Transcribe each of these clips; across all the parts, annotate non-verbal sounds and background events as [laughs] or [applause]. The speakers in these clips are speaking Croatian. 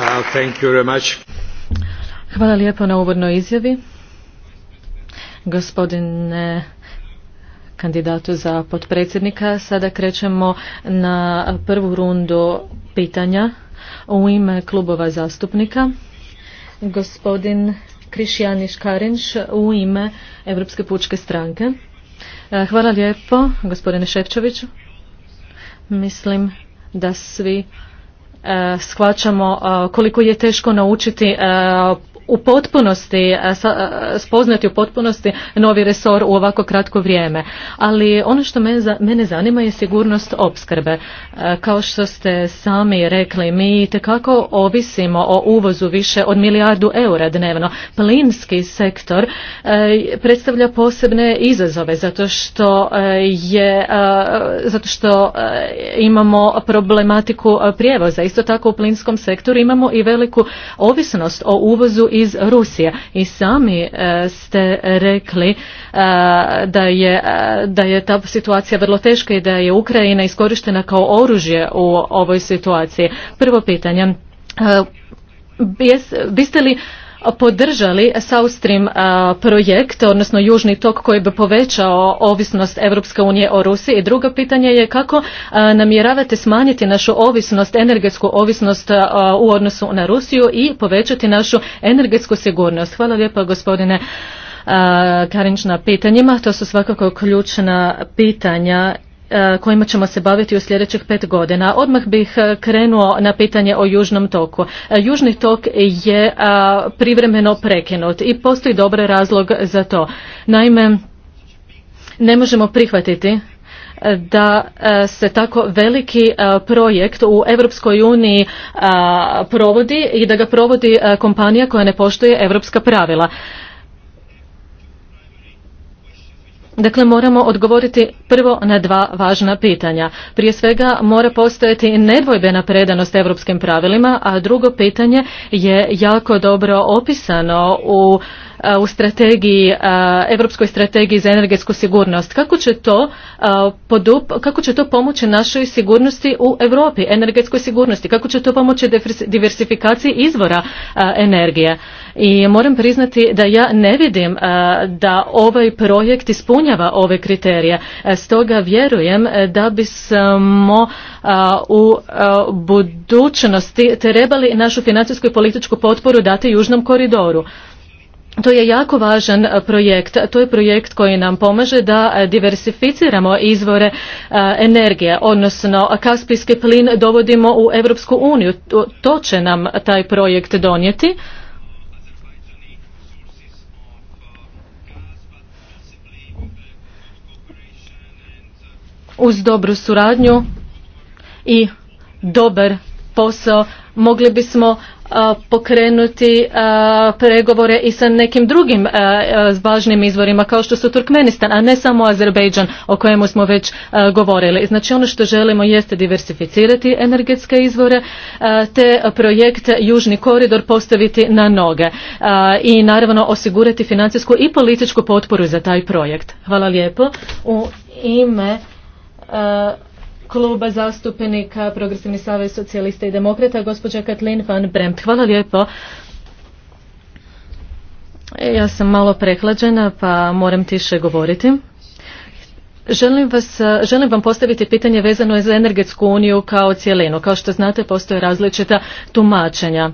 Uh, thank you very Hvala lijepo na uvodnoj izjavi. Gospodine kandidatu za potpredsjednika, sada krećemo na prvu rundu pitanja u ime klubova zastupnika. Gospodin Krišjaniš Karinš u ime Europske pučke stranke. Uh, hvala lijepo, gospodine Ševčoviću. Mislim da svi E, shvaćamo e, koliko je teško naučiti e, u potpunosti spoznati u potpunosti novi resor u ovako kratko vrijeme. Ali ono što mene zanima je sigurnost opskrbe. Kao što ste sami rekli, mi itekako ovisimo o uvozu više od milijardu eura dnevno. Plinski sektor predstavlja posebne izazove zato što je zato što imamo problematiku prijevoza. Isto tako u plinskom sektoru imamo i veliku ovisnost o uvozu i iz Rusije. I sami e, ste rekli e, da je, e, da je ta situacija vrlo teška i da je Ukrajina iskorištena kao oružje u ovoj situaciji. Prvo pitanje. Biste li podržali South Stream projekt, odnosno Južni tok koji bi povećao ovisnost Europske unije o Rusiji. I drugo pitanje je kako namjeravate smanjiti našu ovisnost, energetsku ovisnost u odnosu na Rusiju i povećati našu energetsku sigurnost. Hvala lijepa gospodine Karinč na pitanjima. To su svakako ključna pitanja E, kojima ćemo se baviti u sljedećih pet godina. Odmah bih e, krenuo na pitanje o Južnom toku. E, Južni tok je privremeno prekinut i postoji dobar razlog za to. Naime, ne možemo prihvatiti da se tako veliki projekt u Europskoj uniji provodi i da ga provodi kompanija koja ne poštuje europska pravila. Dakle, moramo odgovoriti prvo na dva važna pitanja. Prije svega mora postojati nedvojbena predanost europskim pravilima, a drugo pitanje je jako dobro opisano u u strategiji, europskoj strategiji za energetsku sigurnost. Kako će to, kako će to pomoći našoj sigurnosti u Europi, energetskoj sigurnosti? Kako će to pomoći diversifikaciji izvora energije? I moram priznati da ja ne vidim da ovaj projekt ispunjava ove kriterije. E, stoga vjerujem e, da bismo u budućnosti trebali našu financijsku i političku potporu dati Južnom koridoru to je jako važan e, projekt. To je projekt koji nam pomaže da e, diversificiramo izvore e, energije, odnosno kaspijski plin dovodimo u Europsku uniju. To će nam taj projekt donijeti. Uz dobru suradnju i dobar posao mogli bismo pokrenuti pregovore i sa nekim drugim važnim izvorima kao što su Turkmenistan, a ne samo Azerbejdžan o kojemu smo već govorili. Znači ono što želimo jeste diversificirati energetske izvore te projekt Južni koridor postaviti na noge i naravno osigurati financijsku i političku potporu za taj projekt. Hvala lijepo. U ime kluba zastupnika Progresivni savez socijalista i demokrata, gospođa Katlin van Bremt. Hvala lijepo. E, ja sam malo prehlađena pa moram tiše govoriti. Želim, vas, želim vam postaviti pitanje vezano za energetsku uniju kao cjelinu. Kao što znate, postoje različita tumačenja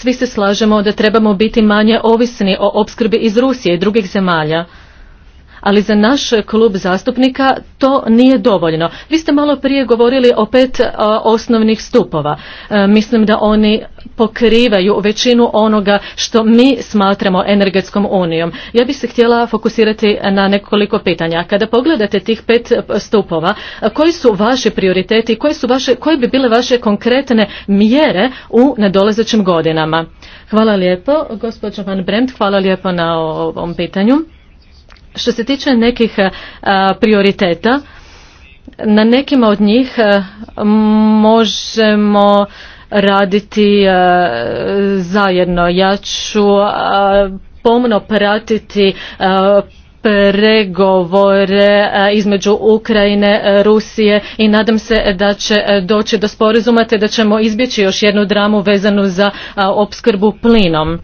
Svi se slažemo da trebamo biti manje ovisni o opskrbi iz Rusije i drugih zemalja ali za naš klub zastupnika to nije dovoljno. Vi ste malo prije govorili o pet e, osnovnih stupova. E, mislim da oni pokrivaju većinu onoga što mi smatramo energetskom unijom. Ja bih se htjela fokusirati na nekoliko pitanja. Kada pogledate tih pet e, stupova, koji su vaše prioriteti, koje, su vaše, koje bi bile vaše konkretne mjere u nadolazećim godinama? Hvala lijepo, gospođo Van Bremt, hvala lijepo na ovom pitanju. Što se tiče nekih e, prioriteta, na nekima od njih e, možemo raditi e, zajedno. Ja ću pomno pratiti pregovore između Ukrajine, Rusije i nadam se da će doći do sporazuma te da ćemo izbjeći još jednu dramu vezanu za opskrbu plinom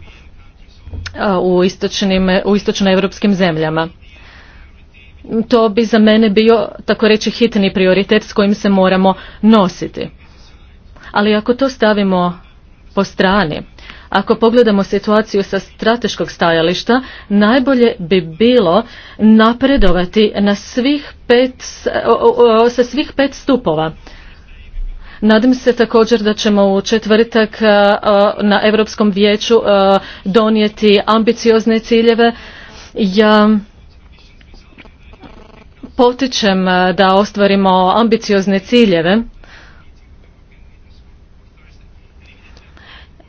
u, u istočnoevropskim zemljama to bi za mene bio tako reći hitni prioritet s kojim se moramo nositi. Ali ako to stavimo po strani, ako pogledamo situaciju sa strateškog stajališta, najbolje bi bilo napredovati na svih pet, sa svih pet stupova. Nadam se također da ćemo u četvrtak e, e, na Europskom vijeću e, donijeti ambiciozne ciljeve. Ja potičem e, da ostvarimo ambiciozne ciljeve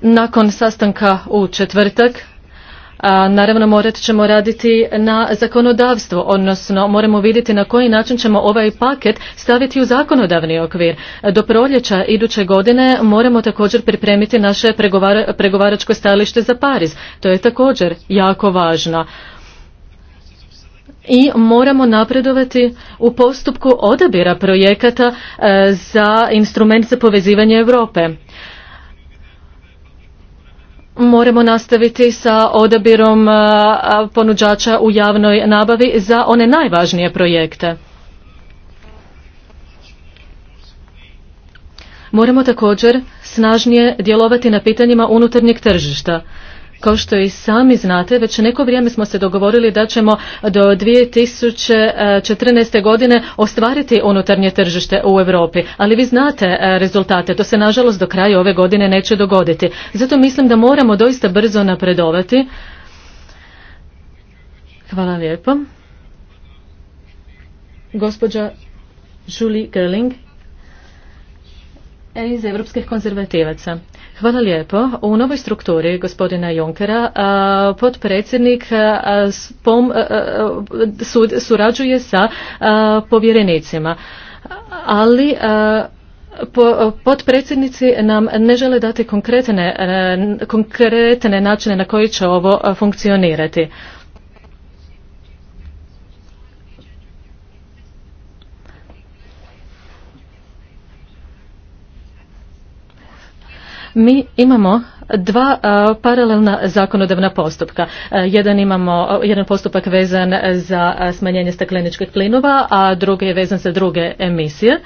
nakon sastanka u četvrtak e, naravno morat ćemo raditi na zakonodavstvu, odnosno moramo vidjeti na koji način ćemo ovaj paket staviti u zakonodavni okvir. Do proljeća iduće godine moramo također pripremiti naše pregovaračko stajalište za Pariz. To je također jako važno i moramo napredovati u postupku odabira projekata e, za instrument za povezivanje Europe. Moramo nastaviti sa odabirom e, ponuđača u javnoj nabavi za one najvažnije projekte. Moramo također snažnije djelovati na pitanjima unutarnjeg tržišta. Kao što i sami znate, već neko vrijeme smo se dogovorili da ćemo do 2014. godine ostvariti unutarnje tržište u Europi, ali vi znate e, rezultate, to se nažalost do kraja ove godine neće dogoditi. Zato mislim da moramo doista brzo napredovati. Hvala lijepo. Gospođa Julie Gerling e, iz Evropskih konzervativaca. Hvala lijepo. U novoj strukturi gospodina Junkera potpredsjednik surađuje sa povjerenicima, ali potpredsjednici nam ne žele dati konkretne, konkretne načine na koji će ovo funkcionirati. Mi imamo dva e, paralelna zakonodavna postupka. E, jedan imamo, e, jedan postupak vezan za smanjenje stakleničkih plinova, a drugi je vezan za druge emisije.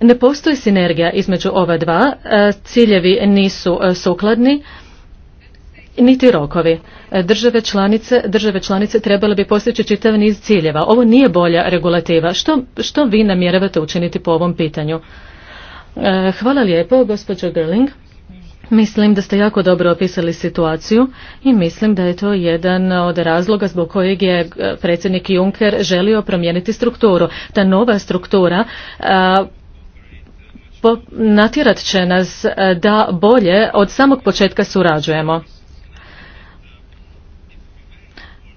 Ne postoji sinergija između ova dva, ciljevi nisu sukladni, niti rokovi. Države članice, države članice trebale bi postići čitav niz ciljeva. Ovo nije bolja regulativa. Što, što vi namjeravate učiniti po ovom pitanju? E, hvala lijepo, gospođo Gerling. Mislim da ste jako dobro opisali situaciju i mislim da je to jedan od razloga zbog kojeg je e, predsjednik Juncker želio promijeniti strukturu. Ta nova struktura e, natjerat će nas da bolje od samog početka surađujemo.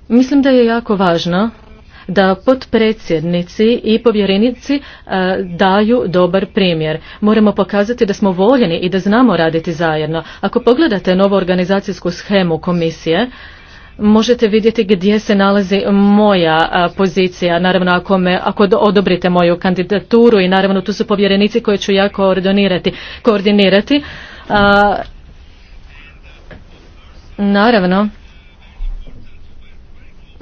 Mislim da je jako važno da potpredsjednici i povjerenici e, daju dobar primjer. Moramo pokazati da smo voljeni i da znamo raditi zajedno. Ako pogledate novu organizacijsku schemu komisije, možete vidjeti gdje se nalazi moja e, pozicija, naravno ako, me, ako odobrite moju kandidaturu i naravno tu su povjerenici koje ću ja koordinirati. koordinirati. E, naravno,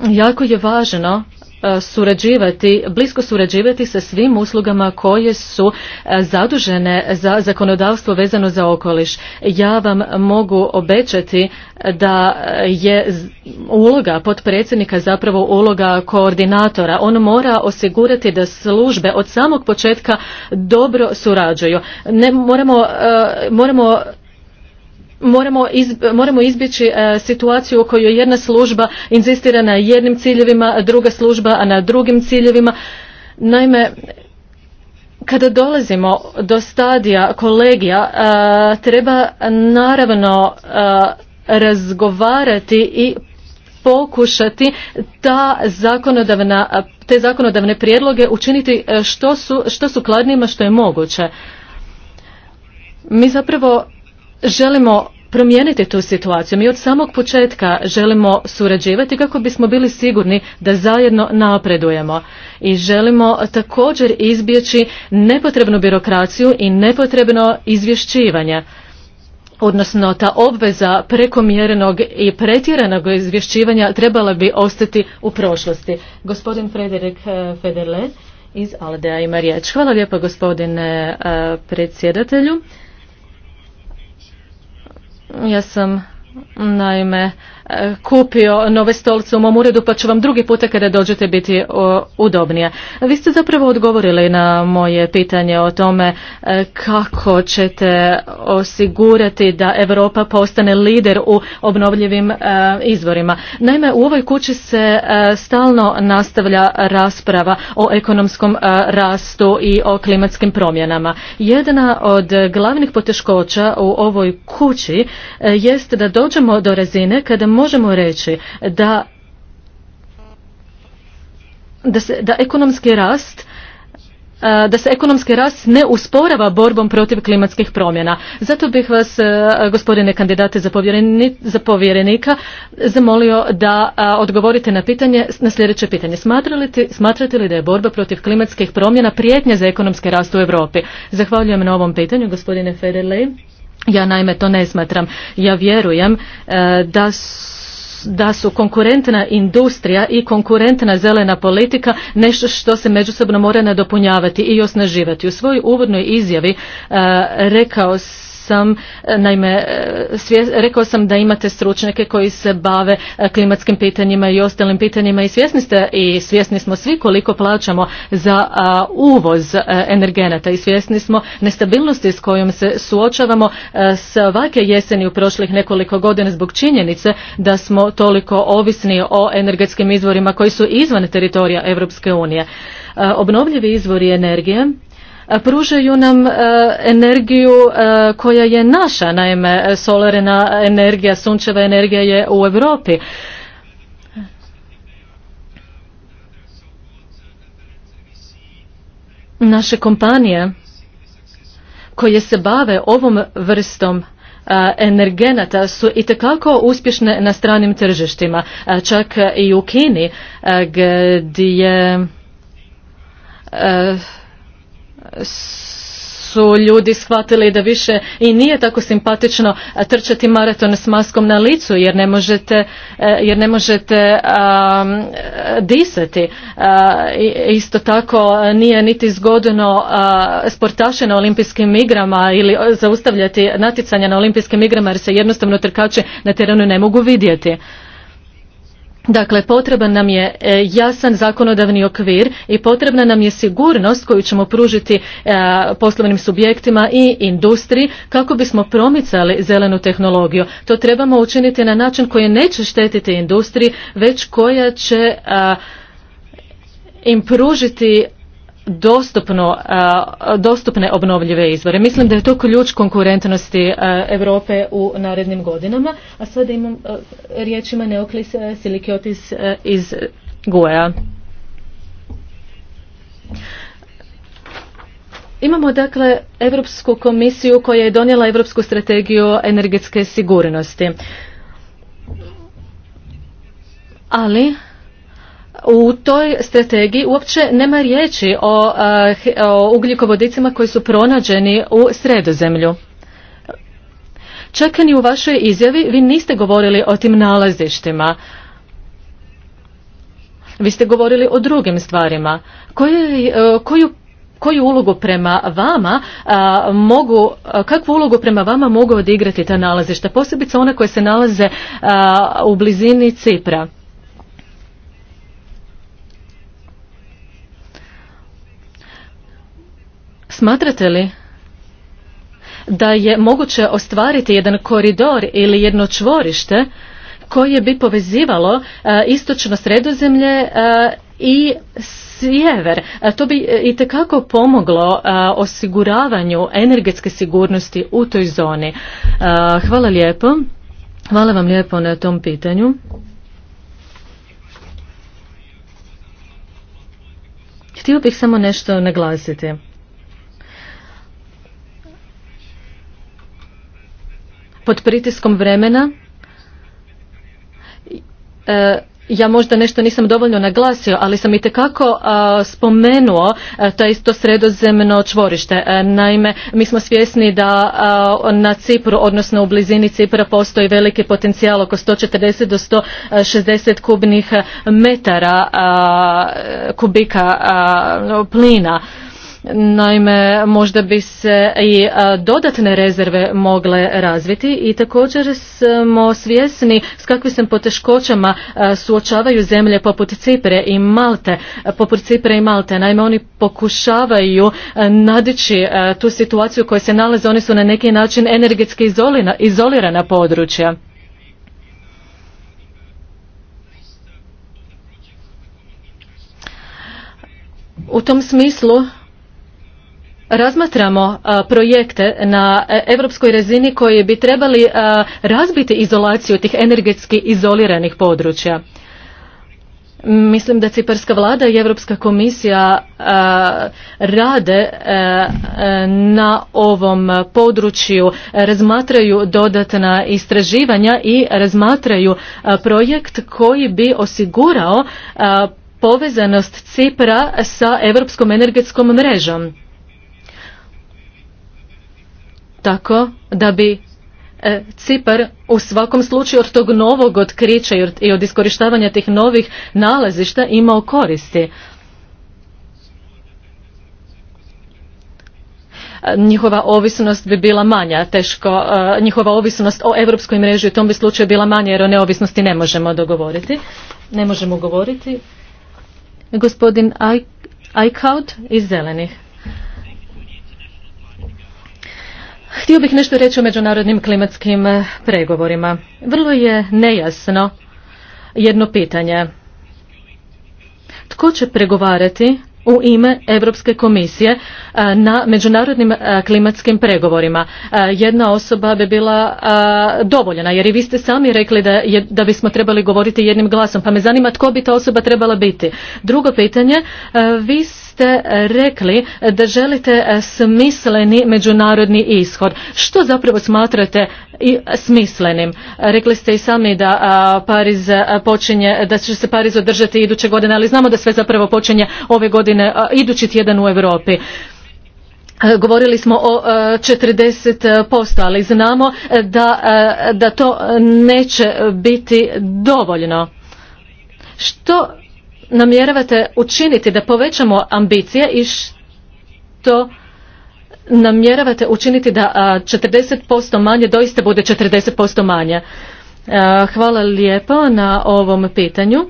jako je važno E, surađivati, blisko surađivati sa svim uslugama koje su e, zadužene za zakonodavstvo vezano za okoliš. Ja vam mogu obećati da je uloga potpredsjednika zapravo uloga koordinatora. On mora osigurati da službe od samog početka dobro surađuju. Ne, moramo, e, moramo moramo, iz, moramo izbjeći e, situaciju u kojoj jedna služba inzistira na jednim ciljevima, druga služba na drugim ciljevima. Naime, kada dolazimo do stadija kolegija, e, treba naravno e, razgovarati i pokušati ta zakonodavna, te zakonodavne prijedloge učiniti što su, što što je moguće. Mi zapravo želimo promijeniti tu situaciju. Mi od samog početka želimo surađivati kako bismo bili sigurni da zajedno napredujemo i želimo također izbjeći nepotrebnu birokraciju i nepotrebno izvješćivanje odnosno ta obveza prekomjerenog i pretjeranog izvješćivanja trebala bi ostati u prošlosti. Gospodin Frederik eh, Federle iz Aldea ima riječ. Hvala lijepo gospodine eh, predsjedatelju. Ja sam naime kupio nove stolce u mom uredu pa ću vam drugi puta kada dođete biti e, udobnije. Vi ste zapravo odgovorili na moje pitanje o tome e, kako ćete osigurati da Europa postane lider u obnovljivim e, izvorima. Naime, u ovoj kući se stalno nastavlja rasprava o ekonomskom rastu i o klimatskim promjenama. Jedna od glavnih poteškoća u ovoj kući jest da dođemo do razine kada možemo reći da da, se, da ekonomski rast da se ekonomski rast ne usporava borbom protiv klimatskih promjena. Zato bih vas, gospodine kandidate za, povjerenika, zamolio da odgovorite na pitanje, na sljedeće pitanje. Smatrate, smatrate li da je borba protiv klimatskih promjena prijetnja za ekonomski rast u Europi? Zahvaljujem na ovom pitanju, gospodine Federley. Ja naime to ne smatram. Ja vjerujem e, da su da su konkurentna industrija i konkurentna zelena politika nešto što se međusobno mora nadopunjavati i osnaživati. U svojoj uvodnoj izjavi e, rekao sam, e, naime, e, rekao sam da imate stručnjake koji se bave e, klimatskim pitanjima i ostalim pitanjima i svjesni ste i svjesni smo svi koliko plaćamo za uvoz energenata i svjesni smo nestabilnosti s kojom se suočavamo s svake jeseni u prošlih nekoliko godina zbog činjenice da smo toliko ovisni o energetskim izvorima koji su izvan teritorija Europske unije. Obnovljivi izvori energije pružaju nam e, energiju e, koja je naša, naime solarna energija, sunčeva energija je u Europi. Naše kompanije koje se bave ovom vrstom e, energenata su i uspješne na stranim tržištima, čak i u Kini gdje su ljudi shvatili da više i nije tako simpatično trčati maraton s maskom na licu jer ne možete, eh, jer ne možete disati. Eh, isto tako nije niti zgodno eh, sportaše na olimpijskim igrama ili zaustavljati naticanja na olimpijskim igrama jer se jednostavno trkače na terenu ne mogu vidjeti. Dakle, potreban nam je e, jasan zakonodavni okvir i potrebna nam je sigurnost koju ćemo pružiti e, poslovnim subjektima i industriji kako bismo promicali zelenu tehnologiju. To trebamo učiniti na način koji neće štetiti industriji, već koja će im pružiti dostupno, dostupne obnovljive izvore. Mislim da je to ključ konkurentnosti Europe u narednim godinama. A sada imam riječima Neoklis Silikiotis iz goja. Imamo dakle Europsku komisiju koja je donijela Europsku strategiju energetske sigurnosti. Ali u toj strategiji uopće nema riječi o, ugljikovodicima koji su pronađeni u sredozemlju. Čak ni u vašoj izjavi vi niste govorili o tim nalazištima. Vi ste govorili o drugim stvarima. Koju, e, koju, koju ulogu prema vama mogu, kakvu ulogu prema vama mogu odigrati ta nalazišta, posebice ona koje se nalaze u blizini Cipra? Smatrate li da je moguće ostvariti jedan koridor ili jedno čvorište koje bi povezivalo e, istočno sredozemlje e, i sjever. E, to bi i tekako pomoglo osiguravanju energetske sigurnosti u toj zoni. Hvala lijepo. Hvala vam lijepo na tom pitanju. Htio bih samo nešto naglasiti. pod pritiskom vremena e, ja možda nešto nisam dovoljno naglasio, ali sam i tekako spomenuo e, to isto sredozemno čvorište. E, naime, mi smo svjesni da na Cipru, odnosno u blizini Cipra postoji veliki potencijal oko 140 do 160 kubnih metara kubika plina Naime, možda bi se i e, dodatne rezerve mogle razviti i također smo svjesni s kakvim se poteškoćama e, suočavaju zemlje poput Cipre i Malte. E, poput Cipre i Malte, naime oni pokušavaju nadići tu situaciju koja se nalaze, oni su na neki način energetski izolirana područja. U tom smislu razmatramo projekte na europskoj razini koji bi trebali razbiti izolaciju tih energetski izoliranih područja. Mislim da Ciparska vlada i Europska komisija rade e, e, na ovom području, razmatraju dodatna istraživanja i razmatraju projekt koji bi osigurao povezanost Cipra sa europskom energetskom mrežom tako da bi e, Cipar u svakom slučaju od tog novog otkrića i od iskorištavanja tih novih nalazišta imao koristi. E, njihova ovisnost bi bila manja, teško, e, njihova ovisnost o europskoj mreži u tom bi slučaju bila manja jer o neovisnosti ne možemo dogovoriti. Ne možemo govoriti. Gospodin Eichhout iz Zelenih. Htio bih nešto reći o međunarodnim klimatskim eh, pregovorima. Vrlo je nejasno jedno pitanje. Tko će pregovarati u ime Europske komisije eh, na međunarodnim eh, klimatskim pregovorima. Jedna osoba bi bila dovoljena, jer i vi ste sami rekli da, bismo trebali govoriti jednim glasom, pa me zanima tko bi ta osoba trebala biti. Drugo pitanje, vi ste rekli da želite smisleni međunarodni ishod. Što zapravo smatrate i smislenim? Rekli ste i sami da Pariz počinje, da će se Pariz održati iduće godine, ali znamo da sve zapravo počinje ove godine, idući tjedan u Europi. Govorili smo o 40%, ali znamo da, da to neće biti dovoljno. Što namjeravate učiniti da povećamo ambicije i što namjeravate učiniti da 40% manje doista bude 40% manje? Hvala lijepo na ovom pitanju.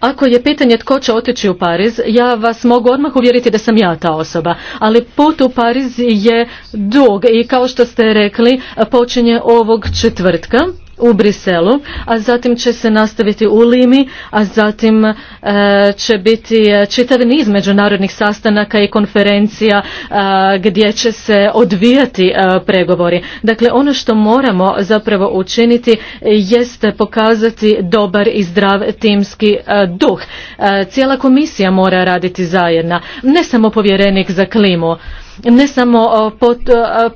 Ako je pitanje tko će otići u Pariz, ja vas mogu odmah uvjeriti da sam ja ta osoba. Ali put u Pariz je dug i kao što ste rekli, počinje ovog četvrtka u Briselu, a zatim će se nastaviti u Limi, a zatim e, će biti e, čitav niz međunarodnih sastanaka i konferencija e, gdje će se odvijati pregovori. Dakle, ono što moramo zapravo učiniti jeste pokazati dobar i zdrav timski duh. Cijela komisija mora raditi zajedno, ne samo povjerenik za klimu ne samo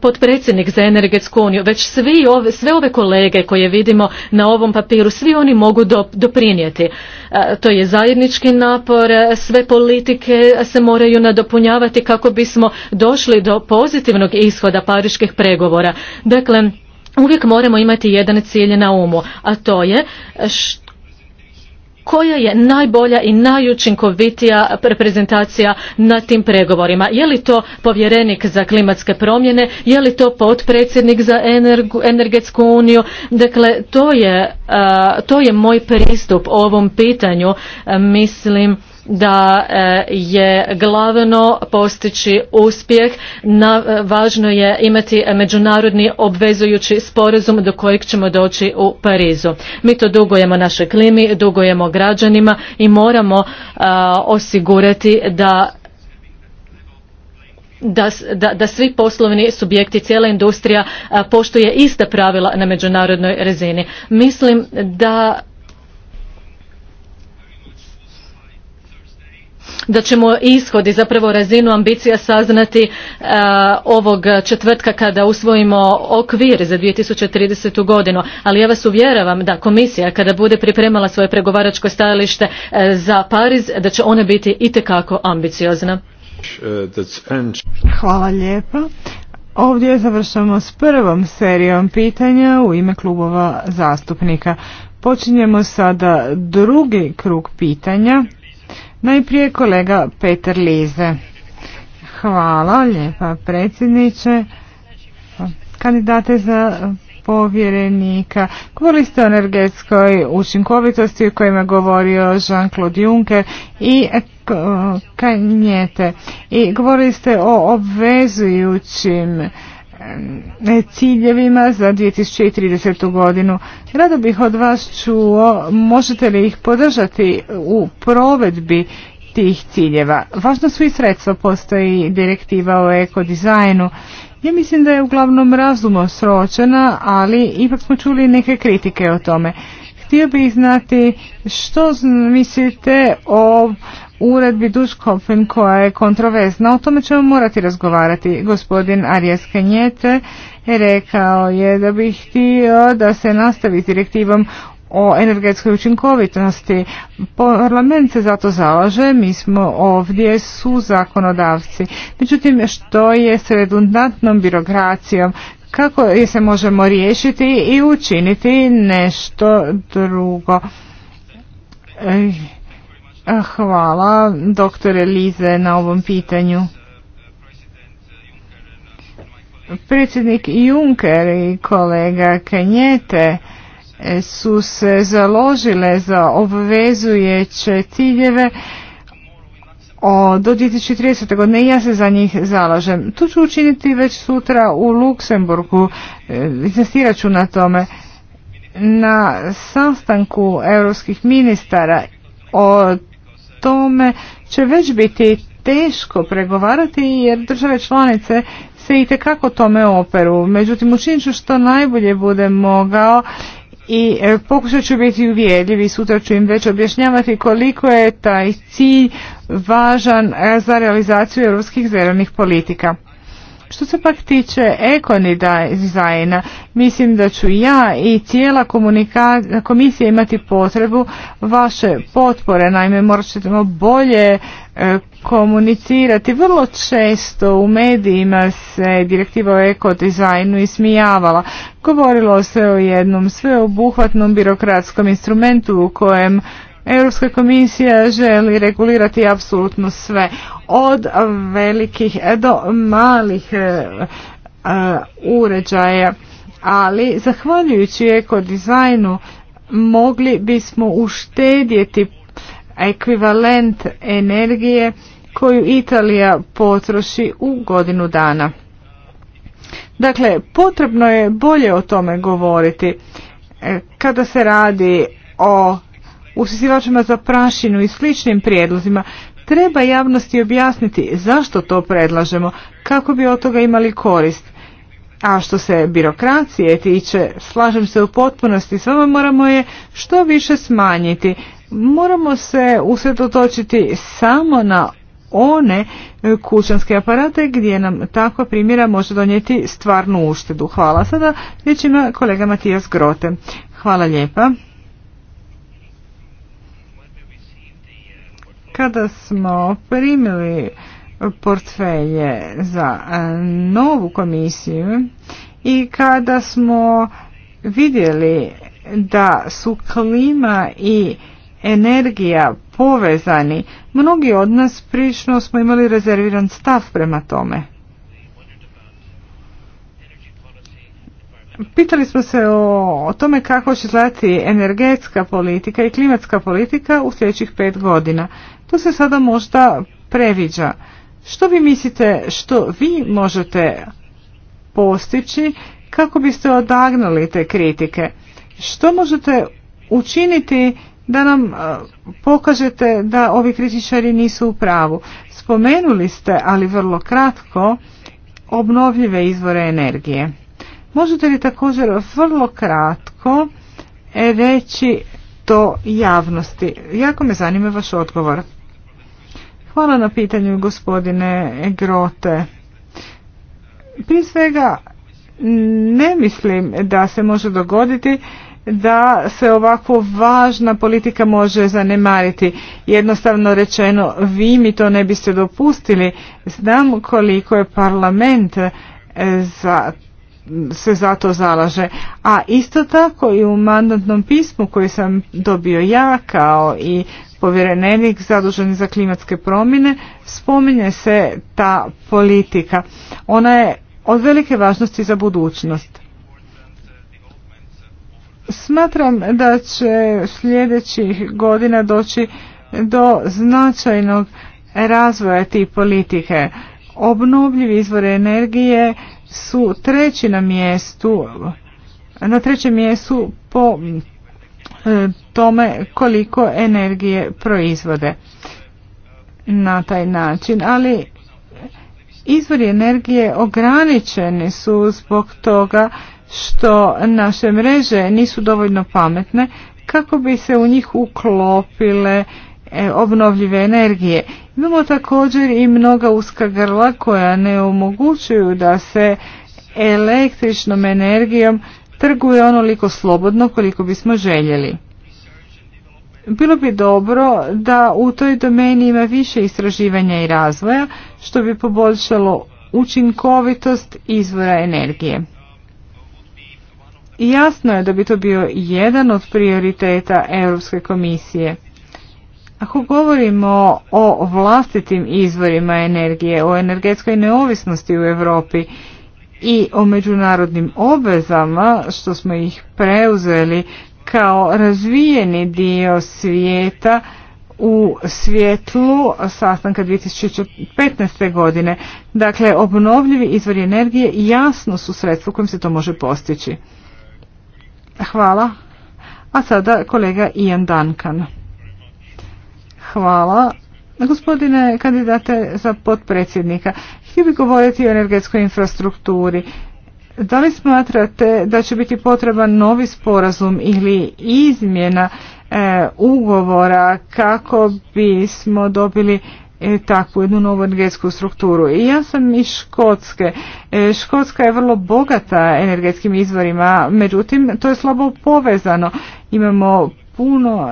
potpredsjednik za energetsku uniju, već svi sve ove kolege koje vidimo na ovom papiru, svi oni mogu doprinijeti. E, to je zajednički napor, sve politike se moraju nadopunjavati kako bismo došli do pozitivnog ishoda pariških pregovora. Dakle, uvijek moramo imati jedan cilj na umu, a to je što koja je najbolja i najučinkovitija reprezentacija na tim pregovorima. Je li to povjerenik za klimatske promjene, je li to potpredsjednik za energetsku uniju? Dakle, to je, to je moj pristup ovom pitanju. Mislim da e, je glavno postići uspjeh, e, važno je imati međunarodni obvezujući sporazum do kojeg ćemo doći u Parizu. Mi to dugujemo našoj klimi, dugujemo građanima i moramo e, osigurati da da, da, svi poslovni subjekti, cijela industrija a, poštuje ista pravila na međunarodnoj razini. Mislim da da ćemo ishod i zapravo razinu ambicija saznati e, ovog četvrtka kada usvojimo okvir za 2030. godinu. Ali ja vas uvjeravam da komisija kada bude pripremala svoje pregovaračko stajalište e, za Pariz da će ona biti itekako ambiciozna. Hvala lijepa. Ovdje završamo s prvom serijom pitanja u ime klubova zastupnika. Počinjemo sada drugi krug pitanja. Najprije kolega Peter Lize. Hvala, lijepa predsjedniče. Kandidate za povjerenika. Govorili ste o energetskoj učinkovitosti o kojima je govorio Jean-Claude Juncker i e, kanjete. E, I govorili ste o obvezujućim E, ciljevima za 2030. godinu. Rado bih od vas čuo, možete li ih podržati u provedbi tih ciljeva. Važno su i sredstva, postoji direktiva o ekodizajnu. Ja mislim da je uglavnom razumo sročena, ali ipak smo čuli neke kritike o tome. Htio bih znati što mislite o uredbi Duškopin koja je kontroverzna. O tome ćemo morati razgovarati. Gospodin Arijes Kenjete rekao je da bih htio da se nastavi s direktivom o energetskoj učinkovitosti. Parlament se zato zalaže, mi smo ovdje su zakonodavci. Međutim, što je s redundantnom birokracijom kako je se možemo riješiti i učiniti nešto drugo. Eh, hvala doktore Lize na ovom pitanju. Predsjednik Juncker i kolega Kenjete eh, su se založile za obvezujeće ciljeve o, do 2030. godine ja se za njih zalažem. To ću učiniti već sutra u Luksemburgu. E, Insistirat ću na tome. Na sastanku europskih ministara o tome će već biti teško pregovarati jer države članice se i tekako tome operu. Međutim, učinit ću što najbolje bude mogao i e, pokušat ću biti uvjerljivi, sutra ću im već objašnjavati koliko je taj cilj važan e, za realizaciju europskih zelenih politika. Što se pak tiče ekoni dizajna, mislim da ću ja i cijela komisija imati potrebu vaše potpore. Naime, morat ćemo bolje e, komunicirati. Vrlo često u medijima se direktiva o ekodizajnu ismijavala. Govorilo se o jednom sveobuhvatnom birokratskom instrumentu u kojem Europska komisija želi regulirati apsolutno sve od velikih do malih e, e, uređaja, ali zahvaljujući ekodizajnu mogli bismo uštedjeti ekvivalent energije koju Italija potroši u godinu dana. Dakle, potrebno je bolje o tome govoriti e, kada se radi o usisivačima za prašinu i sličnim prijedlozima, treba javnosti objasniti zašto to predlažemo, kako bi od toga imali korist. A što se birokracije tiče, slažem se u potpunosti, s vama moramo je što više smanjiti. Moramo se usredotočiti samo na one e, kućanske aparate gdje nam takva primjera može donijeti stvarnu uštedu. Hvala sada, riječ ima kolega Matijas Grote. Hvala lijepa. Kada smo primili portfelje za e, novu komisiju i kada smo vidjeli da su klima i energija povezani, mnogi od nas prilično smo imali rezerviran stav prema tome. Pitali smo se o, tome kako će izgledati energetska politika i klimatska politika u sljedećih pet godina. To se sada možda previđa. Što vi mislite što vi možete postići kako biste odagnuli te kritike? Što možete učiniti da nam e, pokažete da ovi kritičari nisu u pravu? Spomenuli ste, ali vrlo kratko, obnovljive izvore energije. Možete li također vrlo kratko reći to javnosti? Jako me zanima vaš odgovor. Hvala na pitanju gospodine Grote. Prije svega ne mislim da se može dogoditi da se ovako važna politika može zanemariti. Jednostavno rečeno, vi mi to ne biste dopustili. Znam koliko je parlament e, za se zato zalaže. A isto tako i u mandatnom pismu koji sam dobio ja kao i povjerenik zadužen za klimatske promjene, spominje se ta politika. Ona je od velike važnosti za budućnost. Smatram da će sljedećih godina doći do značajnog razvoja tih politike. Obnovljivi izvore energije su treći na mjestu, na trećem mjestu po e, tome koliko energije proizvode na taj način, ali izvori energije ograničeni su zbog toga što naše mreže nisu dovoljno pametne kako bi se u njih uklopile e, obnovljive energije. Imamo također i mnoga uska grla koja ne omogućuju da se električnom energijom trguje onoliko slobodno koliko bismo željeli bilo bi dobro da u toj domeni ima više istraživanja i razvoja što bi poboljšalo učinkovitost izvora energije. Jasno je da bi to bio jedan od prioriteta Europske komisije. Ako govorimo o vlastitim izvorima energije, o energetskoj neovisnosti u Europi i o međunarodnim obvezama što smo ih preuzeli kao razvijeni dio svijeta u svjetlu sastanka 2015. godine. Dakle, obnovljivi izvori energije jasno su sredstvo kojim se to može postići. Hvala. A sada kolega Ian Duncan. Hvala. Gospodine kandidate za potpredsjednika, htio bih govoriti o energetskoj infrastrukturi. Da li smatrate da će biti potreban novi sporazum ili izmjena e, ugovora kako bismo dobili e, takvu jednu novu energetsku strukturu? I ja sam iz Škotske. E, Škotska je vrlo bogata energetskim izvorima, međutim to je slabo povezano. Imamo puno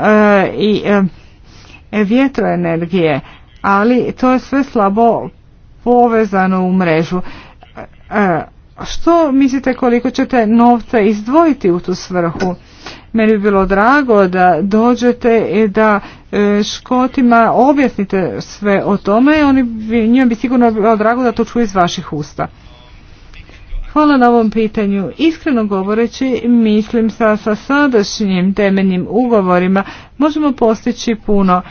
i vjetroenergije, ali to je sve slabo povezano u mrežu. Što mislite koliko ćete novca izdvojiti u tu svrhu? Meni bi bilo drago da dođete i da e, Škotima objasnite sve o tome i oni, njima bi sigurno bilo drago da to čuje iz vaših usta. Hvala na ovom pitanju. Iskreno govoreći, mislim sa, sa sadašnjim temeljnim ugovorima možemo postići puno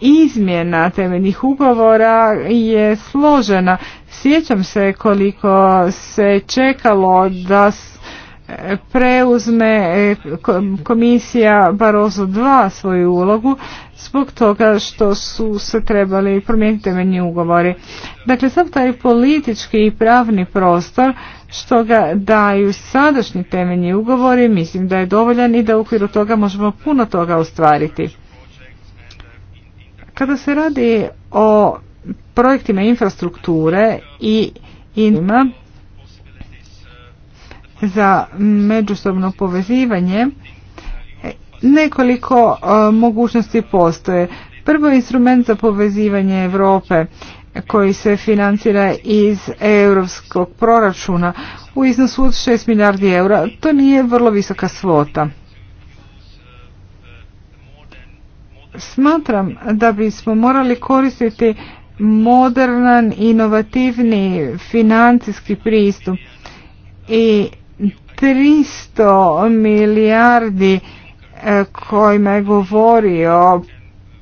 izmjena temeljnih ugovora je složena. Sjećam se koliko se čekalo da e, preuzme e, komisija Barozo 2 svoju ulogu zbog toga što su se trebali promijeniti temeljni ugovori. Dakle, sam taj politički i pravni prostor što ga daju sadašnji temeljni ugovori, mislim da je dovoljan i da u okviru toga možemo puno toga ostvariti. Kada se radi o projektima infrastrukture i inima za međusobno povezivanje, nekoliko e, mogućnosti postoje. Prvo instrument za povezivanje Europe koji se financira iz europskog proračuna u iznosu od 6 milijardi eura. To nije vrlo visoka svota. Smatram da bismo morali koristiti modernan, inovativni financijski pristup i 300 milijardi e, kojima je govorio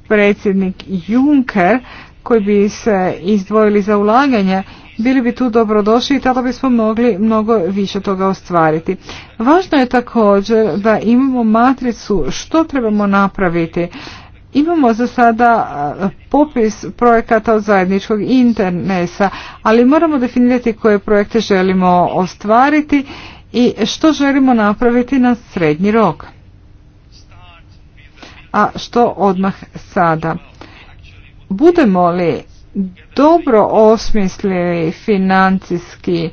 predsjednik Juncker koji bi se izdvojili za ulaganje bili bi tu dobrodošli i tada bismo mogli mnogo više toga ostvariti. Važno je također da imamo matricu što trebamo napraviti Imamo za sada popis projekata od zajedničkog internesa, ali moramo definirati koje projekte želimo ostvariti i što želimo napraviti na srednji rok. A što odmah sada? Budemo li dobro osmislili financijski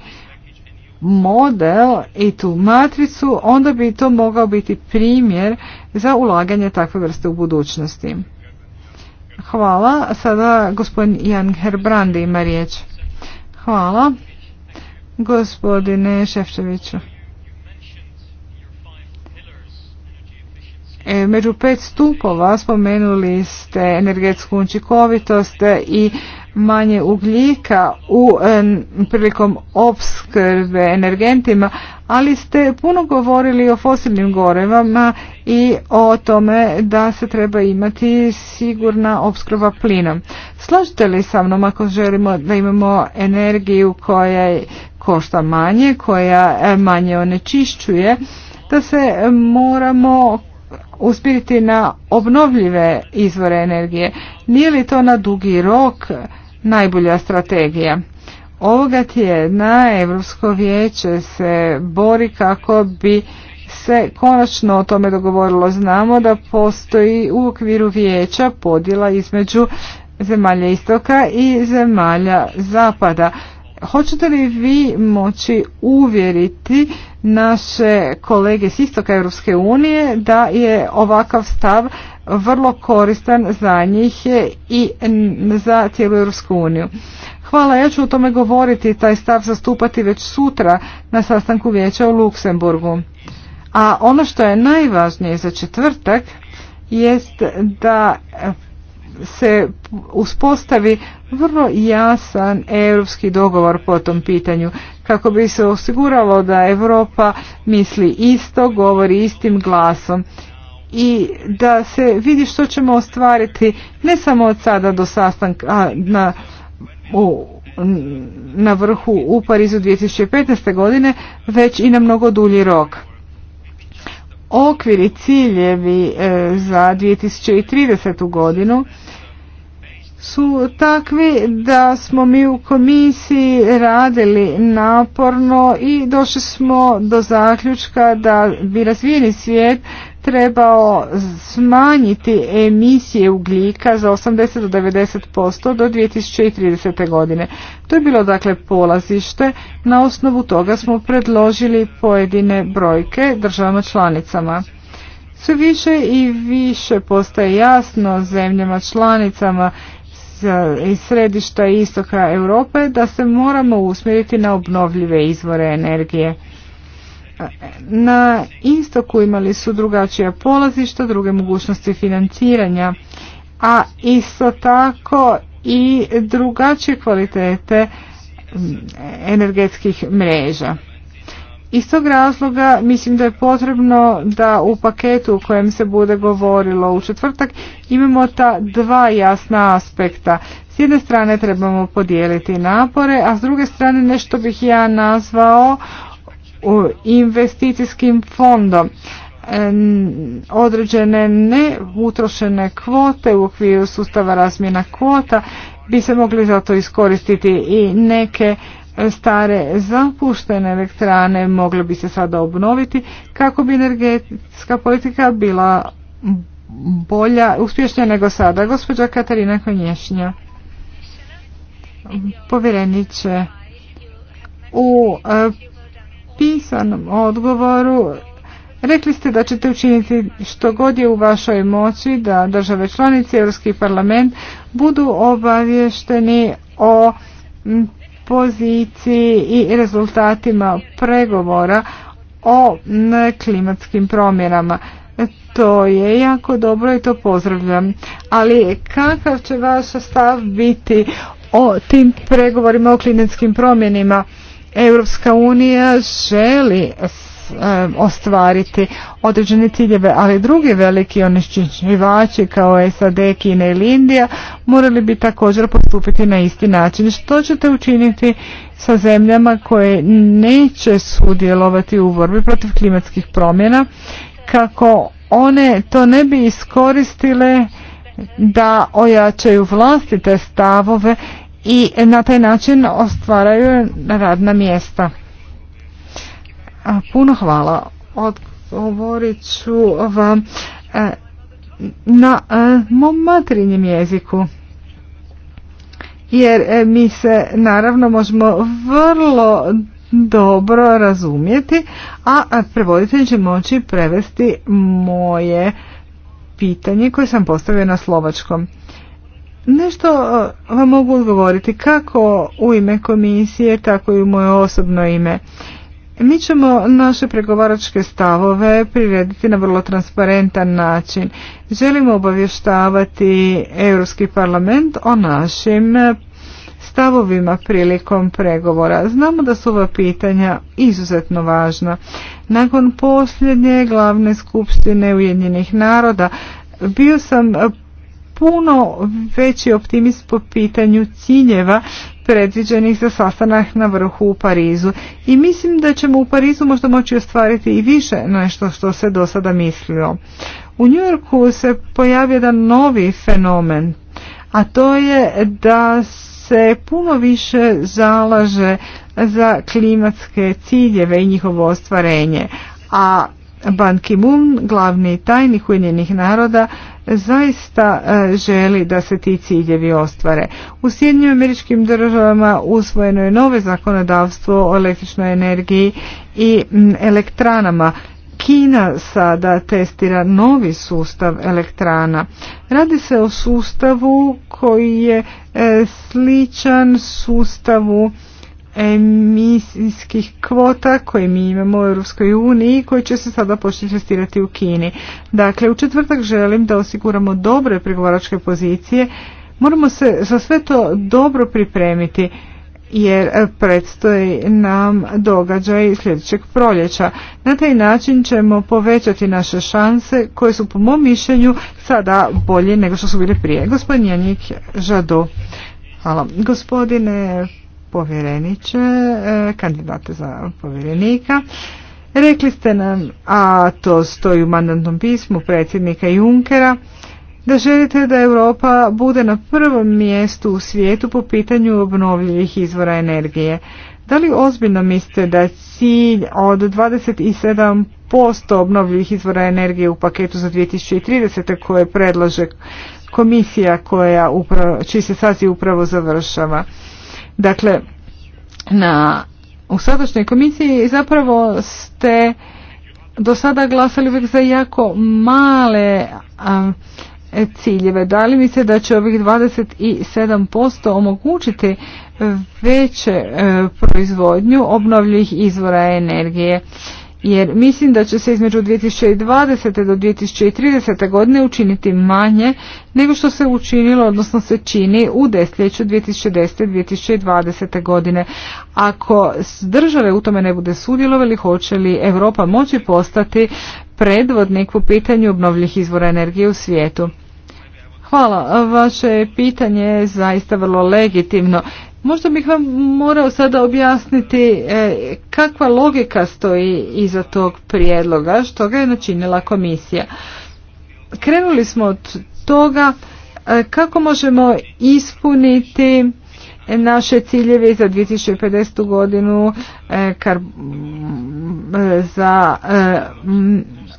model i tu matricu, onda bi to mogao biti primjer za ulaganje takve vrste u budućnosti. Hvala. Sada gospodin Jan Herbrandi ima riječ. Hvala. Gospodine Šefčeviću. E, među pet stupova spomenuli ste energetsku učinkovitost i manje ugljika u prilikom opskrbe energentima, ali ste puno govorili o fosilnim gorevama i o tome da se treba imati sigurna opskrba plinom. Slažete li sa mnom ako želimo da imamo energiju koja košta manje, koja manje onečišćuje, da se moramo uspiriti na obnovljive izvore energije. Nije li to na dugi rok najbolja strategija. Ovoga tjedna Europsko vijeće se bori kako bi se konačno o tome dogovorilo. Znamo da postoji u okviru vijeća podjela između zemalja istoka i zemalja zapada. Hoćete li vi moći uvjeriti naše kolege s istoka Europske unije da je ovakav stav vrlo koristan za njih i za cijelu Europsku uniju? Hvala, ja ću o tome govoriti, taj stav zastupati već sutra na sastanku vijeća u Luksemburgu. A ono što je najvažnije za četvrtak jest da se uspostavi vrlo jasan europski dogovor po tom pitanju kako bi se osiguralo da Europa misli isto, govori istim glasom i da se vidi što ćemo ostvariti ne samo od sada do sastanka na, u, na vrhu u Parizu 2015. godine, već i na mnogo dulji rok. Okviri ciljevi e, za 2030. godinu su takvi da smo mi u komisiji radili naporno i došli smo do zaključka da bi razvijeni svijet trebao smanjiti emisije ugljika za 80 do 90% do 2030. godine. To je bilo dakle polazište. Na osnovu toga smo predložili pojedine brojke državama članicama. Sve više i više postaje jasno zemljama članicama E, iz središta istoka Europe da se moramo usmjeriti na obnovljive izvore energije. E, na istoku imali su drugačija polazišta, druge mogućnosti financiranja, a isto tako i drugačije kvalitete energetskih mreža. Iz tog razloga mislim da je potrebno da u paketu u kojem se bude govorilo u četvrtak imamo ta dva jasna aspekta. S jedne strane trebamo podijeliti napore, a s druge strane nešto bih ja nazvao investicijskim fondom. Određene neutrošene kvote u okviru sustava razmjena kvota bi se mogli zato iskoristiti i neke stare zapuštene elektrane mogle bi se sada obnoviti kako bi energetska politika bila bolja, uspješnija nego sada. Gospođa Katarina Konješnja, povjereniće, u e, pisanom odgovoru Rekli ste da ćete učiniti što god je u vašoj moći da države članice Europski parlament budu obavješteni o poziciji i rezultatima pregovora o klimatskim promjenama. To je jako dobro i to pozdravljam. Ali kakav će vaš stav biti o tim pregovorima o klimatskim promjenima? Europska unija želi Eh, ostvariti određene ciljeve, ali drugi veliki onečišćivači kao SAD, Kina ili Indija morali bi također postupiti na isti način. Što ćete učiniti sa zemljama koje neće sudjelovati u borbi protiv klimatskih promjena kako one to ne bi iskoristile da ojačaju vlastite stavove i na taj način ostvaraju radna mjesta. Puno hvala. Odgovorit ću vam e, na e, mom materinjem jeziku. Jer e, mi se naravno možemo vrlo dobro razumjeti, a prevoditelj će moći prevesti moje pitanje koje sam postavio na slovačkom. Nešto vam mogu odgovoriti kako u ime komisije, tako i u moje osobno ime. Mi ćemo naše pregovaračke stavove prirediti na vrlo transparentan način. Želimo obavještavati Europski parlament o našim stavovima prilikom pregovora. Znamo da su ova pitanja izuzetno važna. Nakon posljednje glavne skupštine Ujedinjenih naroda bio sam puno veći optimist po pitanju ciljeva predviđenih za sastanak na vrhu u Parizu. I mislim da ćemo u Parizu možda moći ostvariti i više nešto što se do sada mislilo. U Njujorku se pojavio jedan novi fenomen, a to je da se puno više zalaže za klimatske ciljeve i njihovo ostvarenje. A Ban Ki-moon, glavni tajnik Ujedinjenih naroda, zaista e, želi da se ti ciljevi ostvare. U Sjedinjim američkim državama usvojeno je nove zakonodavstvo o električnoj energiji i elektranama. Kina sada testira novi sustav elektrana. Radi se o sustavu koji je e, sličan sustavu emisijskih kvota koje mi imamo u Europskoj uniji koji će se sada početi testirati u Kini. Dakle, u četvrtak želim da osiguramo dobre pregovaračke pozicije. Moramo se za sve to dobro pripremiti jer e, predstoji nam događaj sljedećeg proljeća. Na taj način ćemo povećati naše šanse koje su po mom mišljenju sada bolje nego što su bile prije. Gospodin Janik Žadu. Hvala. Gospodine povjereniče, e, kandidate za povjerenika. Rekli ste nam, a to stoji u mandatnom pismu predsjednika Junkera, da želite da Europa bude na prvom mjestu u svijetu po pitanju obnovljivih izvora energije. Da li ozbiljno mislite da cilj od 27% obnovljivih izvora energije u paketu za 2030. koje predlaže komisija koja čiji se sazi upravo završava, Dakle, na, u sadašnjoj komisiji zapravo ste do sada glasali uvijek za jako male ciljeve. Dali mi mislite da će ovih 27% omogućiti veće e, proizvodnju obnovljivih izvora energije? jer mislim da će se između 2020. do 2030. godine učiniti manje nego što se učinilo, odnosno se čini u desetljeću 2010. 2020. godine. Ako države u tome ne bude sudjelovali, hoće li Europa moći postati predvodnik u pitanju obnovljih izvora energije u svijetu? Hvala, vaše pitanje je zaista vrlo legitimno Možda bih vam morao sada objasniti e, kakva logika stoji iza tog prijedloga, što ga je načinila komisija. Krenuli smo od toga e, kako možemo ispuniti naše ciljeve za 2050. godinu e, za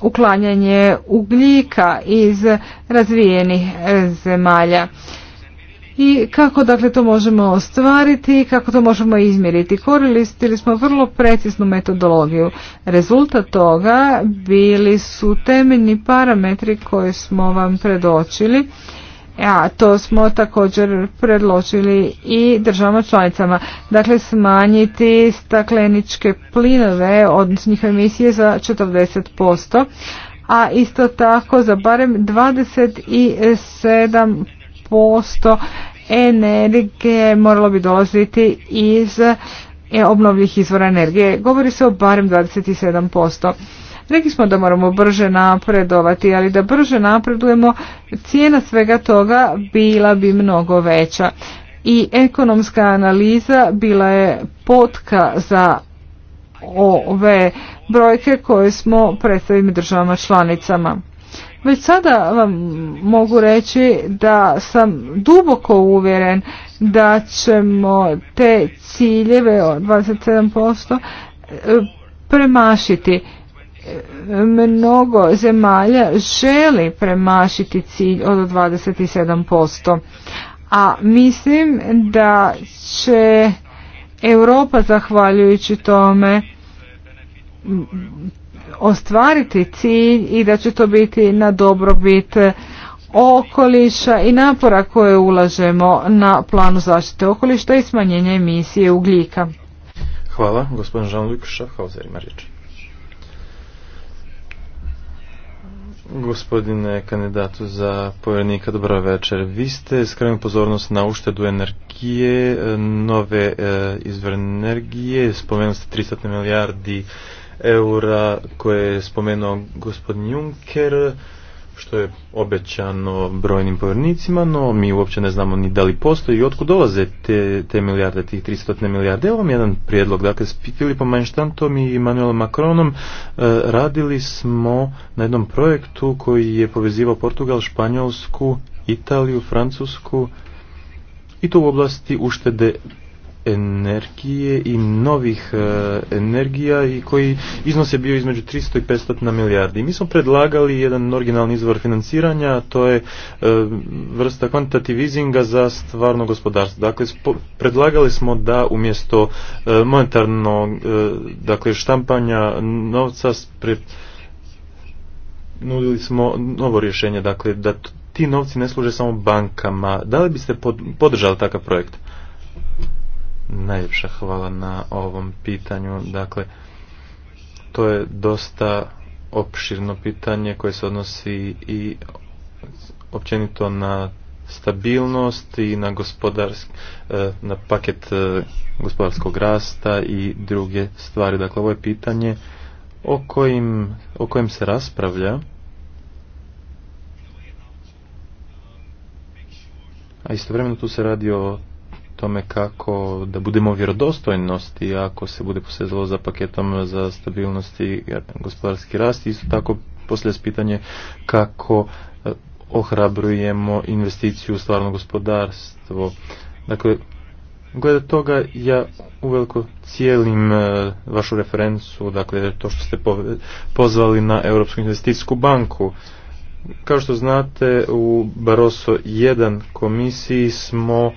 uklanjanje ugljika iz razvijenih zemalja i kako dakle to možemo ostvariti i kako to možemo izmjeriti. Koristili smo vrlo preciznu metodologiju. Rezultat toga bili su temeljni parametri koje smo vam predočili. A to smo također predložili i državama članicama. Dakle, smanjiti stakleničke plinove, odnosno njih emisije za 40%, a isto tako za barem 27% posto energije moralo bi dolaziti iz e, obnovljih izvora energije. Govori se o barem 27%. Rekli smo da moramo brže napredovati, ali da brže napredujemo, cijena svega toga bila bi mnogo veća. I ekonomska analiza bila je potka za ove brojke koje smo predstavili državama članicama. Već sada vam mogu reći da sam duboko uvjeren da ćemo te ciljeve od 27% e, premašiti. E, mnogo zemalja želi premašiti cilj od 27%, a mislim da će Europa zahvaljujući tome ostvariti cilj i da će to biti na dobrobit okoliša i napora koje ulažemo na planu zaštite okoliša i smanjenja emisije ugljika. Hvala, gospodin Jean-Luc Schaffhauser ima riječ. Gospodine kandidatu za povjernika, dobra večer. Vi ste skrenuli pozornost na uštedu energije, nove e, izvore energije, spomenuli ste 300 milijardi eura koje je spomenuo gospodin Juncker što je obećano brojnim povjernicima, no mi uopće ne znamo ni da li postoji i otkud dolaze te, te milijarde, tih 300 milijarde. Evo vam jedan prijedlog, dakle s Filipom Manštantom i Manuelom Macronom e, radili smo na jednom projektu koji je povezivao Portugal, Španjolsku, Italiju, Francusku i to u oblasti uštede energije i novih e, energija i koji iznos je bio između 300 i 500 na milijardi. Mi smo predlagali jedan originalni izvor financiranja, to je e, vrsta kvantitativizinga za stvarno gospodarstvo. Dakle, predlagali smo da umjesto e, monetarnog dakle štampanja novca pre, nudili smo novo rješenje, dakle da ti novci ne služe samo bankama. Da li biste pod, podržali takav projekt? Najljepša hvala na ovom pitanju. Dakle, to je dosta opširno pitanje koje se odnosi i općenito na stabilnost i na, gospodarski, e, na paket e, gospodarskog rasta i druge stvari. Dakle, ovo je pitanje o kojim, o kojim se raspravlja. A istovremeno tu se radi o tome kako da budemo vjerodostojnosti ako se bude posezalo za paketom za stabilnosti i gospodarski rast. Isto tako poslije pitanje kako eh, ohrabrujemo investiciju u stvarno gospodarstvo. Dakle, glede toga ja uveliko cijelim eh, vašu referencu, dakle to što ste pozvali na Europsku investicijsku banku. Kao što znate, u Baroso 1 komisiji smo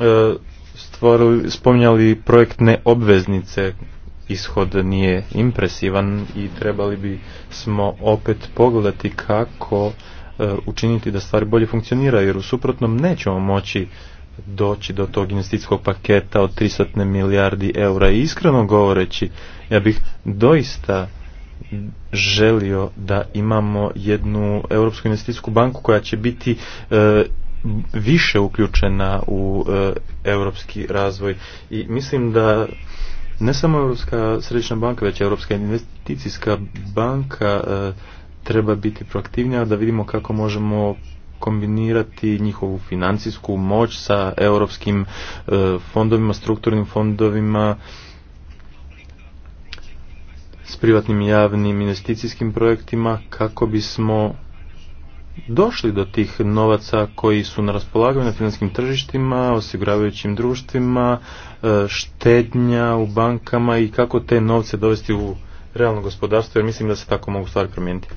E, stvorili, spominjali projektne obveznice ishod nije impresivan i trebali bi smo opet pogledati kako e, učiniti da stvari bolje funkcioniraju jer u suprotnom nećemo moći doći do tog investicijskog paketa od 300 milijardi eura i iskreno govoreći ja bih doista želio da imamo jednu Europsku investicijsku banku koja će biti e, više uključena u e, europski razvoj i mislim da ne samo Europska središnja banka, već Europska investicijska banka e, treba biti proaktivnija da vidimo kako možemo kombinirati njihovu financijsku moć sa europskim e, fondovima, strukturnim fondovima s privatnim i javnim investicijskim projektima kako bismo došli do tih novaca koji su na raspolaganju na financijskim tržištima, osiguravajućim društvima, e, štednja u bankama i kako te novce dovesti u realno gospodarstvo, jer mislim da se tako mogu stvari promijeniti.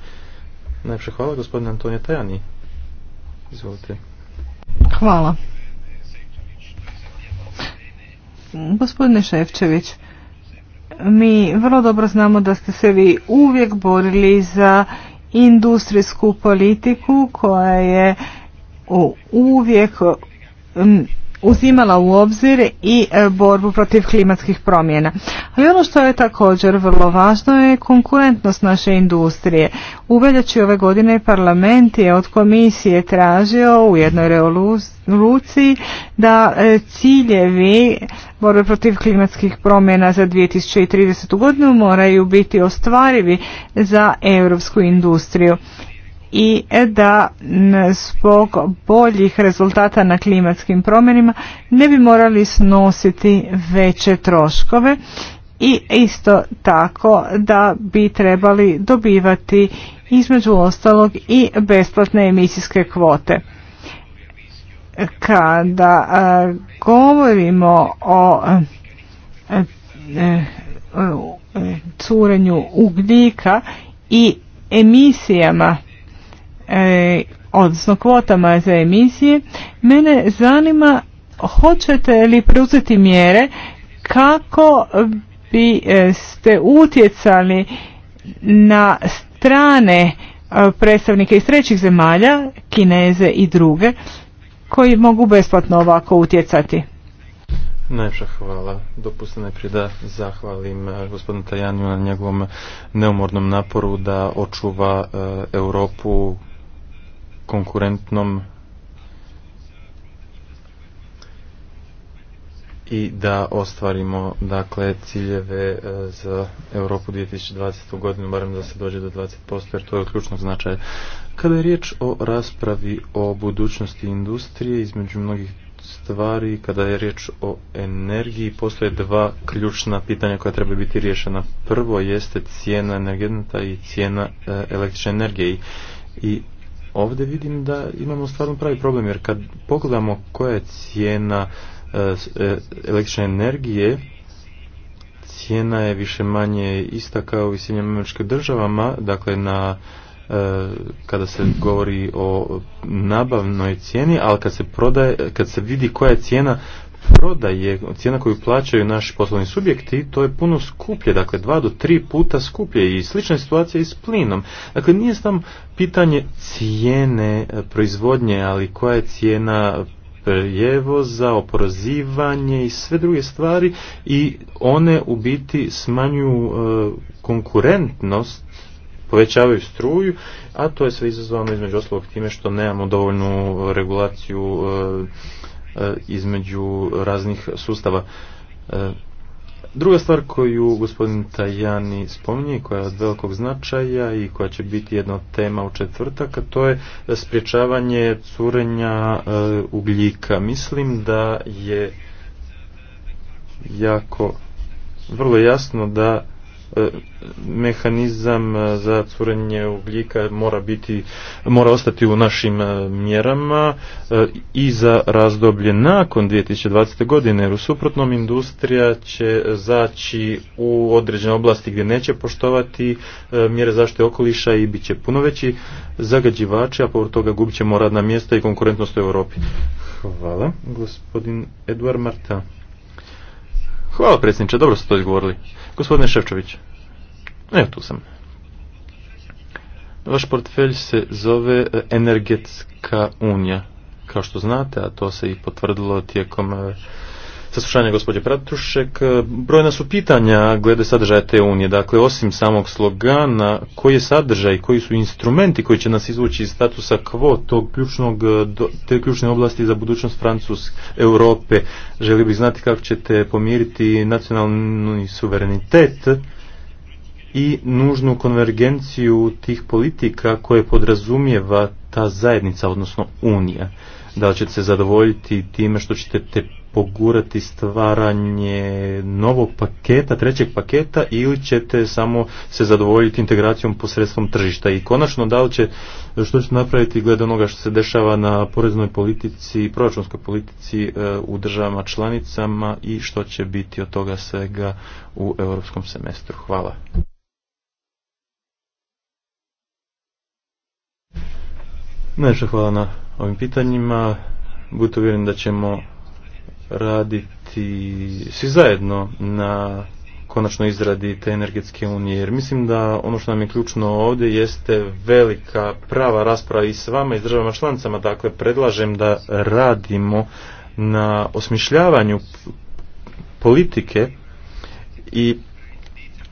Najpše hvala gospodine Antonija Tajani. Izvolite. Hvala. Gospodine Ševčević, mi vrlo dobro znamo da ste se vi uvijek borili za industrijsku politiku koja je uvijek uzimala u obzir i e, borbu protiv klimatskih promjena. Ali ono što je također vrlo važno je konkurentnost naše industrije. U veljači ove godine parlament je od komisije tražio u jednoj revoluciji da e, ciljevi borbe protiv klimatskih promjena za 2030. godinu moraju biti ostvarivi za europsku industriju i da zbog boljih rezultata na klimatskim promjenima ne bi morali snositi veće troškove i isto tako da bi trebali dobivati između ostalog i besplatne emisijske kvote. Kada govorimo o e, e, curenju ugljika i emisijama e, odnosno kvotama za emisije, mene zanima hoćete li preuzeti mjere kako bi e, ste utjecali na strane e, predstavnike iz trećih zemalja, kineze i druge, koji mogu besplatno ovako utjecati. Najpša hvala. Dopustite najprije da zahvalim e, gospodinu Tajaniju na njegovom neumornom naporu da očuva Europu konkurentnom i da ostvarimo dakle ciljeve e, za Europu 2020. godinu barem da se dođe do 20% jer to je ključnog značaja. Kada je riječ o raspravi o budućnosti industrije između mnogih stvari kada je riječ o energiji postoje dva ključna pitanja koja treba biti riješena. Prvo jeste cijena energenata i cijena e, električne energije i ovdje vidim da imamo stvarno pravi problem jer kad pogledamo koja je cijena e, e, električne energije cijena je više manje ista kao u sjednjama američkim državama dakle na e, kada se govori o nabavnoj cijeni, ali kad se prodaje, kad se vidi koja je cijena prodaje, cijena koju plaćaju naši poslovni subjekti, to je puno skuplje, dakle dva do tri puta skuplje i slična je situacija i s plinom. Dakle, nije samo pitanje cijene e, proizvodnje, ali koja je cijena prijevoza, oporozivanje i sve druge stvari i one u biti smanjuju e, konkurentnost povećavaju struju, a to je sve izazvano između ostalog time što nemamo dovoljnu regulaciju e, E, između raznih sustava. E, druga stvar koju gospodin Tajani spominje, koja je od velikog značaja i koja će biti jedna od tema u četvrtak, to je sprječavanje curenja e, ugljika. Mislim da je jako vrlo jasno da E, mehanizam e, za curenje ugljika mora biti mora ostati u našim e, mjerama i za razdoblje nakon 2020. godine jer u suprotnom industrija će zaći u određene oblasti gdje neće poštovati mjere zaštite okoliša i bit će puno veći zagađivači a po toga gubit ćemo radna mjesta i konkurentnost u Europi. Hvala. Gospodin Eduard Marta. Hvala predsjedniče, dobro ste to izgovorili. Gospodine Ševčović, evo tu sam. Vaš portfelj se zove e, Energetska unija. Kao što znate, a to se i potvrdilo tijekom e, saslušanja gospođe Pratušek. E, brojna su pitanja glede sadržaja te unije. Dakle, osim samog slogana, koji je sadržaj, koji su instrumenti koji će nas izvući iz statusa quo tog ključnog, e, te ključne oblasti za budućnost Francuske, Europe. Želio bih znati kako ćete pomiriti nacionalni suverenitet i nužnu konvergenciju tih politika koje podrazumijeva ta zajednica, odnosno unija da li ćete se zadovoljiti time što ćete te pogurati stvaranje novog paketa, trećeg paketa ili ćete samo se zadovoljiti integracijom posredstvom tržišta i konačno da li će, što ćete napraviti glede onoga što se dešava na poreznoj politici i proračunskoj politici e, u državama članicama i što će biti od toga svega u europskom semestru. Hvala. Najviše hvala na ovim pitanjima. Budite uvjereni da ćemo raditi svi zajedno na konačnoj izradi te energetske unije. Jer mislim da ono što nam je ključno ovdje jeste velika prava rasprava i s vama i s državama članicama. Dakle, predlažem da radimo na osmišljavanju politike i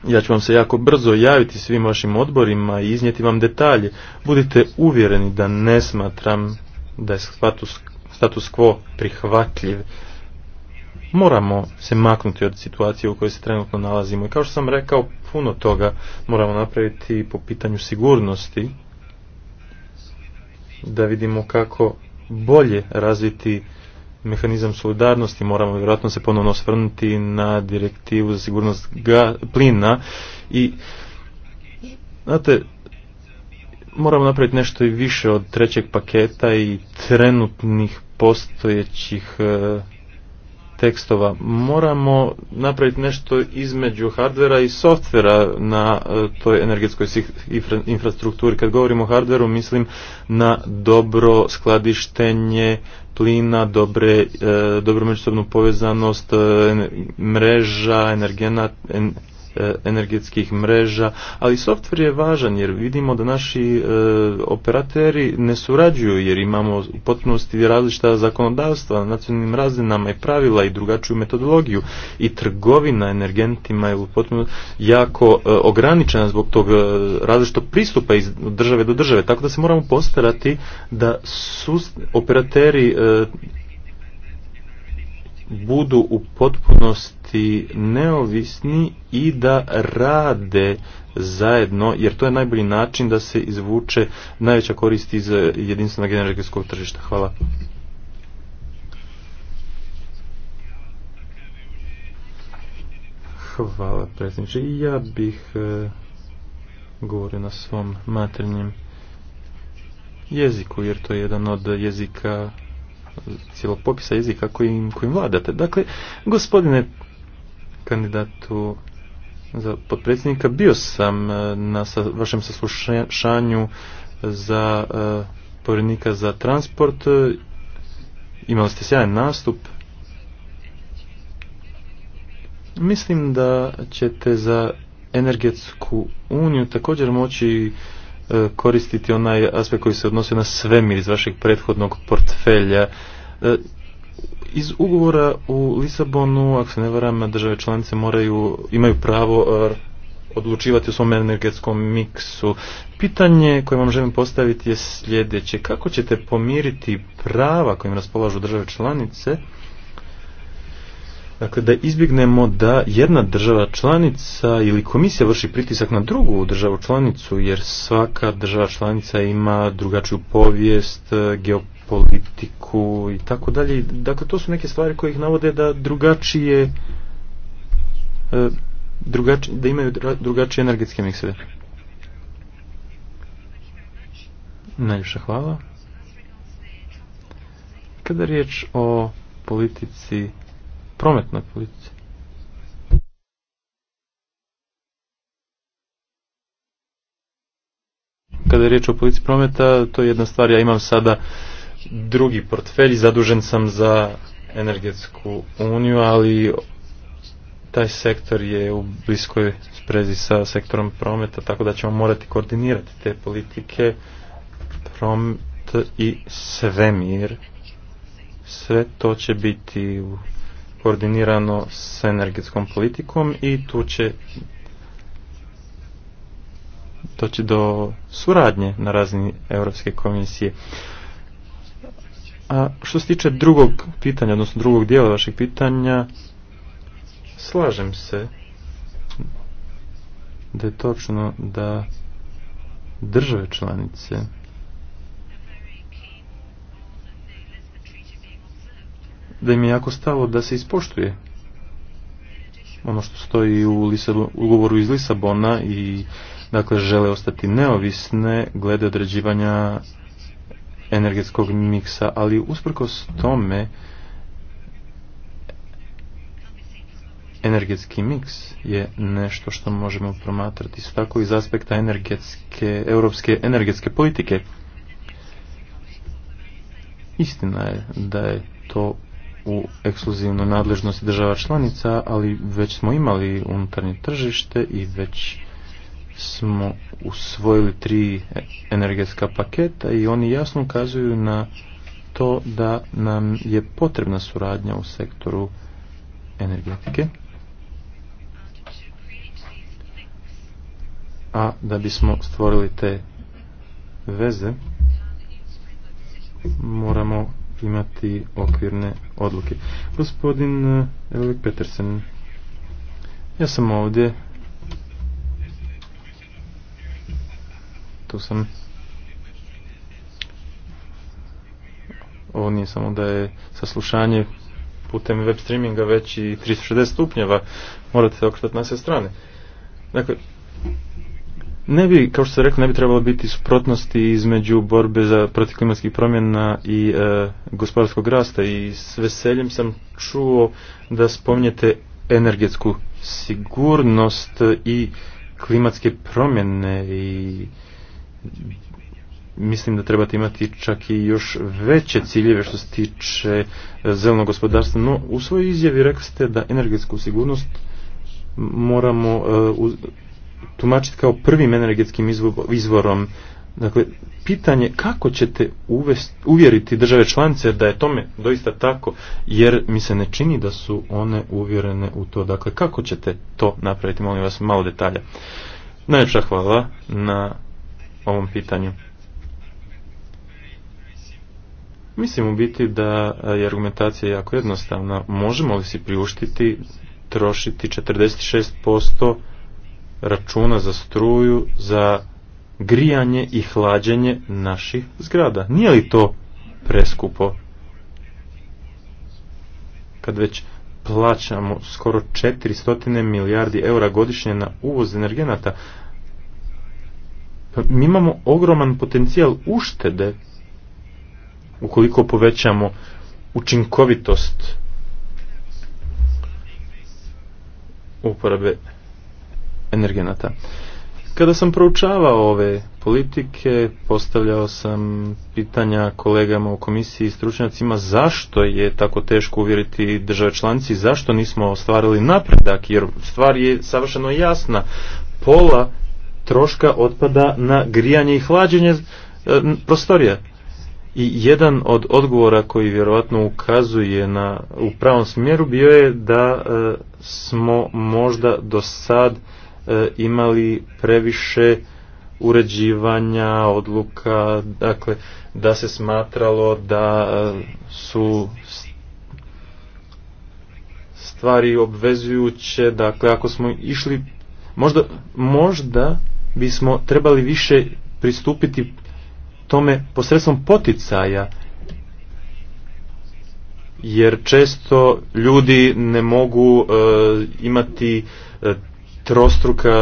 ja ću vam se jako brzo javiti svim vašim odborima i iznijeti vam detalje. Budite uvjereni da ne smatram da je status, status quo prihvatljiv moramo se maknuti od situacije u kojoj se trenutno nalazimo. I kao što sam rekao, puno toga moramo napraviti po pitanju sigurnosti, da vidimo kako bolje razviti mehanizam solidarnosti, moramo vjerojatno se ponovno osvrnuti na direktivu za sigurnost plina i znate, moramo napraviti nešto i više od trećeg paketa i trenutnih postojećih eh, tekstova. Moramo napraviti nešto između hardvera i softvera na e, toj energetskoj infrastrukturi. Kad govorimo o hardveru mislim na dobro skladištenje plina, dobre, e, dobro međusobnu povezanost e, mreža, energena, E, energetskih mreža, ali softver je važan jer vidimo da naši e, operateri ne surađuju jer imamo u potpunosti različita zakonodavstva na nacionalnim razinama i pravila i drugačiju metodologiju i trgovina energentima je u potpunosti jako e, ograničena zbog tog različitog pristupa iz države do države, tako da se moramo postarati da su operateri budu u potpunosti neovisni i da rade zajedno, jer to je najbolji način da se izvuče najveća korist iz eh, jedinstvenog energetskog tržišta. Hvala. Hvala predsjedniče. ja bih eh, govorio na svom maternjem jeziku, jer to je jedan od jezika cijelog popisa jezika kojim, kojim vladate. Dakle, gospodine kandidatu za potpredsjednika, bio sam e, na vašem saslušanju za e, povrednika za transport. E, imali ste sjajan nastup. Mislim da ćete za energetsku uniju također moći E, koristiti onaj aspekt koji se odnosi na svemir iz vašeg prethodnog portfelja. E, iz ugovora u Lisabonu, ako se ne varam, države članice moraju, imaju pravo e, odlučivati u svom energetskom miksu. Pitanje koje vam želim postaviti je sljedeće. Kako ćete pomiriti prava kojim raspolažu države članice Dakle, da izbjegnemo da jedna država članica ili komisija vrši pritisak na drugu državu članicu, jer svaka država članica ima drugačiju povijest, e, geopolitiku i tako dalje. Dakle, to su neke stvari koje ih navode da drugačije e, da imaju drugačije energetske mikseve. Najljepša hvala. Kada je riječ o politici prometnoj politici. Kada je riječ o politici prometa, to je jedna stvar. Ja imam sada drugi portfelj, zadužen sam za energetsku uniju, ali taj sektor je u bliskoj sprezi sa sektorom prometa, tako da ćemo morati koordinirati te politike promet i svemir. Sve to će biti u koordinirano s energetskom politikom i tu će doći do suradnje na razini Europske komisije. A što se tiče drugog pitanja, odnosno drugog dijela vašeg pitanja, slažem se da je točno da države članice da im je jako stalo da se ispoštuje ono što stoji u ugovoru iz Lisabona i dakle žele ostati neovisne glede određivanja energetskog miksa, ali usprkos tome energetski miks je nešto što možemo promatrati s tako iz aspekta energetske, europske energetske politike. Istina je da je to u ekskluzivnoj nadležnosti država članica, ali već smo imali unutarnje tržište i već smo usvojili tri energetska paketa i oni jasno ukazuju na to da nam je potrebna suradnja u sektoru energetike. A da bismo stvorili te veze moramo imati okvirne odluke. Gospodin Elik eh, Petersen, ja sam ovdje. Tu sam. Ovo nije samo da je saslušanje putem web streaminga već i 360 stupnjeva. Morate se okretati na sve strane. Dakle, ne bi, kao što ste rekli, ne bi trebalo biti suprotnosti između borbe za protiv klimatskih promjena i e, gospodarskog rasta i s veseljem sam čuo da spominjete energetsku sigurnost i klimatske promjene i mislim da trebate imati čak i još veće ciljeve što se tiče e, zelenog gospodarstva, no u svojoj izjavi rekli ste da energetsku sigurnost moramo e, tumačiti kao prvim energetskim izvorom. Dakle, pitanje kako ćete uvjeriti države članice da je tome doista tako, jer mi se ne čini da su one uvjerene u to. Dakle, kako ćete to napraviti? Molim vas malo detalja. Najljepša hvala na ovom pitanju. Mislim u biti da je argumentacija jako jednostavna. Možemo li si priuštiti trošiti 46% računa za struju, za grijanje i hlađenje naših zgrada. Nije li to preskupo? Kad već plaćamo skoro 400 milijardi eura godišnje na uvoz energenata, pa mi imamo ogroman potencijal uštede ukoliko povećamo učinkovitost uporabe energenata. Kada sam proučavao ove politike, postavljao sam pitanja kolegama u komisiji i stručnjacima zašto je tako teško uvjeriti države članci, zašto nismo ostvarili napredak, jer stvar je savršeno jasna. Pola troška otpada na grijanje i hlađenje e, prostorija. I jedan od odgovora koji vjerojatno ukazuje na, u pravom smjeru bio je da e, smo možda do sad E, imali previše uređivanja, odluka, dakle, da se smatralo da e, su stvari obvezujuće, dakle, ako smo išli, možda, možda bismo trebali više pristupiti tome posredstvom poticaja, jer često ljudi ne mogu e, imati trostruka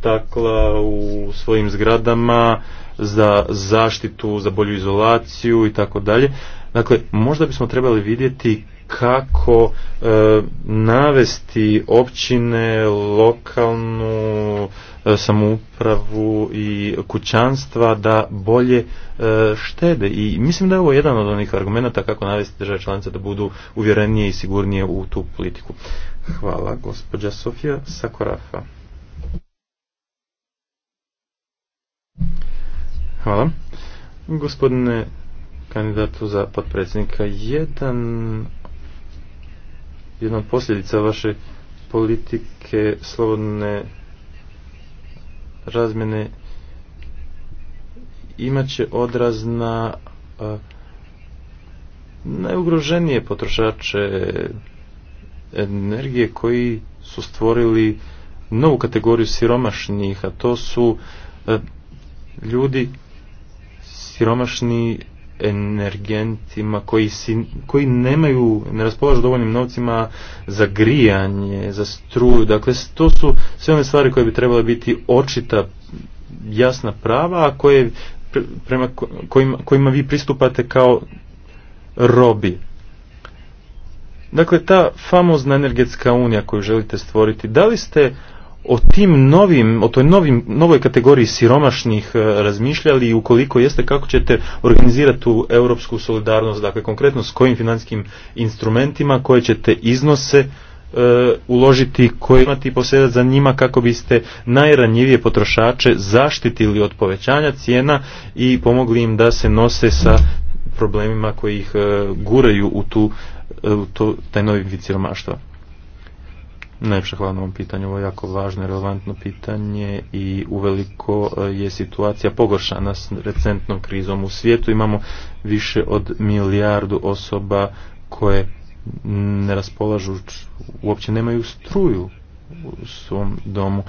stakla u svojim zgradama za zaštitu, za bolju izolaciju i tako dalje. Dakle, možda bismo trebali vidjeti kako e, navesti općine, lokalnu e, samoupravu i kućanstva da bolje e, štede. I mislim da je ovo jedan od onih argumenata kako navesti države članice da budu uvjerenije i sigurnije u tu politiku. Hvala, gospođa Sofija Sakorafa. Hvala. Gospodine kandidatu za potpredsjednika, jedan, jedna od posljedica vaše politike slobodne razmjene imat će odraz na najugroženije potrošače energije koji su stvorili novu kategoriju siromašnih, a to su e, ljudi siromašni energentima koji, si, koji nemaju, ne raspolažu dovoljnim novcima za grijanje, za struju. Dakle, to su sve one stvari koje bi trebale biti očita, jasna prava, a koje, prema kojima, kojima vi pristupate kao robi. Dakle, ta famozna energetska unija koju želite stvoriti, da li ste o tim novim, o toj novim, novoj kategoriji siromašnih e, razmišljali i ukoliko jeste, kako ćete organizirati tu europsku solidarnost, dakle konkretno s kojim financijskim instrumentima, koje ćete iznose e, uložiti, koje imati posjedati za njima kako biste najranjivije potrošače zaštitili od povećanja cijena i pomogli im da se nose sa problemima koji ih e, guraju u tu E, to, taj novi vid siromaštva? Najljepša hvala na ovom pitanju, ovo je jako važno i relevantno pitanje i uveliko e, je situacija pogoršana s recentnom krizom u svijetu. Imamo više od milijardu osoba koje ne raspolažu, uopće nemaju struju u svom domu.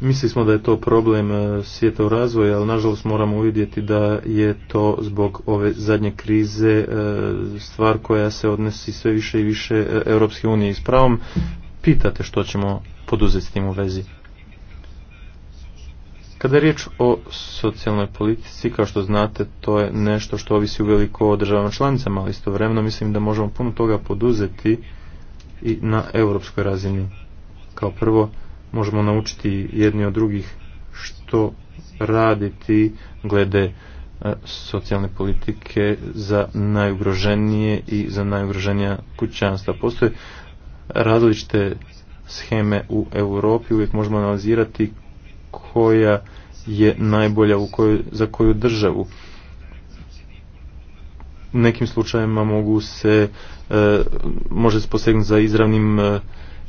Mislili smo da je to problem e, svijeta u razvoju, ali nažalost moramo uvidjeti da je to zbog ove zadnje krize e, stvar koja se odnosi sve više i više e, Europske unije. I s pravom pitate što ćemo poduzeti s tim u vezi. Kada je riječ o socijalnoj politici, kao što znate, to je nešto što ovisi uveliko o državama članicama, ali istovremeno mislim da možemo puno toga poduzeti i na europskoj razini. Kao prvo, možemo naučiti jedni od drugih što raditi glede e, socijalne politike za najugroženije i za najugroženija kućanstva. Postoje različite scheme u Europi, uvijek možemo analizirati koja je najbolja u za koju državu. U nekim slučajevima mogu se, e, može se posegnuti za izravnim e,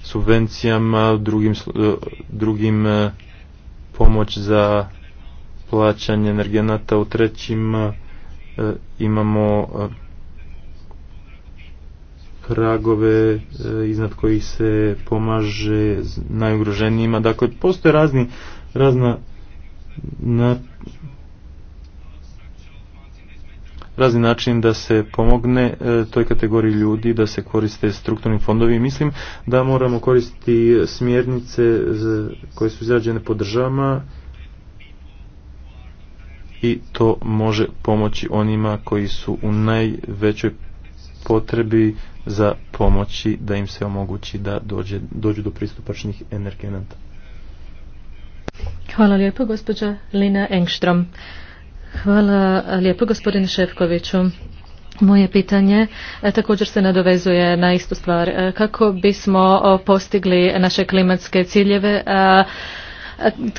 subvencijama, drugim, e, drugim e, pomoć za plaćanje energenata u trećim e, imamo pragove iznad kojih se pomaže najugroženijima. Dakle, postoje razni, razna na, razni način da se pomogne e, toj kategoriji ljudi da se koriste strukturni fondovi. Mislim da moramo koristiti smjernice e, koje su izrađene po državama i to može pomoći onima koji su u najvećoj potrebi za pomoći da im se omogući da dođe, dođu do pristupačnih energenata. Hvala lijepo, gospođa Lina Engstrom. Hvala lijepo gospodine Šefkoviću. Moje pitanje e, također se nadovezuje na istu stvar. E, kako bismo postigli naše klimatske ciljeve,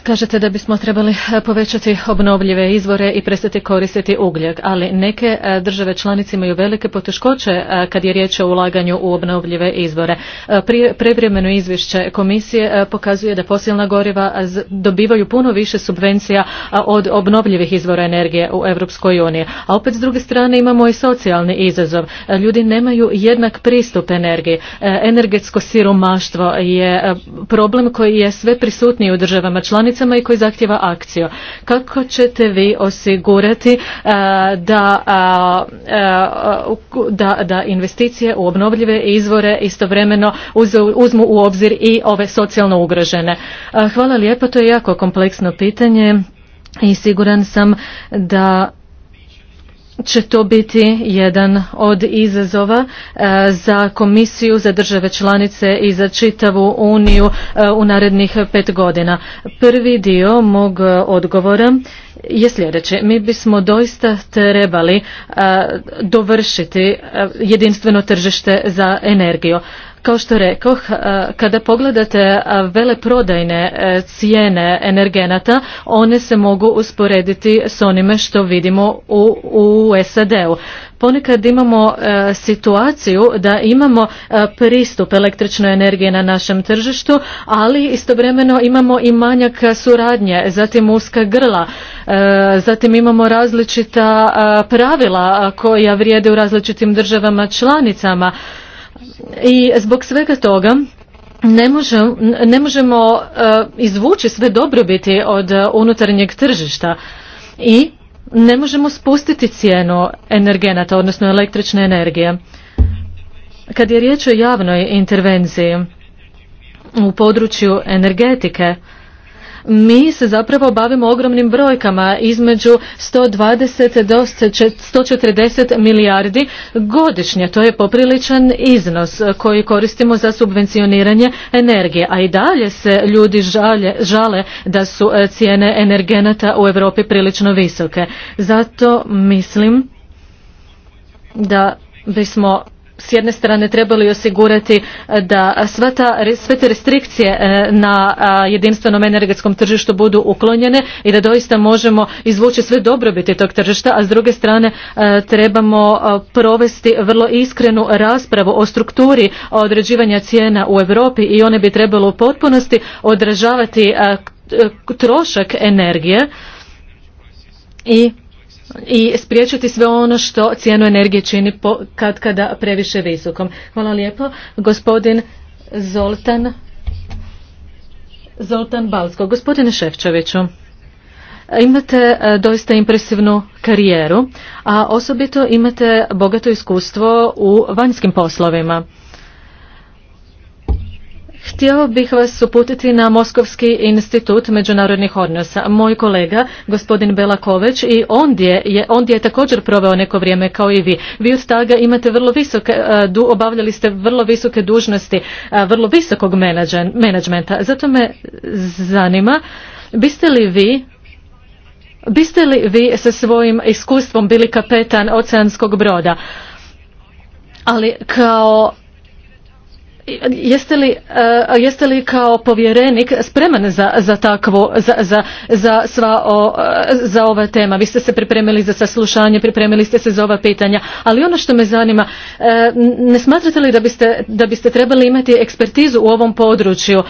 Kažete da bismo trebali e, povećati obnovljive izvore i prestati koristiti ugljak, ali neke e, države članice imaju velike poteškoće e, kad je riječ o ulaganju u obnovljive izvore. Prevremeno izvješće komisije pokazuje da fosilna goriva dobivaju puno više subvencija od obnovljivih izvora energije u Europskoj uniji. A opet s druge strane imamo i socijalni izazov. Ljudi nemaju jednak pristup energiji. Energetsko siromaštvo je problem koji je sve prisutniji u državama državama članicama i koji zahtjeva akciju. Kako ćete vi osigurati e, da, e, da, da investicije u obnovljive izvore istovremeno uzmu u obzir i ove socijalno ugrožene? Hvala lijepo, to je jako kompleksno pitanje i siguran sam da će to biti jedan od izazova e, za komisiju, za države članice i za čitavu uniju e, u narednih pet godina. Prvi dio mog odgovora je sljedeće. Mi bismo doista trebali e, dovršiti jedinstveno tržište za energiju. Kao što rekoh, eh, kada pogledate eh, veleprodajne eh, cijene energenata, one se mogu usporediti s onime što vidimo u, u SAD-u. Ponekad imamo situaciju da imamo pristup električnoj energiji na našem tržištu, ali istovremeno imamo i manjak suradnje, zatim uska grla, zatim imamo različita pravila koja vrijede u različitim državama članicama. I zbog svega toga ne možemo, ne možemo e, izvući sve dobrobiti od e, unutarnjeg tržišta i ne možemo spustiti cijenu energenata, odnosno električne energije. Kad je riječ o javnoj intervenciji u području energetike, mi se zapravo bavimo ogromnim brojkama između 120 do 140 milijardi godišnje. To je popriličan iznos koji koristimo za subvencioniranje energije, a i dalje se ljudi žale da su e, cijene energenata u Europi prilično visoke. Zato mislim da bismo s jedne strane trebali osigurati e, da sva ta, sve te restrikcije e, na jedinstvenom energetskom tržištu budu uklonjene i da doista možemo izvući sve dobrobiti tog tržišta, a s druge strane e, trebamo provesti vrlo iskrenu raspravu o strukturi određivanja cijena u Europi i one bi trebalo u potpunosti odražavati trošak energije i i spriječiti sve ono što cijenu energije čini kad kada previše visokom. Hvala lijepo. Gospodin Zoltan Zoltan Balsko. Gospodine Šefčeviću, imate e, doista impresivnu karijeru, a osobito imate bogato iskustvo u vanjskim poslovima. Htio bih vas uputiti na Moskovski institut međunarodnih odnosa. Moj kolega, gospodin Belaković, i ondje je, ondje je također proveo neko vrijeme kao i vi. Vi od taga imate vrlo visoke, e, obavljali ste vrlo visoke dužnosti, e, vrlo visokog menadžmenta. Zato me zanima, biste li vi Biste li vi sa svojim iskustvom bili kapetan oceanskog broda? Ali kao jeste li, eh, jeste li kao povjerenik spreman za, za takvo, za, za, za, sva o, eh, za ova tema? Vi ste se pripremili za saslušanje, pripremili ste se za ova pitanja, ali ono što me zanima, eh, ne smatrate li da biste, da biste trebali imati ekspertizu u ovom području,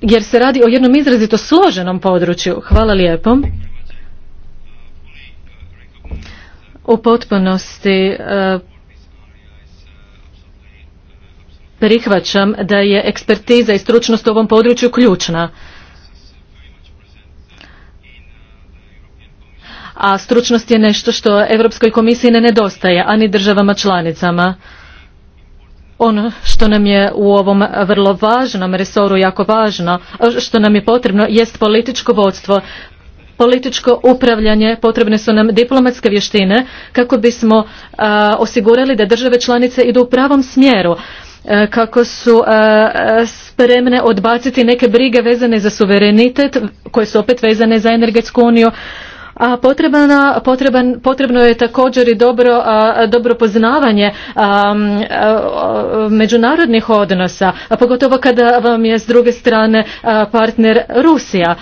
jer se radi o jednom izrazito složenom području. Hvala lijepo. U potpunosti prihvaćam da je ekspertiza i stručnost u ovom području ključna. A stručnost je nešto što Europskoj komisiji ne nedostaje, ani državama članicama. Ono što nam je u ovom vrlo važnom resoru jako važno, što nam je potrebno, jest političko vodstvo, političko upravljanje, potrebne su nam diplomatske vještine kako bismo osigurali da države članice idu u pravom smjeru. E, kako su e, e, spremne odbaciti neke brige vezane za suverenitet koje su opet vezane za energetsku uniju a potrebna, potrebno je također i dobro, a, dobro poznavanje međunarodnih odnosa, a pogotovo kada vam je s druge strane partner Rusija.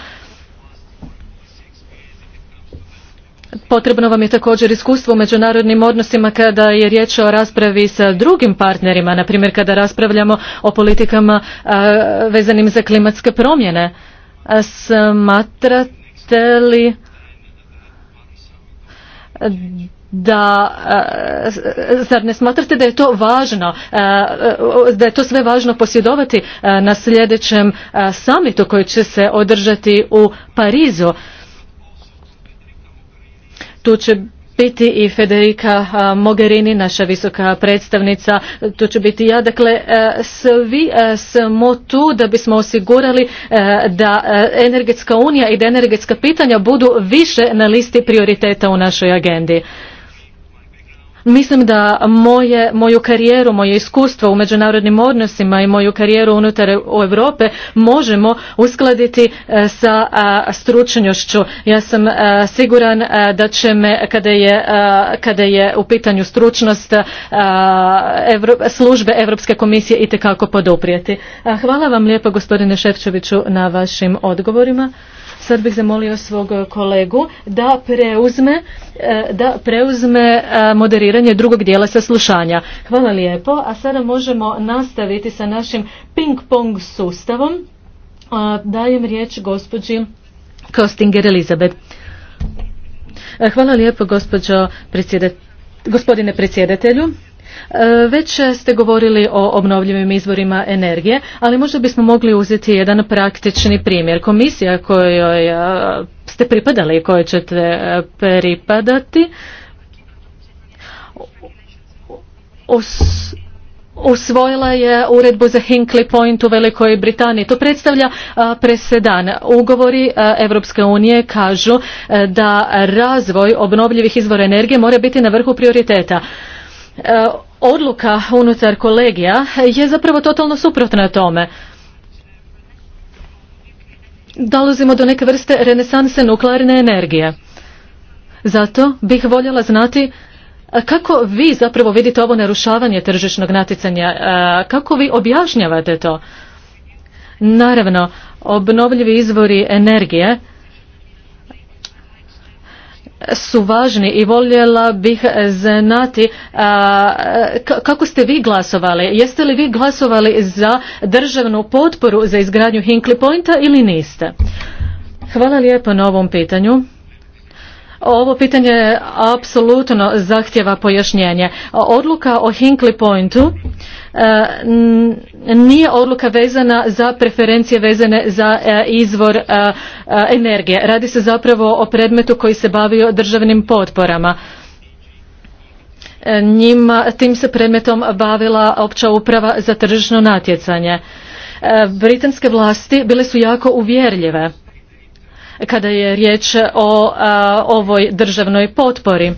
Potrebno vam je također iskustvo u međunarodnim odnosima kada je riječ o raspravi sa drugim partnerima, na primjer kada raspravljamo o politikama vezanim za klimatske promjene. Smatrate li da zar ne smatrate da je to važno da je to sve važno posjedovati na sljedećem samitu koji će se održati u Parizu tu će biti i Federica Mogherini, naša visoka predstavnica, tu će biti ja. Dakle, e, svi e, smo tu da bismo osigurali e, da energetska unija i da energetska pitanja budu više na listi prioriteta u našoj agendi. Mislim da moje, moju karijeru, moje iskustvo u međunarodnim odnosima i moju karijeru unutar u e- Europe možemo uskladiti e, sa stručnošću. Ja sam e, siguran da će me kada je, kada je u pitanju stručnost službe Europske komisije itekako poduprijeti. Hvala vam lijepo gospodine Ševčeviću na vašim odgovorima. Sad bih zamolio svog e, kolegu da preuzme, e, da preuzme e, moderiranje drugog dijela saslušanja. Hvala lijepo, a sada možemo nastaviti sa našim ping-pong sustavom. Dajem riječ gospođi Kostinger Elizabeth. Hvala lijepo gospodine predsjedatelju E, već ste govorili o obnovljivim izvorima energije, ali možda bismo mogli uzeti jedan praktični primjer. Komisija kojoj e, ste pripadali i kojoj ćete e, pripadati usvojila je uredbu za Hinkley Point u Velikoj Britaniji. To predstavlja presedan. Ugovori Evropske unije kažu da razvoj obnovljivih izvora energije mora biti na vrhu prioriteta odluka unutar kolegija je zapravo totalno suprotna tome. Dolazimo do neke vrste renesanse nuklearne energije. Zato bih voljela znati kako vi zapravo vidite ovo narušavanje tržišnog natjecanja, kako vi objašnjavate to? Naravno, obnovljivi izvori energije su važni i voljela bih znati a, kako ste vi glasovali. Jeste li vi glasovali za državnu potporu za izgradnju Hinkley Pointa ili niste? Hvala lijepo na ovom pitanju. Ovo pitanje apsolutno zahtjeva pojašnjenje. Odluka o Hinkley Pointu e, nije odluka vezana za preferencije vezane za e, izvor e, energije. Radi se zapravo o predmetu koji se bavio državnim potporama. Njima, tim se predmetom bavila opća uprava za tržišno natjecanje. Britanske vlasti bile su jako uvjerljive kada je riječ o ovoj državnoj potpori.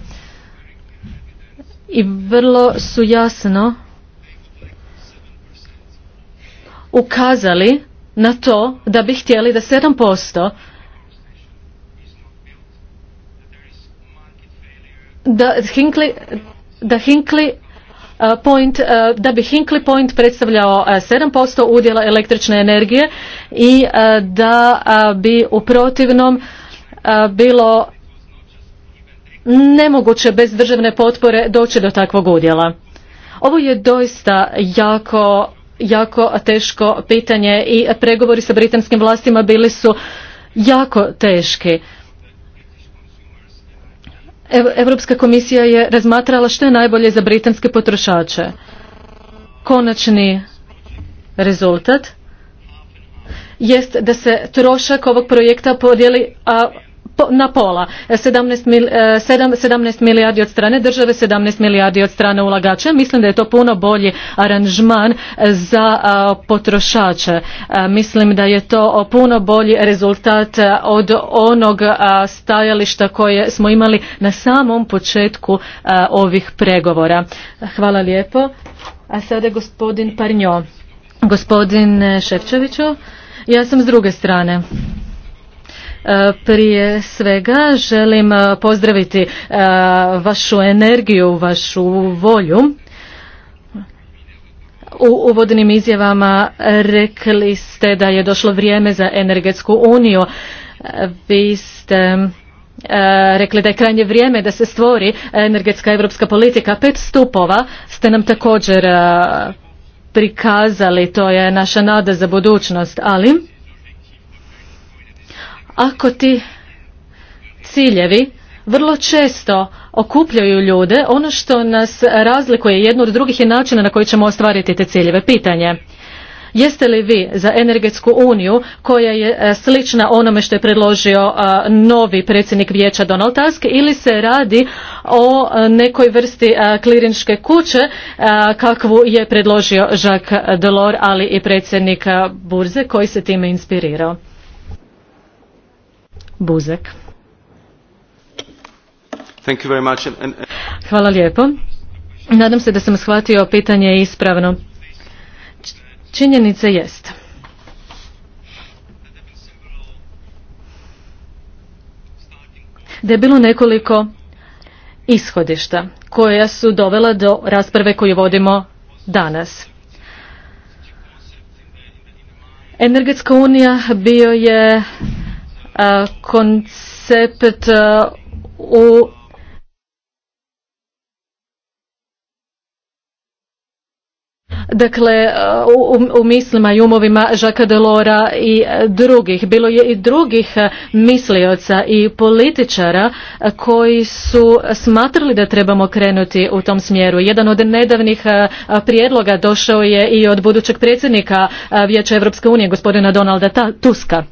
I vrlo su jasno ukazali na to da bi htjeli da 7% da da Hinkli Eh, point, eh, da bi Hinkley Point predstavljao 7% eh, udjela električne energije i da bi u protivnom bilo nemoguće bez državne potpore doći do takvog udjela. Ovo je doista jako, jako teško pitanje i pregovori sa britanskim vlastima bili su jako teški. Europska komisija je razmatrala što je najbolje za britanske potrošače. Konačni rezultat jest da se trošak ovog projekta podijeli a, na pola. 17, e, e, milijardi od strane države, 17 milijardi od strane ulagača. Mislim da je to puno bolji aranžman e, za potrošače. Mislim da je to puno bolji rezultat od onog stajališta koje smo imali na samom početku ovih pregovora. Hvala lijepo. A sada gospodin Parnjo. Gospodin Ševčeviću, ja sam s druge strane. E, prije svega želim e, pozdraviti e, vašu energiju, vašu volju. U uvodnim izjavama rekli ste da je došlo vrijeme za energetsku uniju. Vi ste rekli da je krajnje vrijeme da se stvori energetska europska politika. Pet stupova ste nam također prikazali, to je naša nada za budućnost, ali ako ti ciljevi vrlo često okupljaju ljude, ono što nas razlikuje jedno od drugih je načina na koji ćemo ostvariti te ciljeve. Pitanje, jeste li vi za energetsku uniju koja je e, slična onome što je predložio e, novi predsjednik vijeća Donald Tusk ili se radi o e, nekoj vrsti klirinške kuće kakvu je predložio Jacques Delors ali i predsjednik Burze koji se time inspirirao? Buzek. Hvala lijepo. Nadam se da sam shvatio pitanje ispravno. Činjenica jest. Da je bilo nekoliko ishodišta koja su dovela do rasprave koju vodimo danas. Energetska unija bio je Eh, koncept eh, u dakle eh, u, mislima i umovima Žaka Delora i drugih. Bilo je i drugih mislioca i političara koji su smatrali da trebamo krenuti u tom smjeru. Jedan od nedavnih prijedloga došao je i od budućeg predsjednika Vijeća Europske unije, gospodina Donalda Tuska.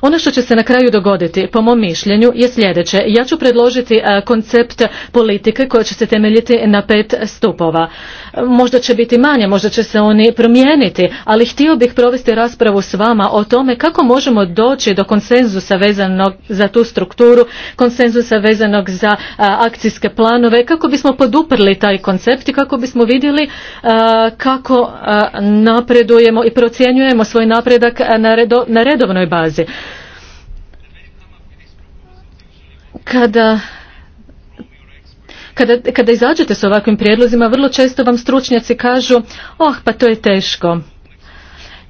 Ono što će se na kraju dogoditi, po mom mišljenju, je sljedeće. Ja ću predložiti e, koncept politike koja će se temeljiti na pet stupova. Možda će biti manje, možda će se oni promijeniti, ali htio bih provesti raspravu s vama o tome kako možemo doći do konsenzusa vezanog za tu strukturu, konsenzusa vezanog za e, akcijske planove, kako bismo poduprli taj koncept i kako bismo vidjeli e, kako napredujemo i procjenjujemo svoj napredak na redovnoj bazi. Kada kada, kada izađete s ovakvim prijedlozima, vrlo često vam stručnjaci kažu, oh pa to je teško.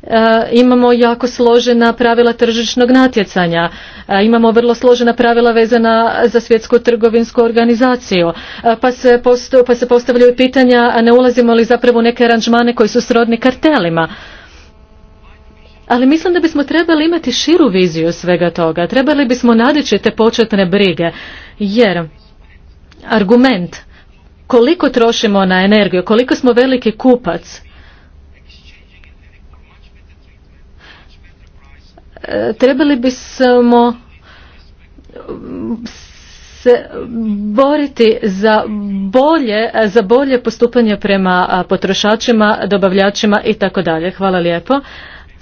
E, imamo jako složena pravila tržišnog natjecanja, e, imamo vrlo složena pravila vezana za svjetsku trgovinsku organizaciju, e, pa, se pa se postavljaju pitanja, a ne ulazimo li zapravo u neke aranžmane koji su srodni kartelima ali mislim da bismo trebali imati širu viziju svega toga. Trebali bismo nadići te početne brige, jer argument koliko trošimo na energiju, koliko smo veliki kupac, e, trebali bismo se boriti za bolje, za bolje postupanje prema potrošačima, dobavljačima i tako dalje. Hvala lijepo.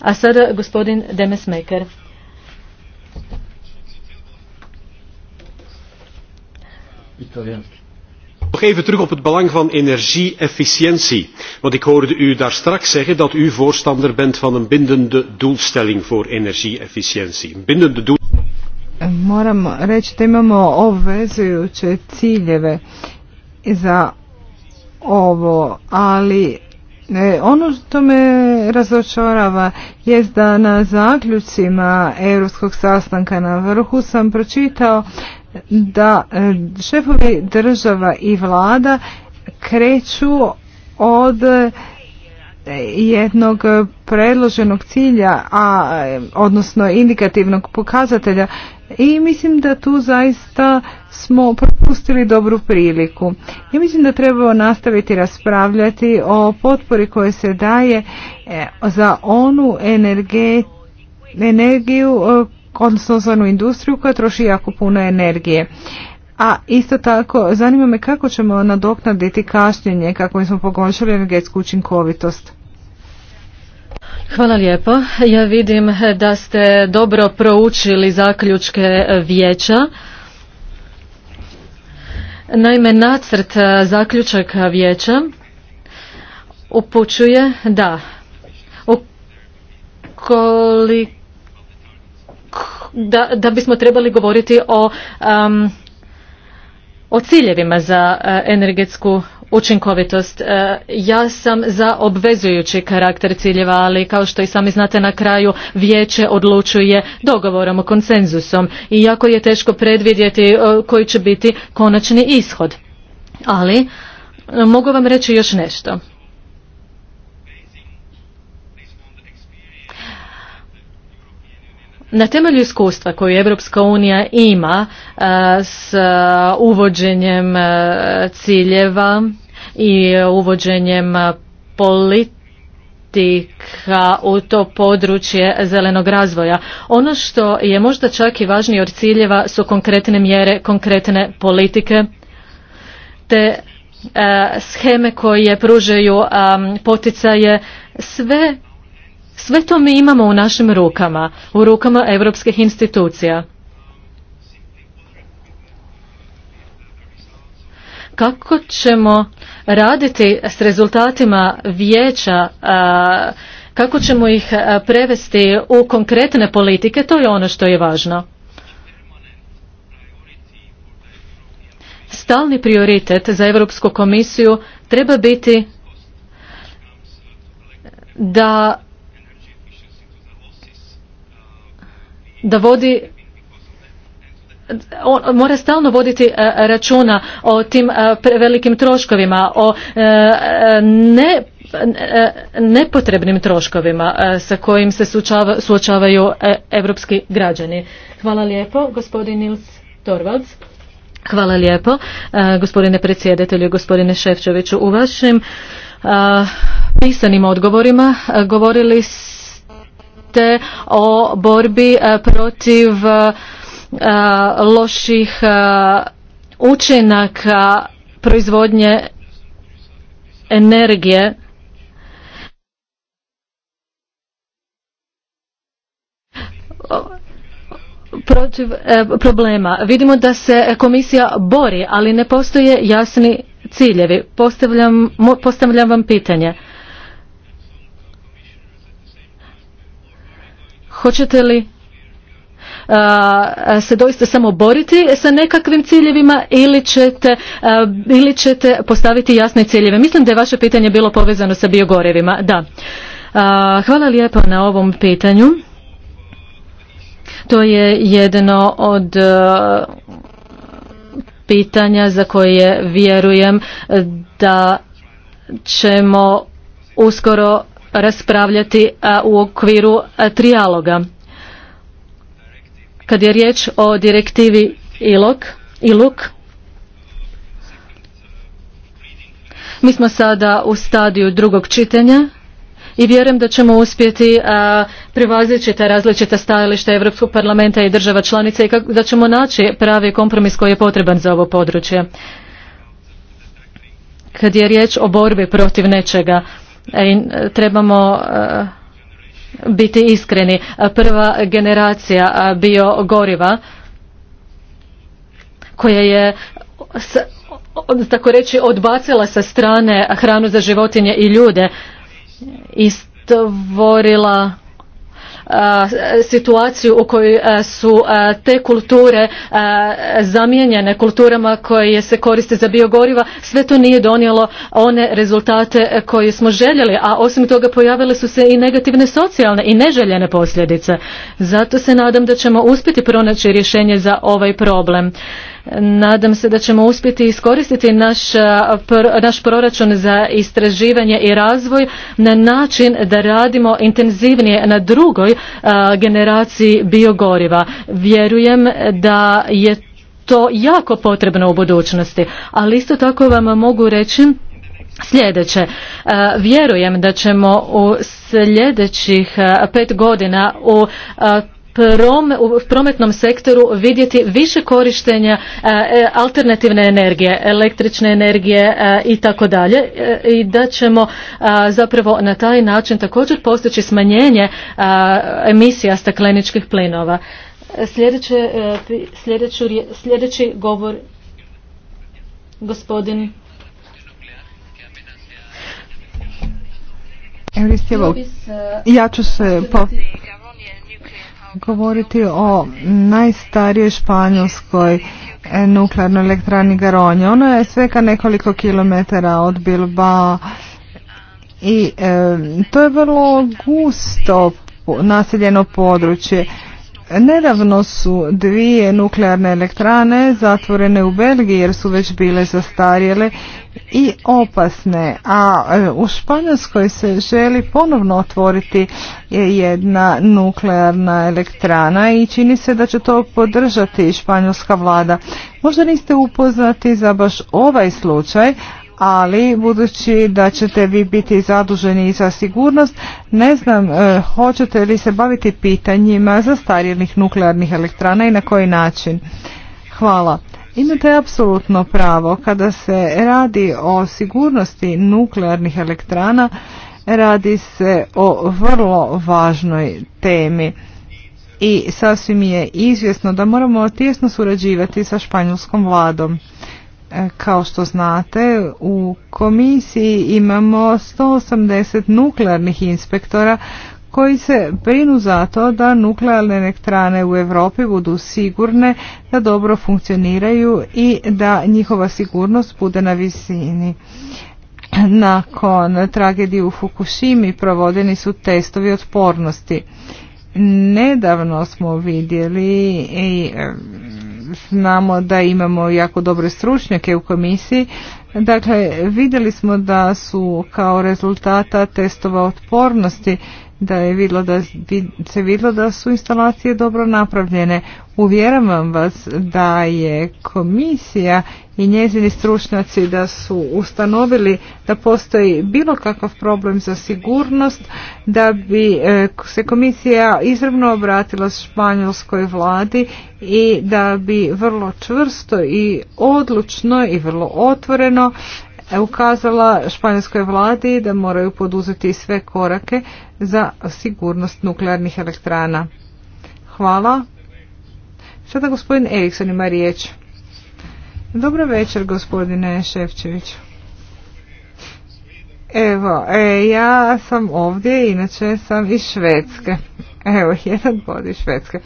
A sada gospodin Demesmeker. Nog even terug op het belang van energie-efficiëntie. Want ik hoorde u daar straks zeggen dat u voorstander bent van een bindende doelstelling voor energie-efficiëntie. Een bindende doel... Moram reći da imamo obvezujuće ciljeve za ovo, ali E, ono što me razočarava je da na zaključima europskog sastanka na vrhu sam pročitao da e, šefovi država i vlada kreću od e, jednog predloženog cilja, a odnosno indikativnog pokazatelja i mislim da tu zaista smo propustili dobru priliku. Ja mislim da trebamo nastaviti raspravljati o potpori koje se daje e, za onu energiju, e, odnosno za industriju koja troši jako puno energije. A isto tako, zanima me kako ćemo nadoknaditi kašnjenje kako bismo poboljšali energetsku učinkovitost. Hvala lijepo. Ja vidim da ste dobro proučili zaključke vijeća. Naime, nacrt zaključaka vijeća upućuje da da, bismo trebali govoriti o, um, o ciljevima za uh, energetsku Učinkovitost. E, ja sam za obvezujući karakter ciljeva, ali kao što i sami znate na kraju, vijeće odlučuje dogovorom, konsenzusom i jako je teško predvidjeti e, koji će biti konačni ishod. Ali e, mogu vam reći još nešto. Na temelju iskustva koju Europska unija ima e, s e, uvođenjem e, ciljeva i uvođenjem politika u to područje zelenog razvoja. Ono što je možda čak i važnije od ciljeva su konkretne mjere, konkretne politike te scheme koje pružaju poticaje sve sve to mi imamo u našim rukama, u rukama europskih institucija. Kako ćemo raditi s rezultatima vijeća kako ćemo ih prevesti u konkretne politike, to je ono što je važno. Stalni prioritet za Europsku komisiju treba biti da da vodi on mora stalno voditi e, računa o tim e, velikim troškovima, o e, nepotrebnim troškovima sa kojim se suočavaju evropski građani. Hvala lijepo, gospodin Nils Torvalds. Hvala lijepo, gospodine predsjedatelju, gospodine Ševčeviću. U vašim pisanim odgovorima govorili s o borbi e, protiv e, e, loših učinaka proizvodnje energije protiv problema. Vidimo da se komisija bori, ali ne postoje jasni ciljevi. Postavljam, postavljam vam pitanje. Hoćete li se doista samo boriti sa nekakvim ciljevima ili ćete, ili ćete postaviti jasne ciljeve? Mislim da je vaše pitanje bilo povezano sa biogorevima. Da. A, hvala lijepo na ovom pitanju. To je jedno od pitanja za koje vjerujem da ćemo uskoro raspravljati u okviru trijaloga. Kad je riječ o direktivi ILOK, ILUK, mi smo sada u stadiju drugog čitanja i vjerujem da ćemo uspjeti privazići te različita stajališta Europskog parlamenta i država članica i da ćemo naći pravi kompromis koji je potreban za ovo područje. Kad je riječ o borbi protiv nečega, E, trebamo e, biti iskreni. Prva generacija e, bio goriva koja je tako reći odbacila sa strane hranu za životinje i ljude i stvorila situaciju u kojoj su te kulture zamijenjene kulturama koje se koriste za biogoriva, sve to nije donijelo one rezultate koje smo željeli, a osim toga pojavile su se i negativne socijalne i neželjene posljedice. Zato se nadam da ćemo uspjeti pronaći rješenje za ovaj problem. Nadam se da ćemo uspjeti iskoristiti naš, naš proračun za istraživanje i razvoj na način da radimo intenzivnije na drugoj generaciji biogoriva. Vjerujem da je to jako potrebno u budućnosti, ali isto tako vam mogu reći Sljedeće, vjerujem da ćemo u sljedećih pet godina u u prometnom sektoru vidjeti više korištenja e, e, alternativne energije, električne energije e, i tako dalje i da ćemo zapravo na taj način također postići smanjenje emisija stakleničkih plinova. Sljedeće, sljedeći govor gospodin ja ću se po govoriti o najstarijoj španjolskoj e, nuklearnoj elektrani Garonje. ono je sveka nekoliko kilometara od Bilbao i e, to je vrlo gusto naseljeno područje. Nedavno su dvije nuklearne elektrane zatvorene u Belgiji jer su već bile zastarjele i opasne, a e, u Španjolskoj se želi ponovno otvoriti e, jedna nuklearna elektrana i čini se da će to podržati španjolska vlada. Možda niste upoznati za baš ovaj slučaj, ali budući da ćete vi biti zaduženi za sigurnost, ne znam e, hoćete li se baviti pitanjima zastarjelih nuklearnih elektrana i na koji način. Hvala. Imate apsolutno pravo kada se radi o sigurnosti nuklearnih elektrana, radi se o vrlo važnoj temi. I sasvim je izvjesno da moramo tijesno surađivati sa španjolskom vladom. Kao što znate, u komisiji imamo 180 nuklearnih inspektora koji se brinu za to da nuklearne elektrane u Europi budu sigurne, da dobro funkcioniraju i da njihova sigurnost bude na visini. Nakon tragedije u Fukushimi provodeni su testovi otpornosti. Nedavno smo vidjeli i znamo da imamo jako dobre stručnjake u komisiji. Dakle, vidjeli smo da su kao rezultata testova otpornosti da je vidlo da se vidlo da su instalacije dobro napravljene. Uvjeravam vas da je komisija i njezini stručnjaci da su ustanovili da postoji bilo kakav problem za sigurnost, da bi e, se komisija izravno obratila španjolskoj vladi i da bi vrlo čvrsto i odlučno i vrlo otvoreno ukazala španjolskoj vladi da moraju poduzeti sve korake za sigurnost nuklearnih elektrana. Hvala. Sada gospodin Erikson ima riječ. Dobro večer gospodine Ševčević. Evo, e, ja sam ovdje, inače sam iz Švedske. Evo, [laughs] jedan bod iz Švedske.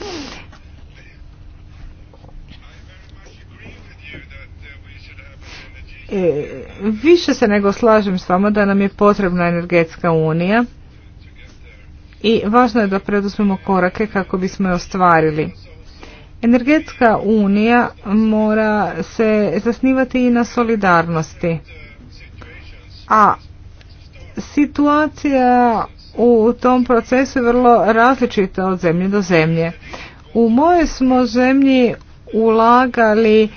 E, više se nego slažem s vama da nam je potrebna energetska unija i važno je da preduzmemo korake kako bismo je ostvarili. Energetska unija mora se zasnivati i na solidarnosti. A situacija u tom procesu je vrlo različita od zemlje do zemlje. U moje smo zemlji ulagali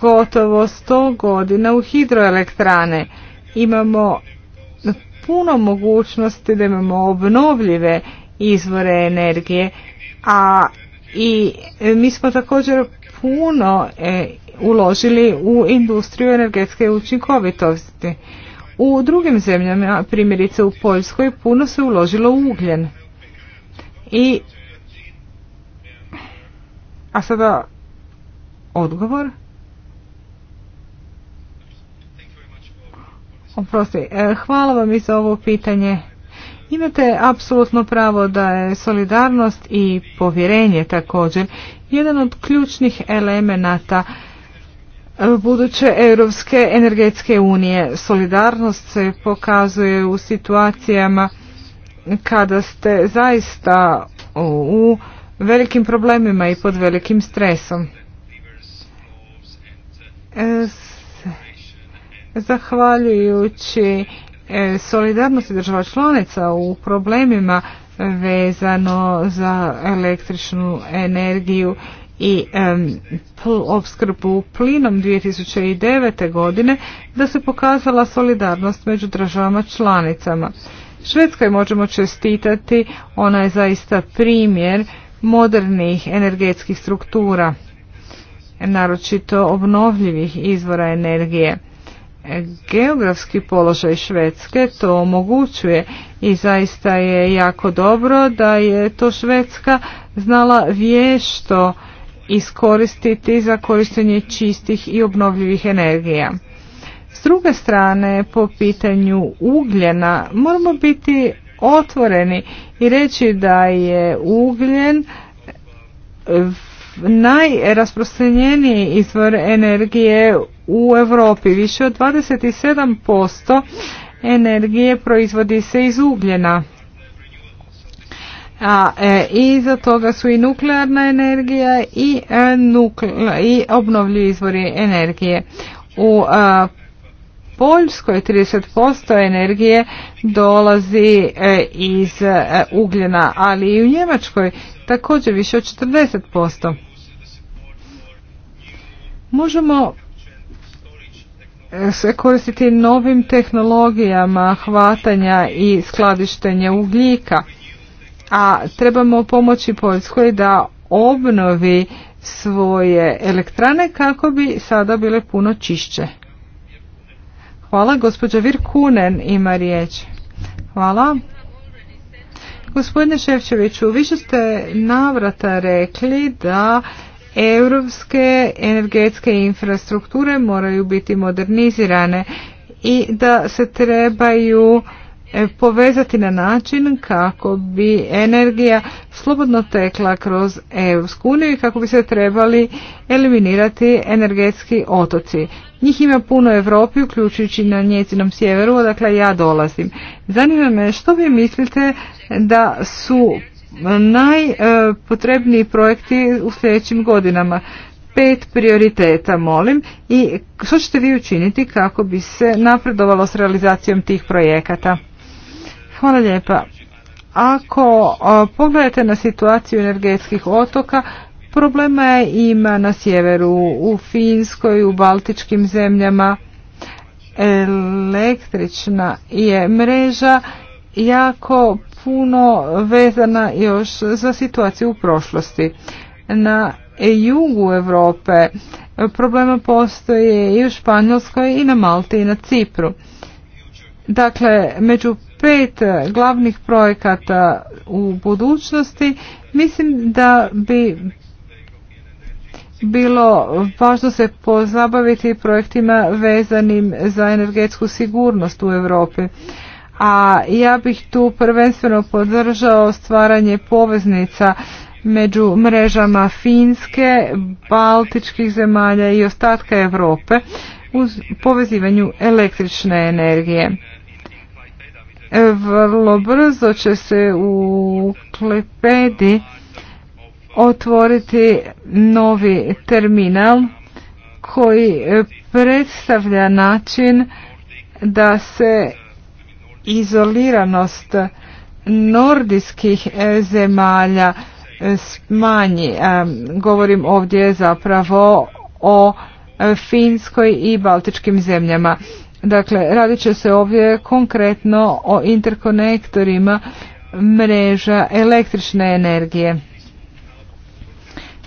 gotovo 100 godina u hidroelektrane. Imamo puno mogućnosti da imamo obnovljive izvore energije, a i mi smo također puno e, uložili u industriju energetske učinkovitosti. U drugim zemljama, primjerice u Poljskoj, puno se uložilo u ugljen. I, a sada odgovor. Oprosti, e, hvala vam i za ovo pitanje. Imate apsolutno pravo da je solidarnost i povjerenje također jedan od ključnih elemenata e, buduće Europske energetske unije. Solidarnost se pokazuje u situacijama kada ste zaista u velikim problemima i pod velikim stresom. E, zahvaljujući e, solidarnosti država članica u problemima vezano za električnu energiju i opskrbu plinom 2009. godine da se pokazala solidarnost među državama članicama. Švedskoj možemo čestitati, ona je zaista primjer modernih energetskih struktura, naročito obnovljivih izvora energije geografski položaj Švedske to omogućuje i zaista je jako dobro da je to Švedska znala vješto iskoristiti za korištenje čistih i obnovljivih energija. S druge strane, po pitanju ugljena moramo biti otvoreni i reći da je ugljen najrasprostranjeniji izvor energije u Europi. Više od 27% energije proizvodi se iz ugljena. A e, iza toga su i nuklearna energija i, e, i obnovljivi izvori energije. U e, Poljskoj Poljskoj 30% energije dolazi e, iz ugljena, ali i u Njemačkoj također više od 40%. Možemo eh, se koristiti novim tehnologijama hvatanja i skladištenja ugljika, a trebamo pomoći Poljskoj da obnovi svoje elektrane kako bi sada bile puno čišće. Hvala, gospođa Virkunen ima riječ. Hvala. Gospodine Ševčeviću, više ste navrata rekli da europske energetske infrastrukture moraju biti modernizirane i da se trebaju e, povezati na način kako bi energija slobodno tekla kroz Europsku uniju i kako bi se trebali eliminirati energetski otoci. Njih ima puno Europi, uključujući na njezinom sjeveru, odakle ja dolazim. Zanima me što vi mislite da su najpotrebniji projekti u sljedećim godinama? Pet prioriteta, molim. I što ćete vi učiniti kako bi se napredovalo s realizacijom tih projekata? Hvala lijepa. Ako pogledate na situaciju energetskih otoka, problema je ima na sjeveru, u Finskoj, u Baltičkim zemljama. Električna je mreža jako puno vezana još za situaciju u prošlosti. Na jugu Europe problema postoje i u Španjolskoj i na Malti i na Cipru. Dakle, među pet glavnih projekata u budućnosti mislim da bi bilo važno se pozabaviti projektima vezanim za energetsku sigurnost u Europi a ja bih tu prvenstveno podržao stvaranje poveznica među mrežama Finske, Baltičkih zemalja i ostatka Europe uz povezivanju električne energije. Vrlo brzo će se u Klepedi otvoriti novi terminal koji predstavlja način da se izoliranost nordijskih e, zemalja e, smanji. E, govorim ovdje zapravo o Finskoj i Baltičkim zemljama. Dakle, radit će se ovdje konkretno o interkonektorima mreža električne energije.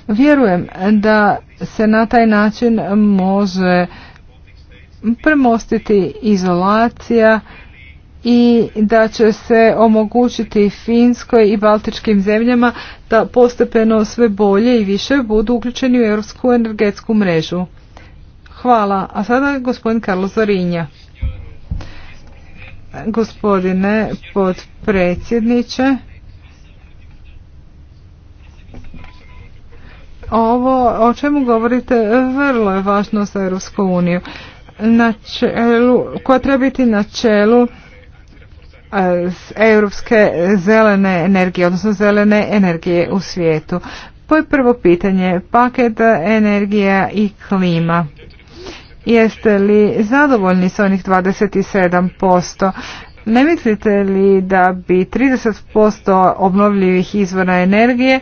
Vjerujem da se na taj način može premostiti izolacija i da će se omogućiti Finskoj i Baltičkim zemljama da postepeno sve bolje i više budu uključeni u europsku energetsku mrežu. Hvala. A sada gospodin Karlo Zorinja. Gospodine podpredsjedniče, ovo o čemu govorite vrlo je važno za Europsku uniju. Na koja treba biti na čelu europske zelene energije, odnosno zelene energije u svijetu. To je prvo pitanje, paket energija i klima. Jeste li zadovoljni s onih 27%? Ne mislite li da bi 30% obnovljivih izvora energije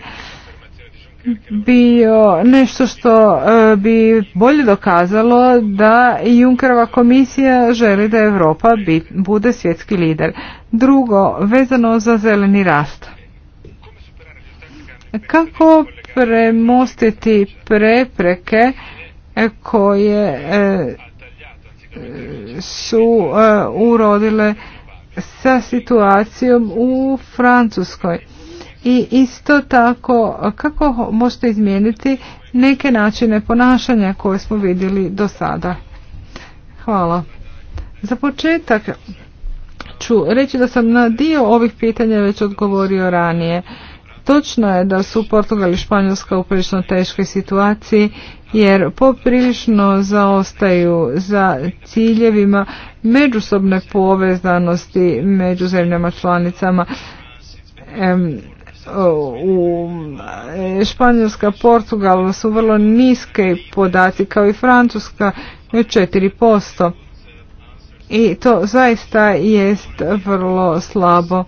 bio nešto što e, bi bolje dokazalo da Junkerova komisija želi da Europa bude svjetski lider. Drugo, vezano za zeleni rast. Kako premostiti prepreke koje e, su e, urodile sa situacijom u Francuskoj? i isto tako kako možete izmijeniti neke načine ponašanja koje smo vidjeli do sada. Hvala. Za početak ću reći da sam na dio ovih pitanja već odgovorio ranije. Točno je da su Portugal i Španjolska u prilično teškoj situaciji jer poprilično zaostaju za ciljevima međusobne povezanosti među zemljama članicama u e, Španjolska, Portugal su vrlo niske podaci kao i Francuska 4%. I to zaista jest vrlo slabo.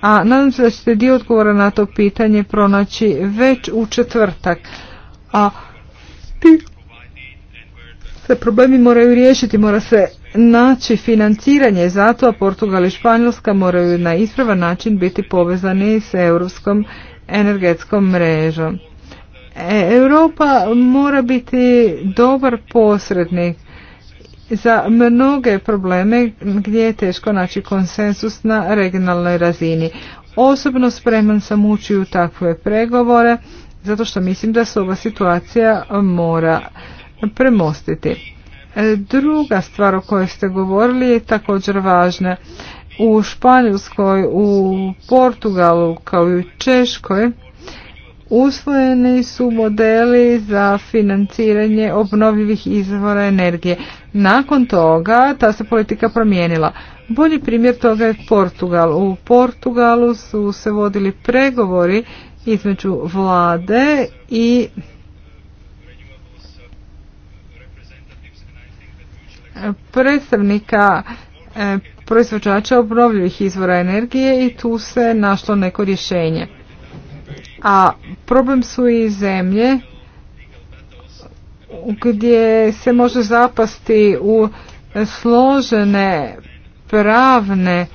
A nadam se da ćete dio odgovora na to pitanje pronaći već u četvrtak. A ti se problemi moraju riješiti, mora se naći financiranje zato Portugal i Španjolska moraju na ispravan način biti povezani s europskom energetskom mrežom. E, Europa mora biti dobar posrednik za mnoge probleme gdje je teško naći konsensus na regionalnoj razini. Osobno spreman sam ući u takve pregovore zato što mislim da se ova situacija mora premostiti. E, druga stvar o kojoj ste govorili je također važna. U Španjolskoj, u Portugalu kao i u Češkoj usvojeni su modeli za financiranje obnovljivih izvora energije. Nakon toga ta se politika promijenila. Bolji primjer toga je Portugal. U Portugalu su se vodili pregovori između vlade i predstavnika e, proizvođača obnovljivih izvora energije i tu se našlo neko rješenje. A problem su i zemlje gdje se može zapasti u složene pravne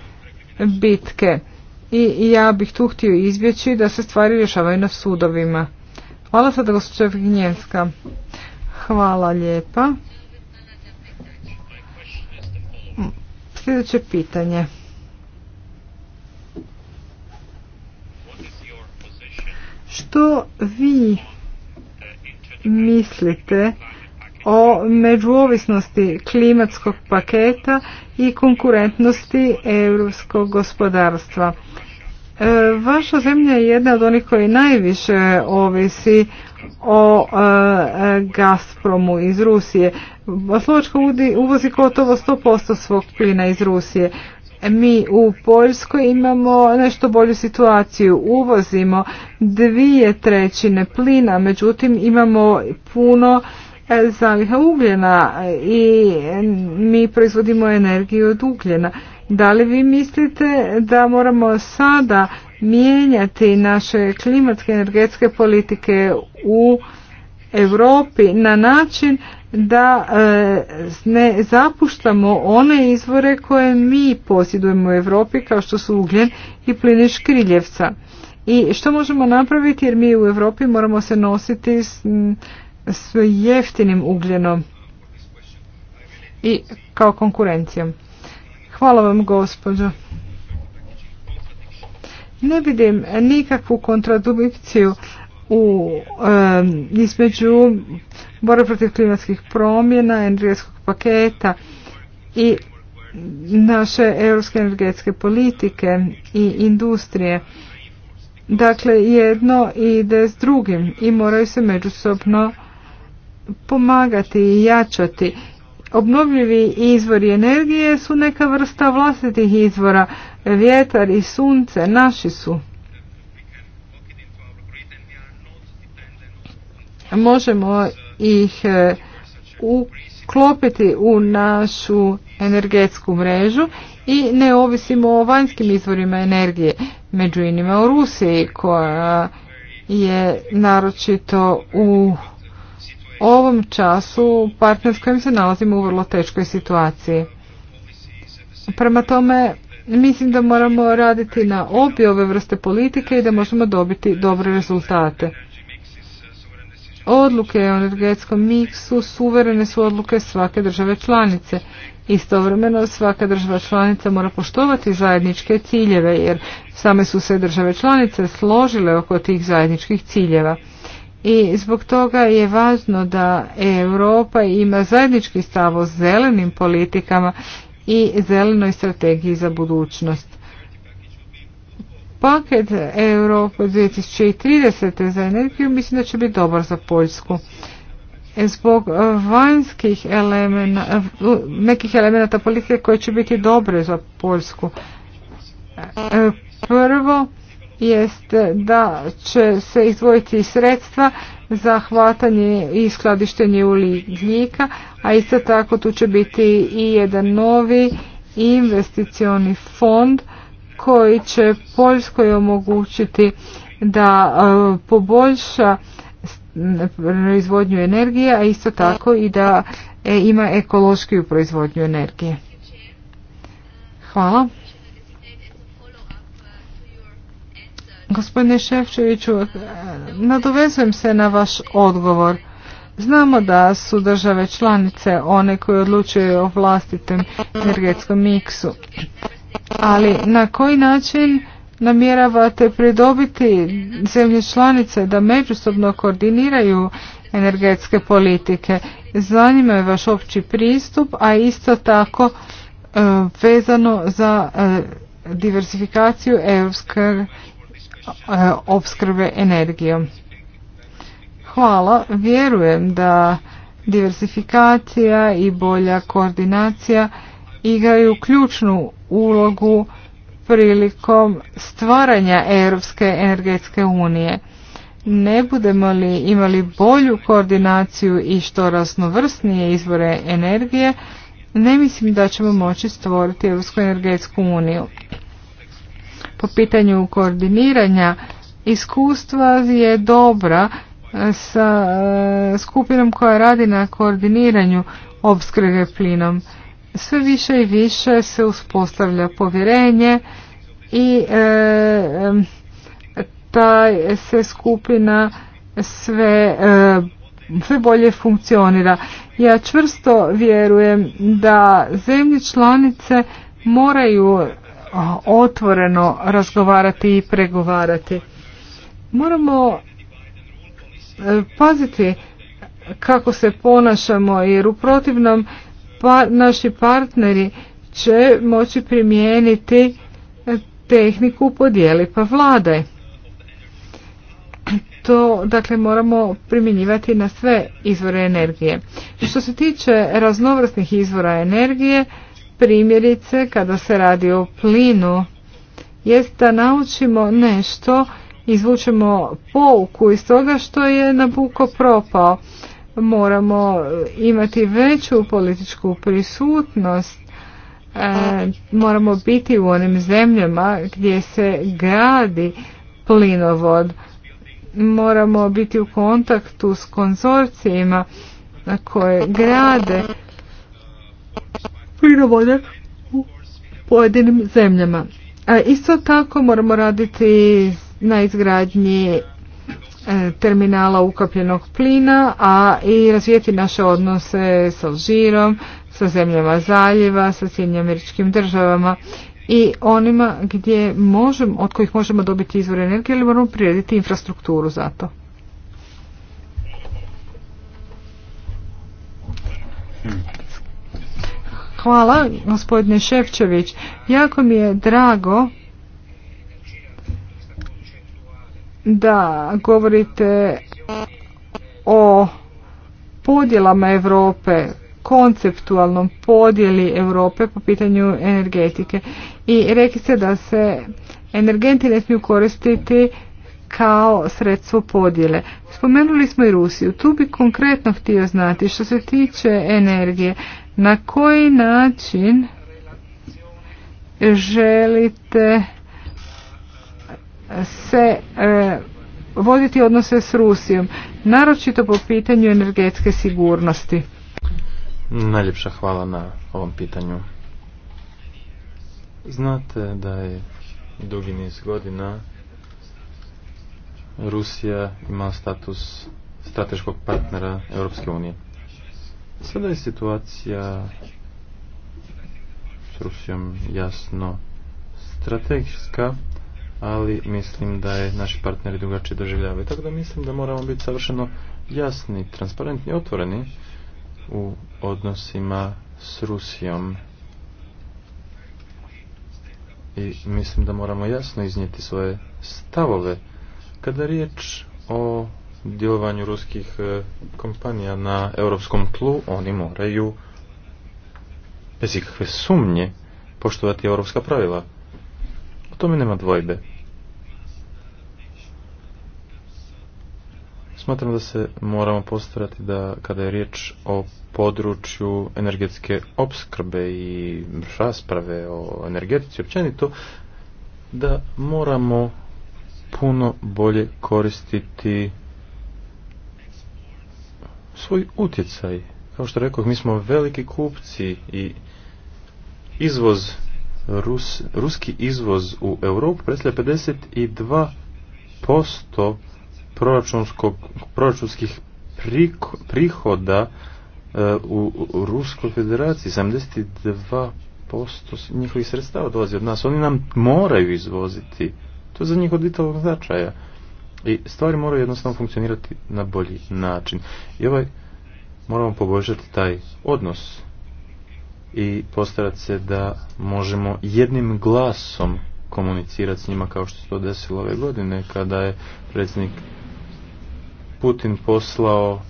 bitke i ja bih tu htio izbjeći da se stvari rješavaju na sudovima. Hvala sada gospođa Vignjenska. Hvala lijepa. Sljedeće pitanje. Što vi mislite o međuovisnosti klimatskog paketa i konkurentnosti europskog gospodarstva? E, vaša zemlja je jedna od onih koji najviše ovisi o e, e, Gazpromu iz Rusije. Slovačka uvozi gotovo 100% svog plina iz Rusije. Mi u Poljskoj imamo nešto bolju situaciju. Uvozimo dvije trećine plina, međutim imamo puno e, zaliha ugljena i e, mi proizvodimo energiju od ugljena. Da li vi mislite da moramo sada mijenjati naše klimatske energetske politike u Europi na način da e, ne zapuštamo one izvore koje mi posjedujemo u Europi kao što su ugljen i plin škriljevca. I što možemo napraviti jer mi u Europi moramo se nositi s, s jeftinim ugljenom i kao konkurencijom. Hvala vam gospođo. Ne vidim nikakvu kontradikciju u, između borbe protiv klimatskih promjena, energetskog paketa i naše europske energetske politike i industrije. Dakle, jedno ide s drugim i moraju se međusobno pomagati i jačati. Obnovljivi izvori energije su neka vrsta vlastitih izvora. Vjetar i sunce naši su. Možemo ih e, uklopiti u našu energetsku mrežu i ne ovisimo o vanjskim izvorima energije, među inima u Rusiji koja je naročito u ovom času partner s kojim se nalazimo u vrlo teškoj situaciji. Prema tome, mislim da moramo raditi na obje ove vrste politike i da možemo dobiti dobre rezultate. Odluke o energetskom miksu suverene su odluke svake države članice. Istovremeno svaka država članica mora poštovati zajedničke ciljeve jer same su se države članice složile oko tih zajedničkih ciljeva i zbog toga je važno da Europa ima zajednički stav o zelenim politikama i zelenoj strategiji za budućnost. Paket Europa 2030. za energiju mislim da će biti dobar za Poljsku. Zbog vanjskih elemena, nekih elemenata politike koje će biti dobre za Poljsku. Prvo, jest da će se izdvojiti sredstva za hvatanje i skladištenje ugljika, a isto tako tu će biti i jedan novi investicioni fond koji će Poljskoj omogućiti da e, poboljša proizvodnju energije, a isto tako i da e, ima ekološkiju proizvodnju energije. Hvala. Gospodine Ševčeviću, e, nadovezujem se na vaš odgovor. Znamo da su države članice one koje odlučuju o vlastitem energetskom miksu. Ali na koji način namjeravate pridobiti zemlje članice da međusobno koordiniraju energetske politike? Zanima je vaš opći pristup, a isto tako e, vezano za e, diversifikaciju europske E, opskrbe energijom. Hvala, vjerujem da diversifikacija i bolja koordinacija igraju ključnu ulogu prilikom stvaranja Europske energetske unije. Ne budemo li imali bolju koordinaciju i što raznovrsnije izvore energije, ne mislim da ćemo moći stvoriti Europsku energetsku uniju po pitanju koordiniranja iskustva je dobra e, sa e, skupinom koja radi na koordiniranju opskrbe plinom. Sve više i više se uspostavlja povjerenje i e, e ta se skupina sve, sve bolje funkcionira. Ja čvrsto vjerujem da zemlje članice moraju otvoreno razgovarati i pregovarati. Moramo e, paziti kako se ponašamo jer u protivnom pa, naši partneri će moći primijeniti e, tehniku podijeli pa vlade. To dakle moramo primjenjivati na sve izvore energije. Što se tiče raznovrsnih izvora energije, primjerice kada se radi o plinu jest da naučimo nešto, izvučemo pouku iz toga što je Nabuko propao. Moramo eh, imati veću političku prisutnost, eh, moramo biti u onim zemljama gdje se gradi plinovod, moramo biti u kontaktu s konzorcijima koje grade volje u pojedinim zemljama. isto tako moramo raditi na izgradnji e, terminala ukapljenog plina, a i razvijeti naše odnose sa Alžirom, sa zemljama zaljeva, sa Sjedinjim američkim državama i onima gdje možemo, od kojih možemo dobiti izvor energije ali moramo prirediti infrastrukturu za to. Hmm. Hvala, gospodine Ševčević. Jako mi je drago da govorite o podjelama Europe, konceptualnom podjeli Europe po pitanju energetike. I rekli ste da se energenti ne smiju koristiti kao sredstvo podjele. Spomenuli smo i Rusiju. Tu bi konkretno htio znati što se tiče energije na koji način želite se e, voditi odnose s Rusijom, naročito po pitanju energetske sigurnosti. Najljepša hvala na ovom pitanju. Znate da je dugi niz godina Rusija ima status strateškog partnera Europske unije. Sada je situacija s Rusijom jasno strategijska, ali mislim da je naši partneri drugačije doživljavaju. Tako da mislim da moramo biti savršeno jasni, transparentni, otvoreni u odnosima s Rusijom. I mislim da moramo jasno iznijeti svoje stavove. Kada je riječ o djelovanju ruskih e, kompanija na europskom tlu, oni moraju bez ikakve sumnje poštovati europska pravila. O tome nema dvojbe. Smatram da se moramo postarati da kada je riječ o području energetske opskrbe i rasprave o energetici općenito, da moramo puno bolje koristiti svoj utjecaj. Kao što rekao, mi smo veliki kupci i izvoz, Rus, ruski izvoz u Europu predstavlja 52% proračunskog, proračunskih prihoda eh, u, u Ruskoj federaciji. 72% njihovih sredstava dolazi od nas. Oni nam moraju izvoziti. To je za njih od vitalnog značaja. I stvari moraju jednostavno funkcionirati na bolji način. I ovaj, moramo poboljšati taj odnos i postarati se da možemo jednim glasom komunicirati s njima kao što se to desilo ove godine kada je predsjednik Putin poslao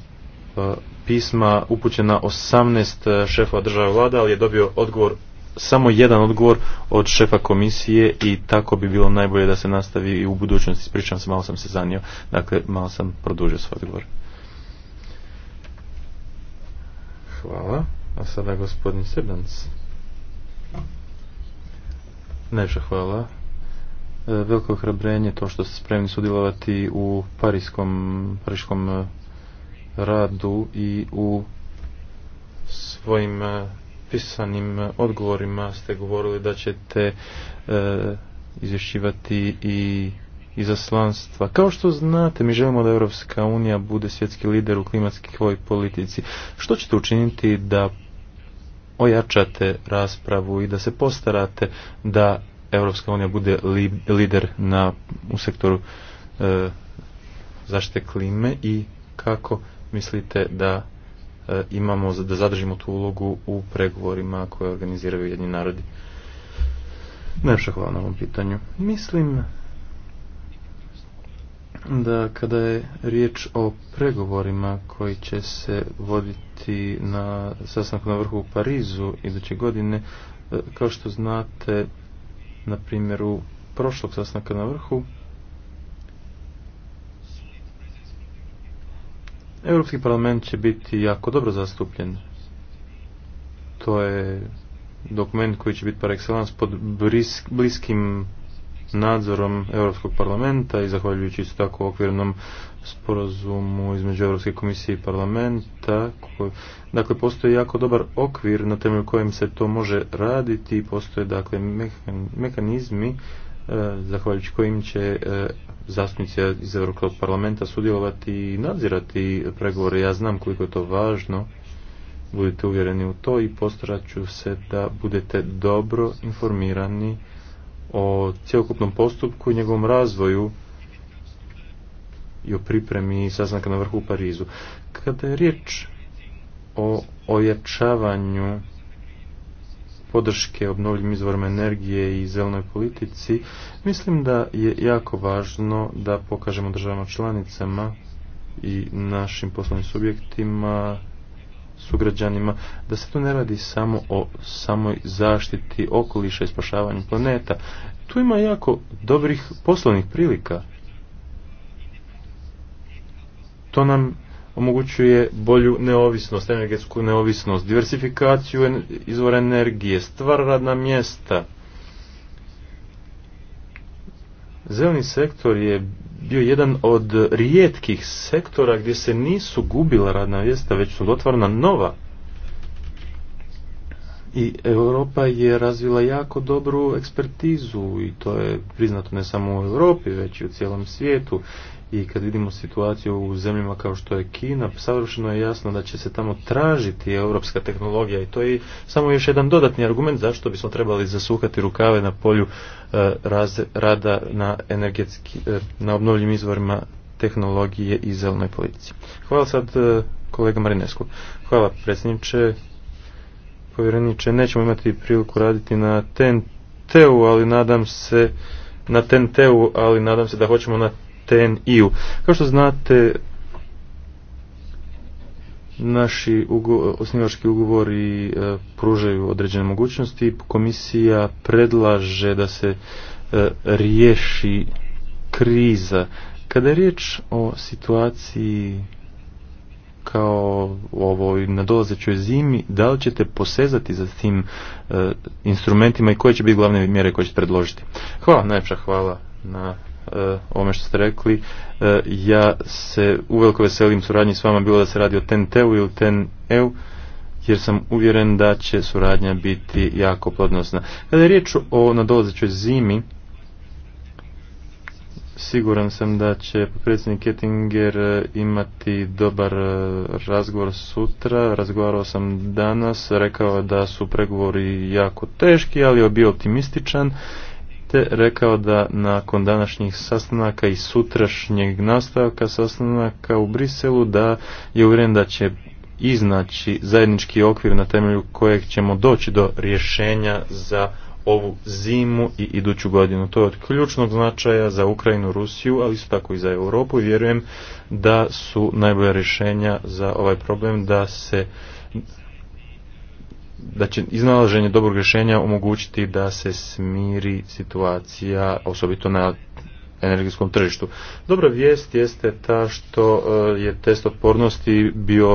e, pisma upućena 18 šefova država vlada, ali je dobio odgovor samo jedan odgovor od šefa komisije i tako bi bilo najbolje da se nastavi i u budućnosti. Pričam se, malo sam se zanio, dakle malo sam produžio svoj odgovor. Hvala. A sada gospodin Sebans. Najviše hvala. E, veliko hrabrenje to što ste spremni sudjelovati u parijskom, pariškom e, radu i u svojim e, pisanim e, odgovorima ste govorili da ćete e, izvješćivati i izaslanstva. Kao što znate, mi želimo da Europska unija bude svjetski lider u klimatskoj politici. Što ćete učiniti da ojačate raspravu i da se postarate da Europska unija bude lider na, u sektoru e, zaštite klime i kako mislite da E, imamo da zadržimo tu ulogu u pregovorima koje organiziraju jedni narodi. Najpša hvala na ovom pitanju. Mislim da kada je riječ o pregovorima koji će se voditi na sastanku na vrhu u Parizu iduće godine, e, kao što znate na primjeru prošlog sastanka na vrhu, Europski parlament će biti jako dobro zastupljen. To je dokument koji će biti par excellence pod bliskim nadzorom Europskog parlamenta i zahvaljujući isto tako okvirnom sporazumu između Europske komisije i parlamenta. dakle, postoji jako dobar okvir na temelju kojem se to može raditi i postoje dakle mehanizmi E, zahvaljujući kojim će e, zastupnici iz Europskog parlamenta sudjelovati i nadzirati pregovore. Ja znam koliko je to važno, budite uvjereni u to i postarat ću se da budete dobro informirani o cjelokupnom postupku i njegovom razvoju i o pripremi sastanka na vrhu u Parizu. Kada je riječ o ojačavanju podrške obnovljivim izvorima energije i zelenoj politici, mislim da je jako važno da pokažemo državama članicama i našim poslovnim subjektima sugrađanima, da se to ne radi samo o samoj zaštiti okoliša i spašavanju planeta. Tu ima jako dobrih poslovnih prilika. To nam omogućuje bolju neovisnost, energetsku neovisnost, diversifikaciju izvora energije, stvar radna mjesta. Zeleni sektor je bio jedan od rijetkih sektora gdje se nisu gubila radna mjesta, već su otvarana nova. I Europa je razvila jako dobru ekspertizu i to je priznato ne samo u Europi, već i u cijelom svijetu i kad vidimo situaciju u zemljama kao što je Kina, savršeno je jasno da će se tamo tražiti europska tehnologija i to je samo još jedan dodatni argument zašto bismo trebali zasukati rukave na polju e, rada na, energetski, e, na obnovljivim izvorima tehnologije i zelenoj politici. Hvala sad e, kolega Marinesku. Hvala predsjedniče, povjereniče. Nećemo imati priliku raditi na TNT-u, ali nadam se na TNT-u, ali nadam se da hoćemo na tni Kao što znate, naši osnivački ugovori e, pružaju određene mogućnosti. Komisija predlaže da se e, riješi kriza. Kada je riječ o situaciji kao ovoj nadolazećoj zimi, da li ćete posezati za tim e, instrumentima i koje će biti glavne mjere koje ćete predložiti? Hvala, najpša hvala na Eh, ovome što ste rekli. Eh, ja se uveliko veselim suradnji s vama, bilo da se radi o ten u ili TEN-EU, jer sam uvjeren da će suradnja biti jako plodnosna. Kada je riječ o nadolazećoj zimi, siguran sam da će predsjednik Kettinger eh, imati dobar razgovor sutra. Razgovarao sam danas, rekao da su pregovori jako teški, ali je bio optimističan rekao da nakon današnjih sastanaka i sutrašnjeg nastavka sastanaka u Briselu da je uvjeren da će iznaći zajednički okvir na temelju kojeg ćemo doći do rješenja za ovu zimu i iduću godinu. To je od ključnog značaja za Ukrajinu, Rusiju, ali isto tako i za Europu i vjerujem da su najbolja rješenja za ovaj problem da se da će iznalaženje dobrog rješenja omogućiti da se smiri situacija, osobito na energetskom tržištu. Dobra vijest jeste ta što e, je test otpornosti bio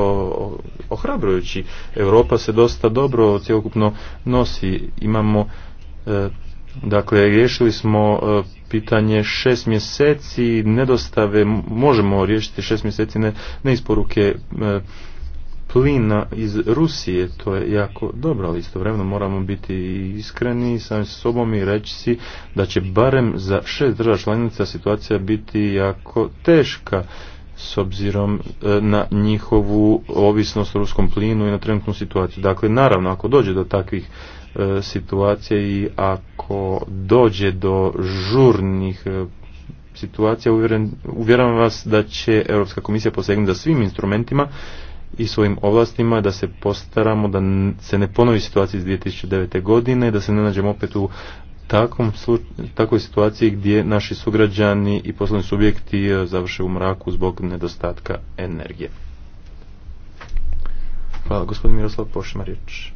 ohrabrujući. Europa se dosta dobro cjelokupno nosi. Imamo e, Dakle, riješili smo e, pitanje šest mjeseci nedostave, možemo riješiti šest mjeseci ne, isporuke plina iz Rusije, to je jako dobro, ali istovremeno moramo biti iskreni sami sa sobom i reći si da će barem za šest država članica situacija biti jako teška s obzirom e, na njihovu ovisnost o ruskom plinu i na trenutnu situaciju. Dakle, naravno, ako dođe do takvih e, situacija i ako dođe do žurnih e, situacija, uvjeram vas da će Europska komisija posegnuti za svim instrumentima i svojim ovlastima da se postaramo da se ne ponovi situacija iz 2009. godine, da se ne nađemo opet u takvoj situaciji gdje naši sugrađani i poslovni subjekti e, završe u mraku zbog nedostatka energije. Hvala, gospodin Miroslav Pošmarić.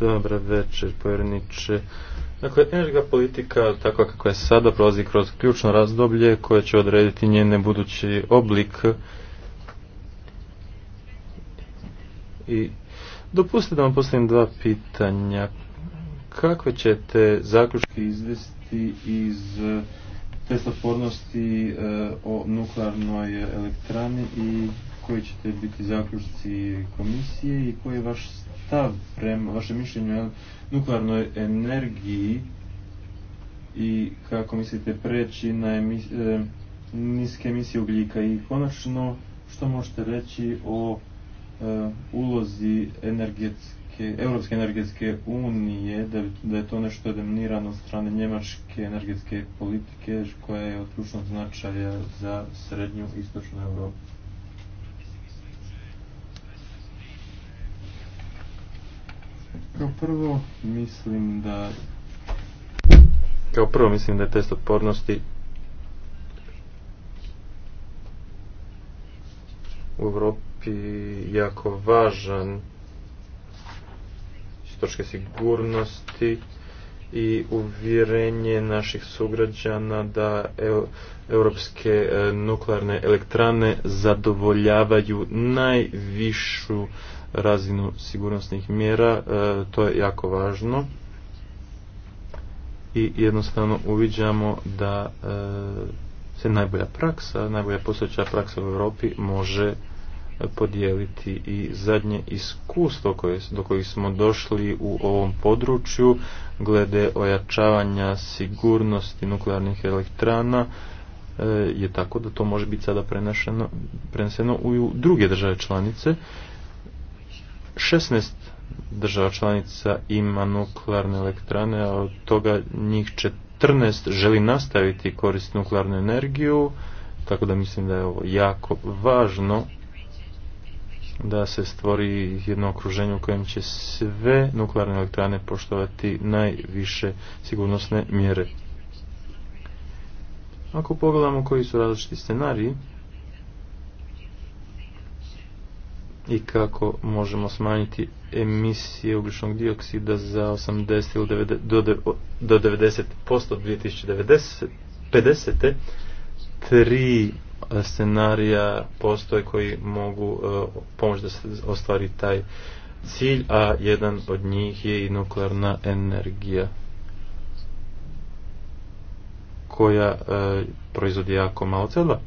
Dobar večer, povjerniče. Dakle, energetska politika, takva kako je sada, prolazi kroz ključno razdoblje koje će odrediti njen budući oblik i dopustite da vam postavim dva pitanja. Kakve ćete zaključke izvesti iz eh, testa eh, o nuklearnoj elektrani i koji ćete biti zaključci komisije i koji je vaš stav prema vašem mišljenju o nuklearnoj energiji i kako mislite preći na e, niske emisije ugljika i konačno što možete reći o e, ulozi energetske, Europske energetske unije, da, je to nešto demonirano od strane njemačke energetske politike koja je od ključnog značaja za srednju i istočnu Europu. Kao prvo mislim da kao prvo mislim da je test otpornosti u Europi jako važan s točke sigurnosti i uvjerenje naših sugrađana da europske e, nuklearne elektrane zadovoljavaju najvišu razinu sigurnosnih mjera, e, to je jako važno i jednostavno uviđamo da e, se najbolja praksa, najbolja postojeća praksa u Europi može podijeliti i zadnje iskustvo koje, do kojih smo došli u ovom području glede ojačavanja sigurnosti nuklearnih elektrana e, je tako da to može biti sada preneseno u druge države članice 16 država članica ima nuklearne elektrane, a od toga njih 14 želi nastaviti koristiti nuklearnu energiju, tako da mislim da je ovo jako važno da se stvori jedno okruženje u kojem će sve nuklearne elektrane poštovati najviše sigurnosne mjere. Ako pogledamo koji su različiti scenariji, i kako možemo smanjiti emisije ugljičnog dioksida za 80 ili 90, do, 90% od 2050. Tri e, scenarija postoje koji mogu e, pomoći da se ostvari taj cilj, a jedan od njih je i nuklearna energija koja e, proizvodi jako malo celo.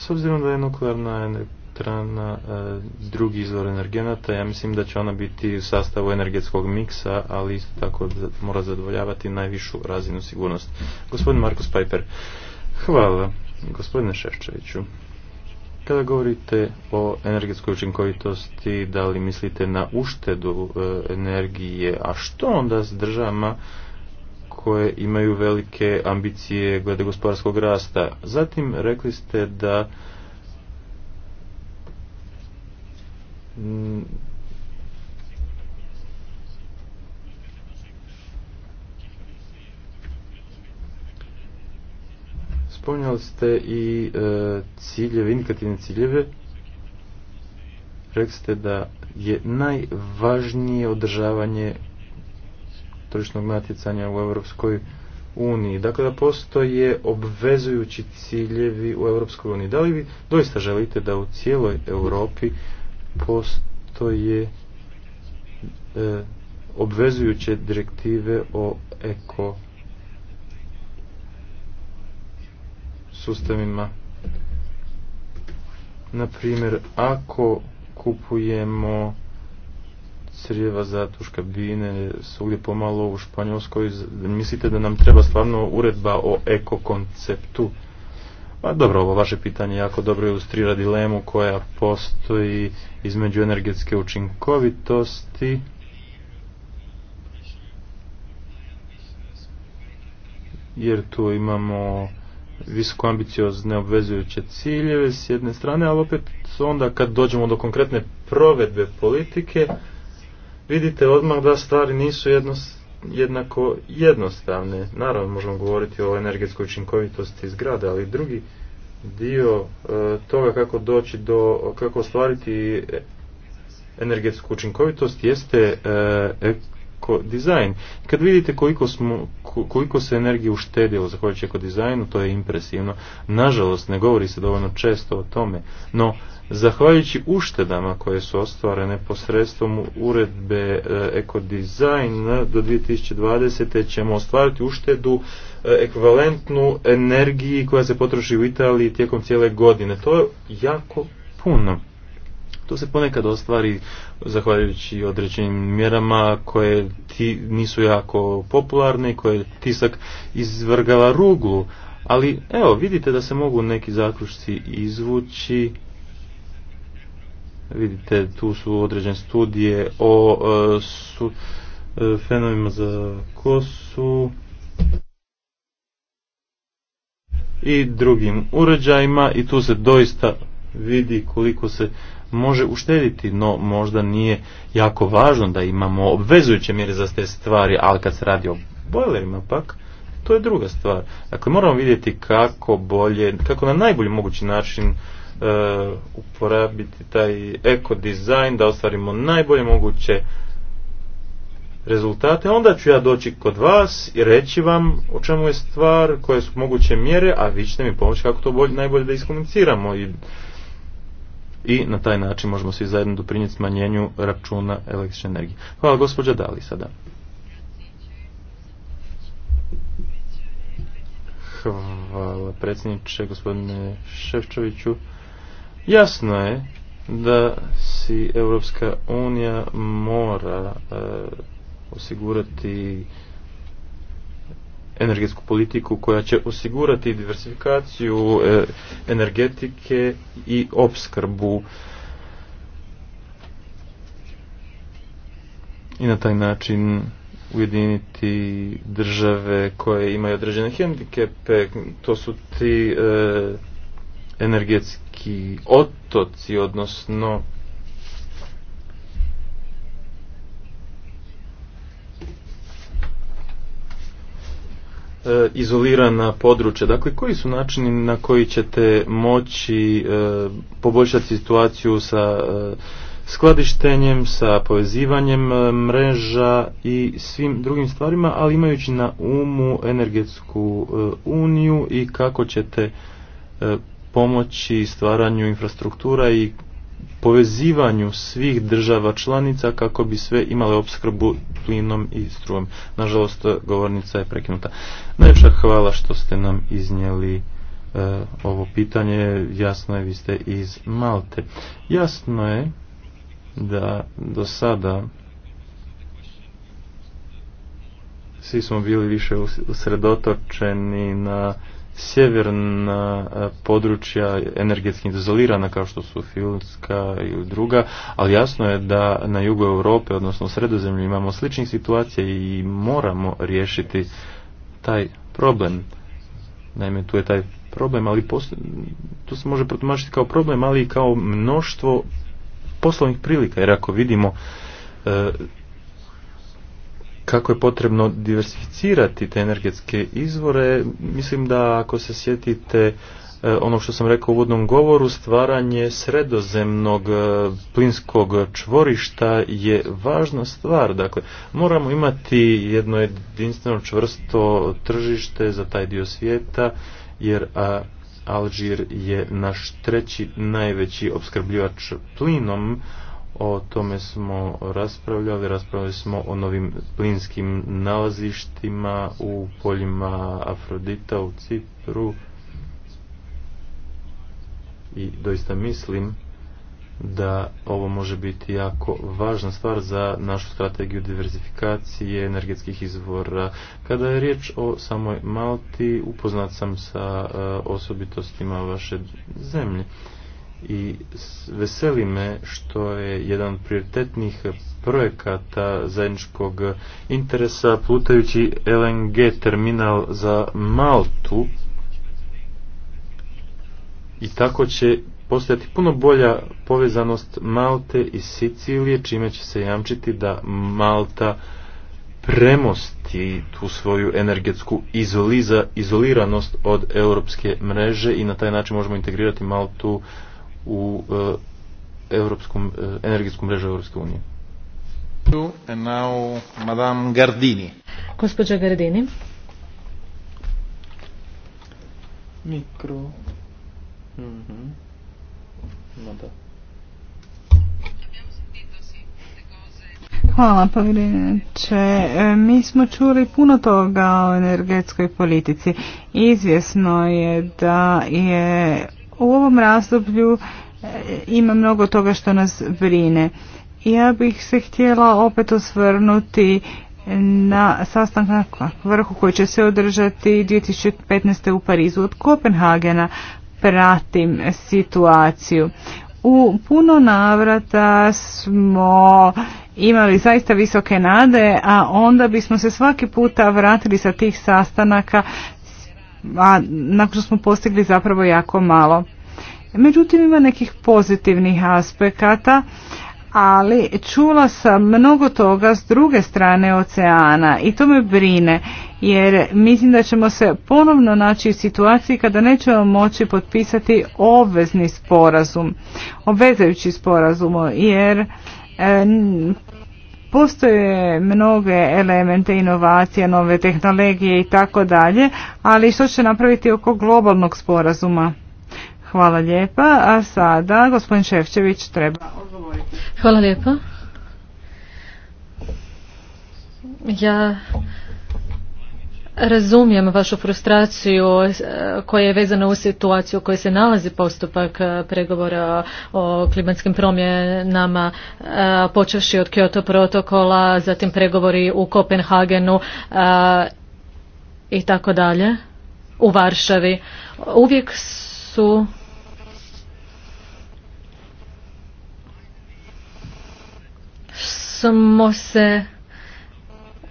S obzirom da je nuklearna elektrana e, drugi izvor energenata, ja mislim da će ona biti u sastavu energetskog miksa, ali isto tako mora zadovoljavati najvišu razinu sigurnosti. Gospodin Markus Pajper hvala gospodine Šeščeviću. Kada govorite o energetskoj učinkovitosti, da li mislite na uštedu e, energije, a što onda s državama koje imaju velike ambicije glede gospodarskog rasta. Zatim rekli ste da spominjali ste i e, ciljeve, indikativne ciljeve. Rekli ste da je najvažnije održavanje tržišnog natjecanja u Europskoj uniji. Dakle, da postoje obvezujući ciljevi u Europskoj uniji. Da li vi doista želite da u cijeloj Europi postoje e, obvezujuće direktive o eko sustavima. Na ako kupujemo crijeva za tuškabine, svugdje pomalo u Španjolskoj. Mislite da nam treba stvarno uredba o ekokonceptu? Pa dobro, ovo vaše pitanje jako dobro ilustrira dilemu koja postoji između energetske učinkovitosti jer tu imamo visoko ambiciozne obvezujuće ciljeve s jedne strane, ali opet onda kad dođemo do konkretne provedbe politike, vidite odmah da stvari nisu jednost, jednako jednostavne. Naravno, možemo govoriti o energetskoj učinkovitosti zgrada, ali drugi dio e, toga kako doći do, kako ostvariti energetsku učinkovitost jeste e, dizajn. Kad vidite koliko, smo, koliko se energije uštedilo zahvaljujući eko dizajnu, to je impresivno. Nažalost, ne govori se dovoljno često o tome, no Zahvaljujući uštedama koje su ostvarene posredstvom uredbe e, Design do 2020. ćemo ostvariti uštedu e, ekvivalentnu energiji koja se potroši u Italiji tijekom cijele godine. To je jako puno. To se ponekad ostvari zahvaljujući određenim mjerama koje ti nisu jako popularne, koje tisak izvrgava ruglu. Ali evo, vidite da se mogu neki zaključci izvući Vidite, tu su određene studije o e, su, e, fenovima za kosu i drugim uređajima i tu se doista vidi koliko se može uštediti, no možda nije jako važno da imamo obvezujuće mjere za te stvari, ali kad se radi o bojlerima pak, to je druga stvar. Dakle, moramo vidjeti kako bolje, kako na najbolji mogući način Uh, uporabiti taj dizajn da ostvarimo najbolje moguće rezultate, onda ću ja doći kod vas i reći vam o čemu je stvar, koje su moguće mjere, a vi ćete mi pomoći kako to bolj, najbolje da iskomuniciramo i, i na taj način možemo svi zajedno doprinijeti smanjenju računa električne energije. Hvala gospođa Dali sada. Hvala predsjedniče, gospodine Ševčoviću. Jasno je da si Europska unija mora e, osigurati energetsku politiku koja će osigurati diversifikaciju e, energetike i opskrbu i na taj način ujediniti države koje imaju određene hendikepe to su ti e, energetski otoci, odnosno e, izolirana područja. Dakle, koji su načini na koji ćete moći e, poboljšati situaciju sa e, skladištenjem, sa povezivanjem mreža i svim drugim stvarima, ali imajući na umu energetsku uniju i kako ćete pomoći stvaranju infrastruktura i povezivanju svih država članica kako bi sve imale opskrbu plinom i strujom Nažalost, govornica je prekinuta. Najviše hvala što ste nam iznijeli e, ovo pitanje. Jasno je, vi ste iz Malte. Jasno je da do sada svi smo bili više usredotočeni na sjeverna e, područja energetski izolirana kao što su Finska i druga, ali jasno je da na jugu Europe, odnosno sredozemlju imamo sličnih situacija i moramo riješiti taj problem. Naime, tu je taj problem, ali to tu se može protumačiti kao problem, ali i kao mnoštvo poslovnih prilika, jer ako vidimo e, kako je potrebno diversificirati te energetske izvore, mislim da ako se sjetite e, ono što sam rekao u uvodnom govoru, stvaranje sredozemnog e, plinskog čvorišta je važna stvar. Dakle, moramo imati jedno jedinstveno čvrsto tržište za taj dio svijeta, jer Alžir je naš treći najveći opskrbljivač plinom, o tome smo raspravljali, raspravljali smo o novim plinskim nalazištima u poljima Afrodita u Cipru i doista mislim da ovo može biti jako važna stvar za našu strategiju diversifikacije energetskih izvora. Kada je riječ o samoj Malti, upoznat sam sa e, osobitostima vaše zemlje i veseli me što je jedan od prioritetnih projekata zajedničkog interesa plutajući LNG terminal za Maltu i tako će postojati puno bolja povezanost Malte i Sicilije čime će se jamčiti da Malta premosti tu svoju energetsku izoliza, izoliranost od europske mreže i na taj način možemo integrirati Maltu u europskom, e, energetskom mrežu Europske unije. And Gardini. Gospođa Gardini. Mikro. Mm Hvala povjereniče. E, mi smo čuli puno toga o energetskoj politici. Izvjesno je da je u ovom razdoblju e, ima mnogo toga što nas brine. Ja bih se htjela opet osvrnuti na sastanak vrhu koji će se održati 2015. u Parizu od Kopenhagena pratim situaciju. U puno navrata smo imali zaista visoke nade, a onda bismo se svaki puta vratili sa tih sastanaka a nakon što smo postigli zapravo jako malo. Međutim, ima nekih pozitivnih aspekata, ali čula sam mnogo toga s druge strane oceana i to me brine, jer mislim da ćemo se ponovno naći u situaciji kada nećemo moći potpisati obvezni sporazum, obvezajući sporazum, jer e, Postoje mnoge elemente inovacije, nove tehnologije i tako dalje, ali što će napraviti oko globalnog sporazuma? Hvala lijepa, a sada gospodin Ševčević treba odgovoriti. Hvala lijepa. Ja Razumijem vašu frustraciju e, koja je vezana u situaciju u kojoj se nalazi postupak e, pregovora o klimatskim promjenama, e, počevši od Kyoto protokola, zatim pregovori u Kopenhagenu i tako dalje, u Varšavi. Uvijek su smo se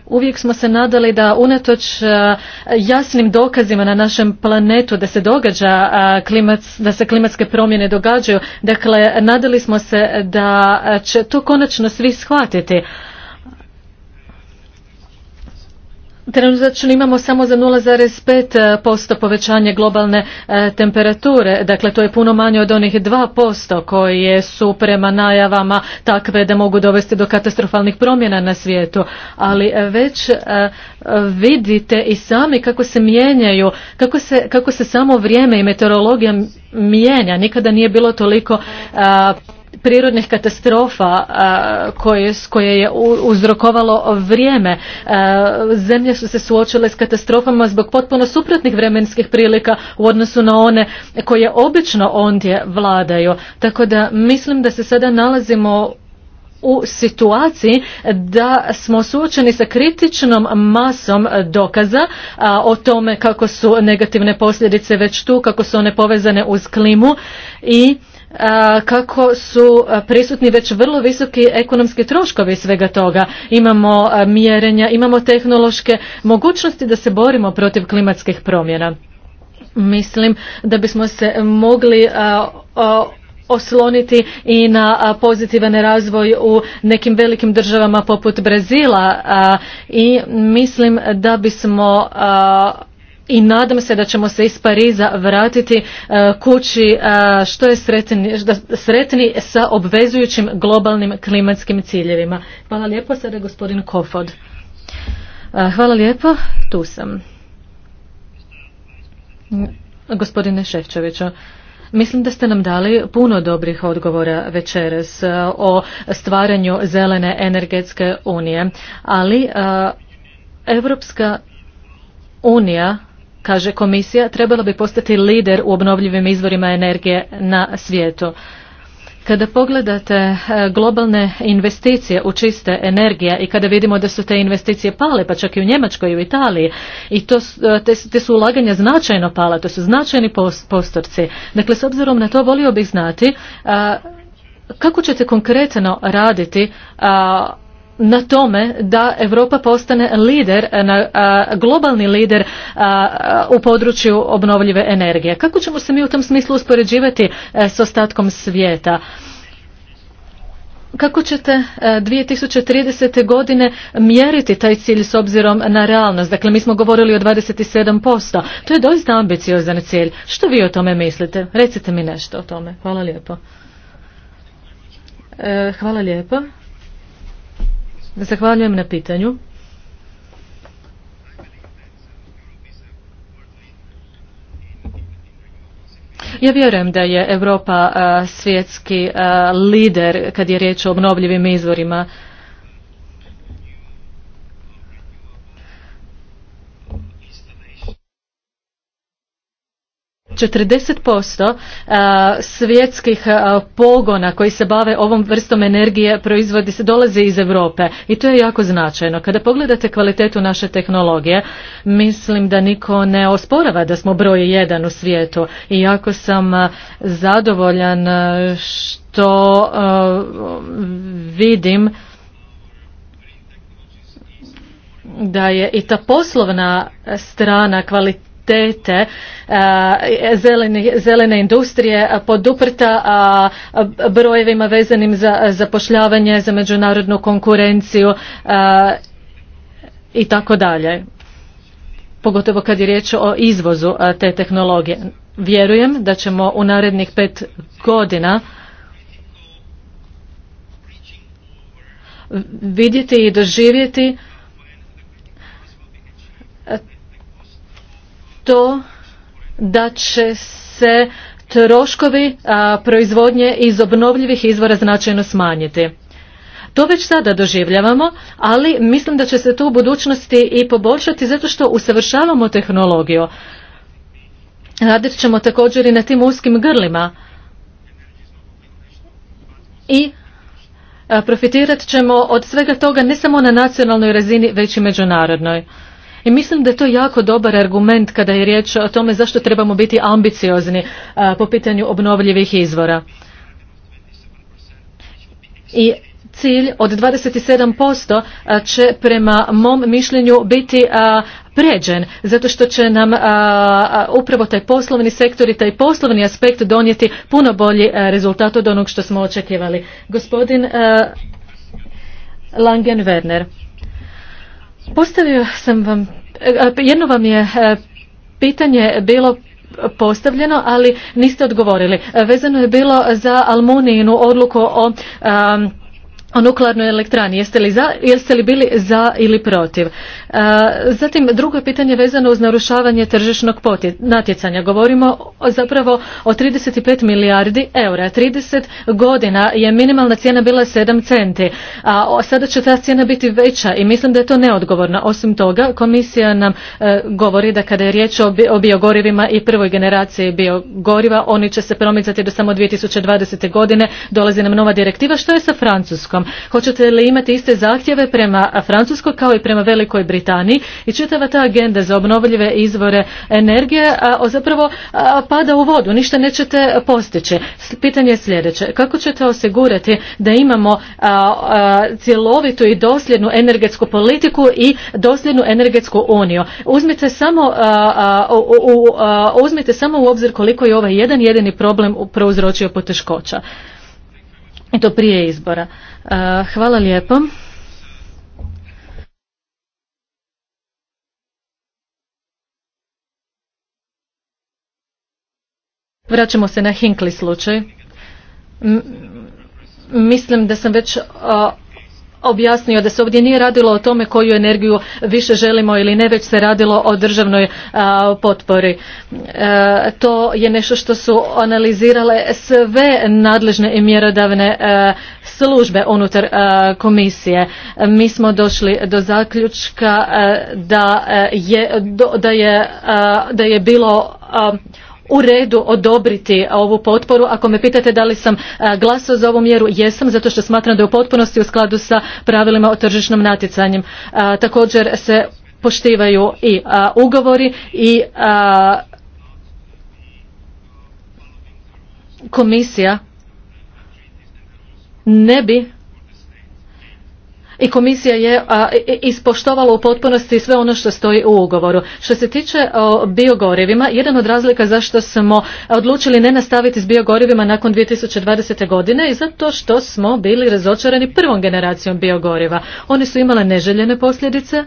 Uvijek smo se nadali da unatoč e, jasnim dokazima na našem planetu da se događa e, da se klimatske promjene događaju, dakle nadali smo se da e, će to konačno svi shvatiti. Trenutačno imamo samo za 0,5% povećanje globalne e, temperature, dakle to je puno manje od onih 2% koje su prema najavama takve da mogu dovesti do katastrofalnih promjena na svijetu, ali e, već e, vidite i sami kako se mijenjaju, kako se, kako se samo vrijeme i meteorologija mijenja, nikada nije bilo toliko prirodnih katastrofa koje, koje je uzrokovalo vrijeme. Zemlje su se suočile s katastrofama zbog potpuno suprotnih vremenskih prilika u odnosu na one koje obično ondje vladaju. Tako da mislim da se sada nalazimo u situaciji da smo suočeni sa kritičnom masom dokaza o tome kako su negativne posljedice već tu, kako su one povezane uz klimu i kako su prisutni već vrlo visoki ekonomski troškovi svega toga. Imamo mjerenja, imamo tehnološke mogućnosti da se borimo protiv klimatskih promjena. Mislim da bismo se mogli osloniti i na pozitivan razvoj u nekim velikim državama poput Brazila i mislim da bismo i nadam se da ćemo se iz Pariza vratiti e, kući e, što je sretni, sa obvezujućim globalnim klimatskim ciljevima. Hvala lijepo, sada je gospodin Kofod. E, hvala lijepo, tu sam. Gospodine Ševčoviću. Mislim da ste nam dali puno dobrih odgovora večeras o stvaranju zelene energetske unije, ali Evropska unija kaže komisija, trebala bi postati lider u obnovljivim izvorima energije na svijetu. Kada pogledate e, globalne investicije u čiste energije i kada vidimo da su te investicije pale, pa čak i u Njemačkoj i u Italiji, i to, e, te, su ulaganja značajno pala, to su značajni postorci. Dakle, s obzirom na to volio bih znati kako ćete konkretno raditi a, na tome da Europa postane lider, eh, eh, globalni lider eh, u području obnovljive energije. Kako ćemo se mi u tom smislu uspoređivati s ostatkom svijeta? Kako ćete 2030. godine mjeriti taj cilj s obzirom na realnost? Dakle, mi smo govorili o 27%. To je doista ambiciozan cilj. Što vi o tome mislite? Recite mi nešto o tome. Hvala lijepo. Hvala lijepo. Zahvaljujem na pitanju. Ja vjerujem da je Europa svjetski lider kad je riječ o obnovljivim izvorima 40% svjetskih pogona koji se bave ovom vrstom energije proizvodi se dolaze iz Europe i to je jako značajno. Kada pogledate kvalitetu naše tehnologije, mislim da niko ne osporava da smo broj jedan u svijetu i jako sam zadovoljan što vidim da je i ta poslovna strana kvaliteta prioritete eh, zelene, zelene industrije eh, poduprta brojevima vezanim za eh, zapošljavanje, za međunarodnu konkurenciju i tako dalje. Pogotovo kad je riječ o izvozu te tehnologije. Vjerujem da ćemo u narednih pet godina vidjeti i doživjeti to da će se troškovi proizvodnje iz obnovljivih izvora značajno smanjiti. To već sada doživljavamo, ali mislim da će se to u budućnosti i poboljšati zato što usavršavamo tehnologiju. Radit ćemo također i na tim uskim grlima i profitirat ćemo od svega toga ne samo na nacionalnoj razini, već i međunarodnoj. I mislim da je to jako dobar argument kada je riječ o tome zašto trebamo biti ambiciozni uh, po pitanju obnovljivih izvora. I cilj od 27% uh, će prema mom mišljenju biti uh, pređen, zato što će nam upravo taj poslovni sektor i taj poslovni aspekt donijeti puno bolji rezultat od onog što smo očekivali. Gospodin Langen Werner. Postavio sam vam, e, jedno vam je e, pitanje bilo postavljeno, ali niste odgovorili. E, vezano je bilo za Almunijinu odluku o o nuklearnoj elektrani. Jeste li, za, jeste li bili za ili protiv? E, zatim, drugo pitanje vezano uz narušavanje tržišnog natjecanja. Govorimo zapravo o 35 milijardi eura. 30 godina je minimalna cijena bila 7 centi, a sada će ta cijena biti veća i mislim da je to neodgovorna. Osim toga, komisija nam e, govori da kada je riječ o, bi, biogorivima i prvoj generaciji biogoriva, oni će se promicati do samo 2020. godine. Dolazi nam nova direktiva. Što je sa Francuskom? Francuskom? Hoćete li imati iste zahtjeve prema Francuskoj kao i prema Velikoj Britaniji i čitava ta agenda za obnovljive izvore energije zapravo pada u vodu, ništa nećete postići. Pitanje je sljedeće, kako ćete osigurati da imamo cjelovitu i dosljednu energetsku politiku i dosljednu energetsku uniju? Uzmite samo, u, uzmite samo u obzir koliko je ovaj jedan jedini problem prouzročio poteškoća i to prije izbora. E, hvala lijepo. Vraćamo se na Hinkli slučaj. mislim da sam već objasnio da se ovdje nije radilo o tome koju energiju više želimo ili ne, već se radilo o državnoj potpori. E, to je nešto što su analizirale sve nadležne i mjerodavne e, službe unutar e, komisije. Mi smo došli do zaključka da je, da je, da je bilo u redu odobriti ovu potporu. Ako me pitate da li sam e, glasao za ovu mjeru, jesam, zato što smatram da je u potpunosti u skladu sa pravilima o tržišnom natjecanjem. E, također se poštivaju i e, ugovori i komisija ne bi i komisija je ispoštovala u potpunosti sve ono što stoji u ugovoru. Što se tiče o biogorivima, jedan od razlika zašto smo odlučili ne nastaviti s biogorivima nakon 2020. godine je zato što smo bili razočarani prvom generacijom biogoriva. Oni su imale neželjene posljedice,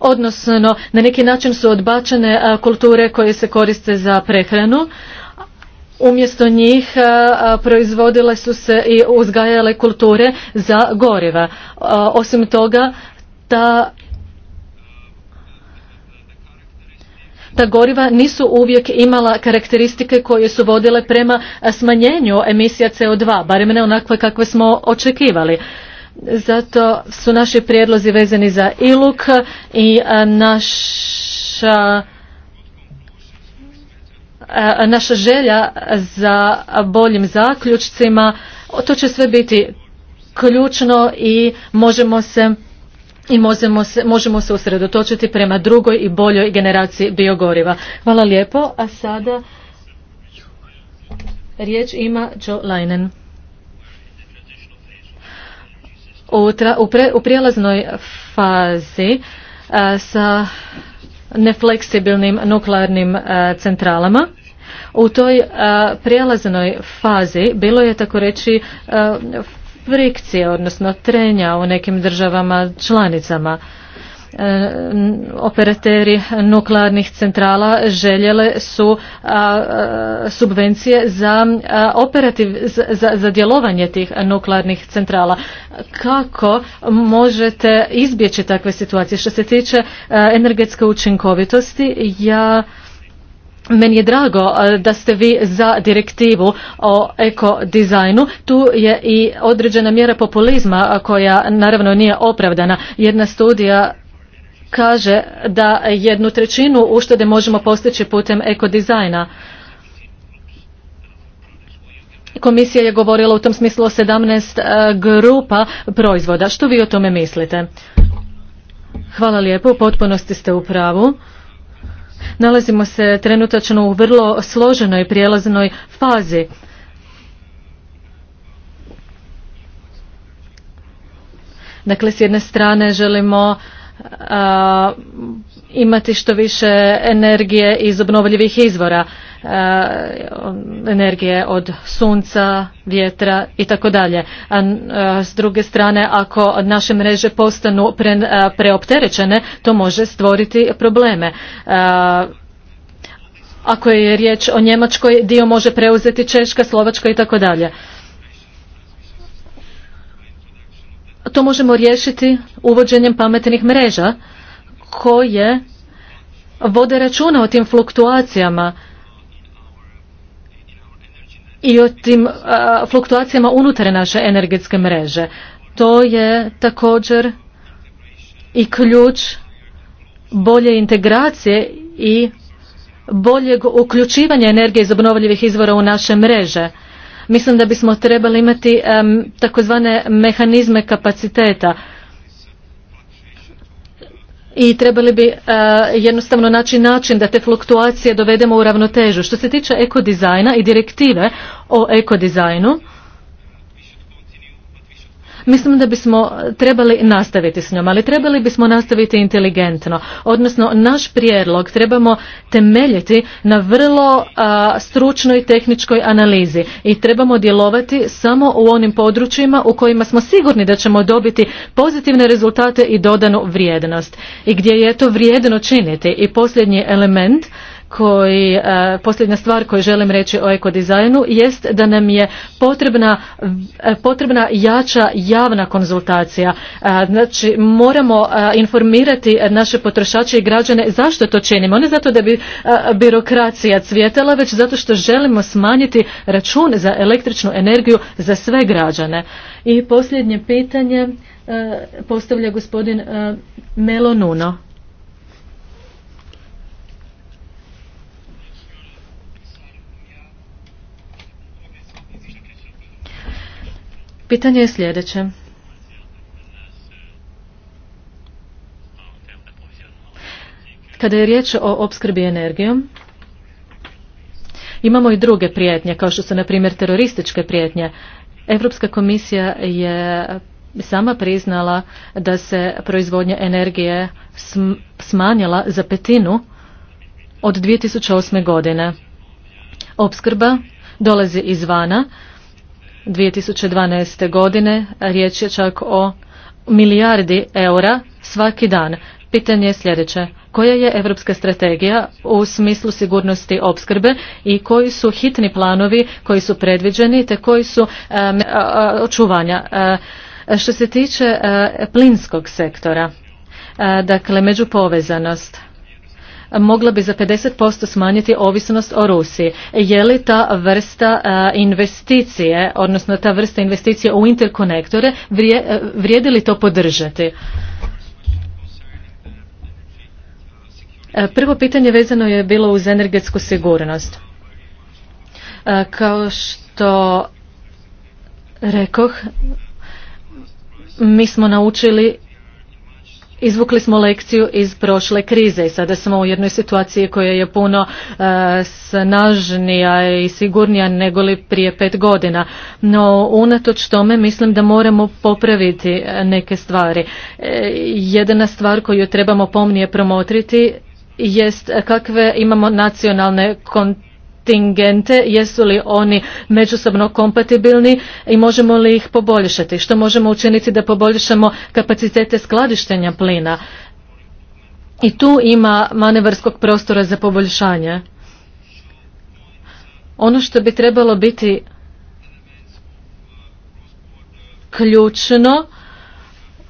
odnosno na neki način su odbačene kulture koje se koriste za prehranu Umjesto njih e, e, proizvodile su se i uzgajale kulture za goriva. E, osim toga, ta goriva nisu uvijek imala karakteristike koje su vodile prema smanjenju emisija CO2, barem ne onakve kakve smo očekivali. Zato su naši prijedlozi vezani za iluk i naša E, naša želja za boljim zaključcima, to će sve biti ključno i možemo se i možemo se, možemo se usredotočiti prema drugoj i boljoj generaciji biogoriva. Hvala lijepo, a sada riječ ima Joe Leinen. U, tra, u, prijelaznoj fazi e, sa nefleksibilnim nuklearnim e, centralama u toj prijelaznoj fazi bilo je tako reći frikcije, odnosno trenja u nekim državama članicama. E, operateri nuklearnih centrala željele su subvencije za operativ za, za djelovanje tih nuklearnih centrala. Kako možete izbjeći takve situacije? Što se tiče energetske učinkovitosti, ja meni je drago e, da ste vi za direktivu o ekodizajnu. Tu je i određena mjera populizma koja naravno nije opravdana. Jedna studija kaže da jednu trećinu uštede možemo postići putem ekodizajna. Komisija je govorila u tom smislu o 17 e, grupa proizvoda. Što vi o tome mislite? Hvala lijepo, u potpunosti ste u pravu. Nalazimo se trenutačno u vrlo složenoj prijelaznoj fazi. Dakle, s jedne strane želimo imati što više energije iz obnovljivih izvora, e, energije od sunca, vjetra i tako dalje. E, s druge strane, ako naše mreže postanu pre, e, preopterećene, to može stvoriti probleme. Ako je riječ o Njemačkoj, dio može preuzeti Češka, Slovačka i tako dalje. To možemo riješiti uvođenjem pametnih mreža koje vode računa o tim fluktuacijama i o tim fluktuacijama unutar naše energetske mreže. To je također i ključ bolje integracije i boljeg uključivanja energije iz obnovljivih izvora u naše mreže. Mislim da bismo trebali imati um, takozvane mehanizme kapaciteta i trebali bi e, jednostavno naći način da te fluktuacije dovedemo u ravnotežu. Što se tiče ekodizajna i direktive o ekodizajnu, Mislim da bismo trebali nastaviti s njom, ali trebali bismo nastaviti inteligentno. Odnosno, naš prijedlog trebamo temeljiti na vrlo stručnoj tehničkoj analizi i trebamo djelovati samo u onim područjima u kojima smo sigurni da ćemo dobiti pozitivne rezultate i dodanu vrijednost. I gdje je to vrijedno činiti. I posljednji element koji, e, posljednja stvar koju želim reći o ekodizajnu jest da nam je potrebna, e, potrebna jača javna konzultacija. E, znači moramo informirati naše potrošače i građane zašto to činimo. Ne zato da bi birokracija cvjetala, već zato što želimo smanjiti račun za električnu energiju za sve građane. I posljednje pitanje postavlja gospodin Nuno. Pitanje je sljedeće. Kada je riječ o opskrbi energijom, imamo i druge prijetnje, kao što su, na primjer, terorističke prijetnje. Europska komisija je sama priznala da se proizvodnja energije smanjila za petinu od 2008. godine. Opskrba dolazi izvana, 2012. godine riječ je čak o milijardi eura svaki dan. Pitanje je sljedeće. Koja je evropska strategija u smislu sigurnosti opskrbe i koji su hitni planovi koji su predviđeni te koji su očuvanja? E, što se tiče e, plinskog sektora, e, dakle međupovezanost, mogla bi za 50% smanjiti ovisnost o Rusiji. Je li ta vrsta e, investicije, odnosno ta vrsta investicije u interkonektore, e, vrijedi li to podržati? E, prvo pitanje vezano je bilo uz energetsku sigurnost. Kao što rekoh, mi smo naučili izvukli smo lekciju iz prošle krize i sada smo u jednoj situaciji koja je puno e, snažnija i sigurnija nego li prije pet godina. No, unatoč tome mislim da moramo popraviti e, neke stvari. E, stvar koju trebamo pomnije promotriti jest kakve imamo nacionalne kontakte kontingente, jesu li oni međusobno kompatibilni i možemo li ih poboljšati? Što možemo učiniti da poboljšamo kapacitete skladištenja plina? I tu ima manevarskog prostora za poboljšanje. Ono što bi trebalo biti ključno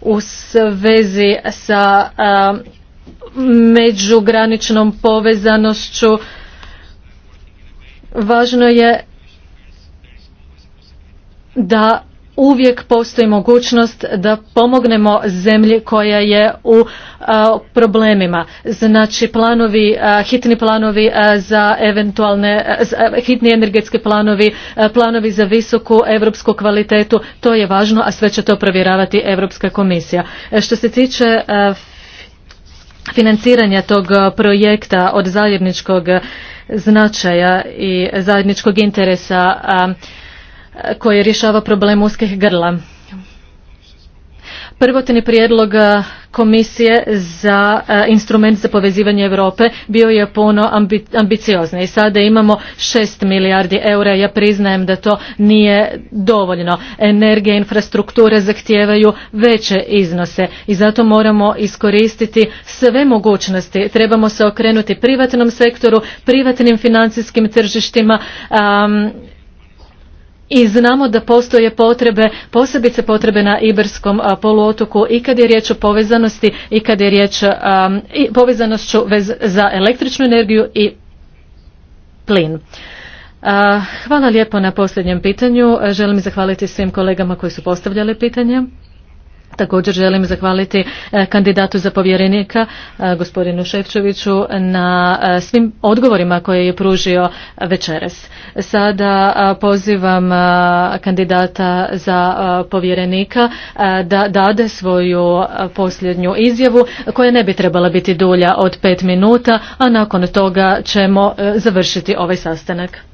u svezi sa međugraničnom povezanošću važno je da uvijek postoji mogućnost da pomognemo zemlji koja je u problemima. Znači planovi, hitni planovi za eventualne, hitni energetski planovi, planovi za visoku europsku kvalitetu, to je važno, a sve će to provjeravati Europska komisija. E, što se tiče financiranja tog eh, projekta od zajedničkog eh, značaja i zajedničkog interesa eh, koje rješava problem uskih grla. Prvotni prijedlog komisije za e, instrument za povezivanje Europe bio je puno i Sada imamo 6 milijardi eura. Ja priznajem da to nije dovoljno. Energija i infrastrukture zahtijevaju veće iznose i zato moramo iskoristiti sve mogućnosti. Trebamo se okrenuti privatnom sektoru, privatnim financijskim tržištima, i znamo da postoje potrebe, posebice potrebe na Iberskom poluotoku i kad je riječ o povezanosti i kad je riječ o povezanošću za električnu energiju i plin. Hvala lijepo na posljednjem pitanju. Želim zahvaliti svim kolegama koji su postavljali pitanje. Također želim zahvaliti e, kandidatu za povjerenika, e, gospodinu Ševčeviću, na e, svim odgovorima koje je pružio večeras. Sada pozivam kandidata za povjerenika da dade svoju posljednju izjavu koja ne bi trebala biti dulja od pet minuta, a nakon toga ćemo završiti ovaj sastanak.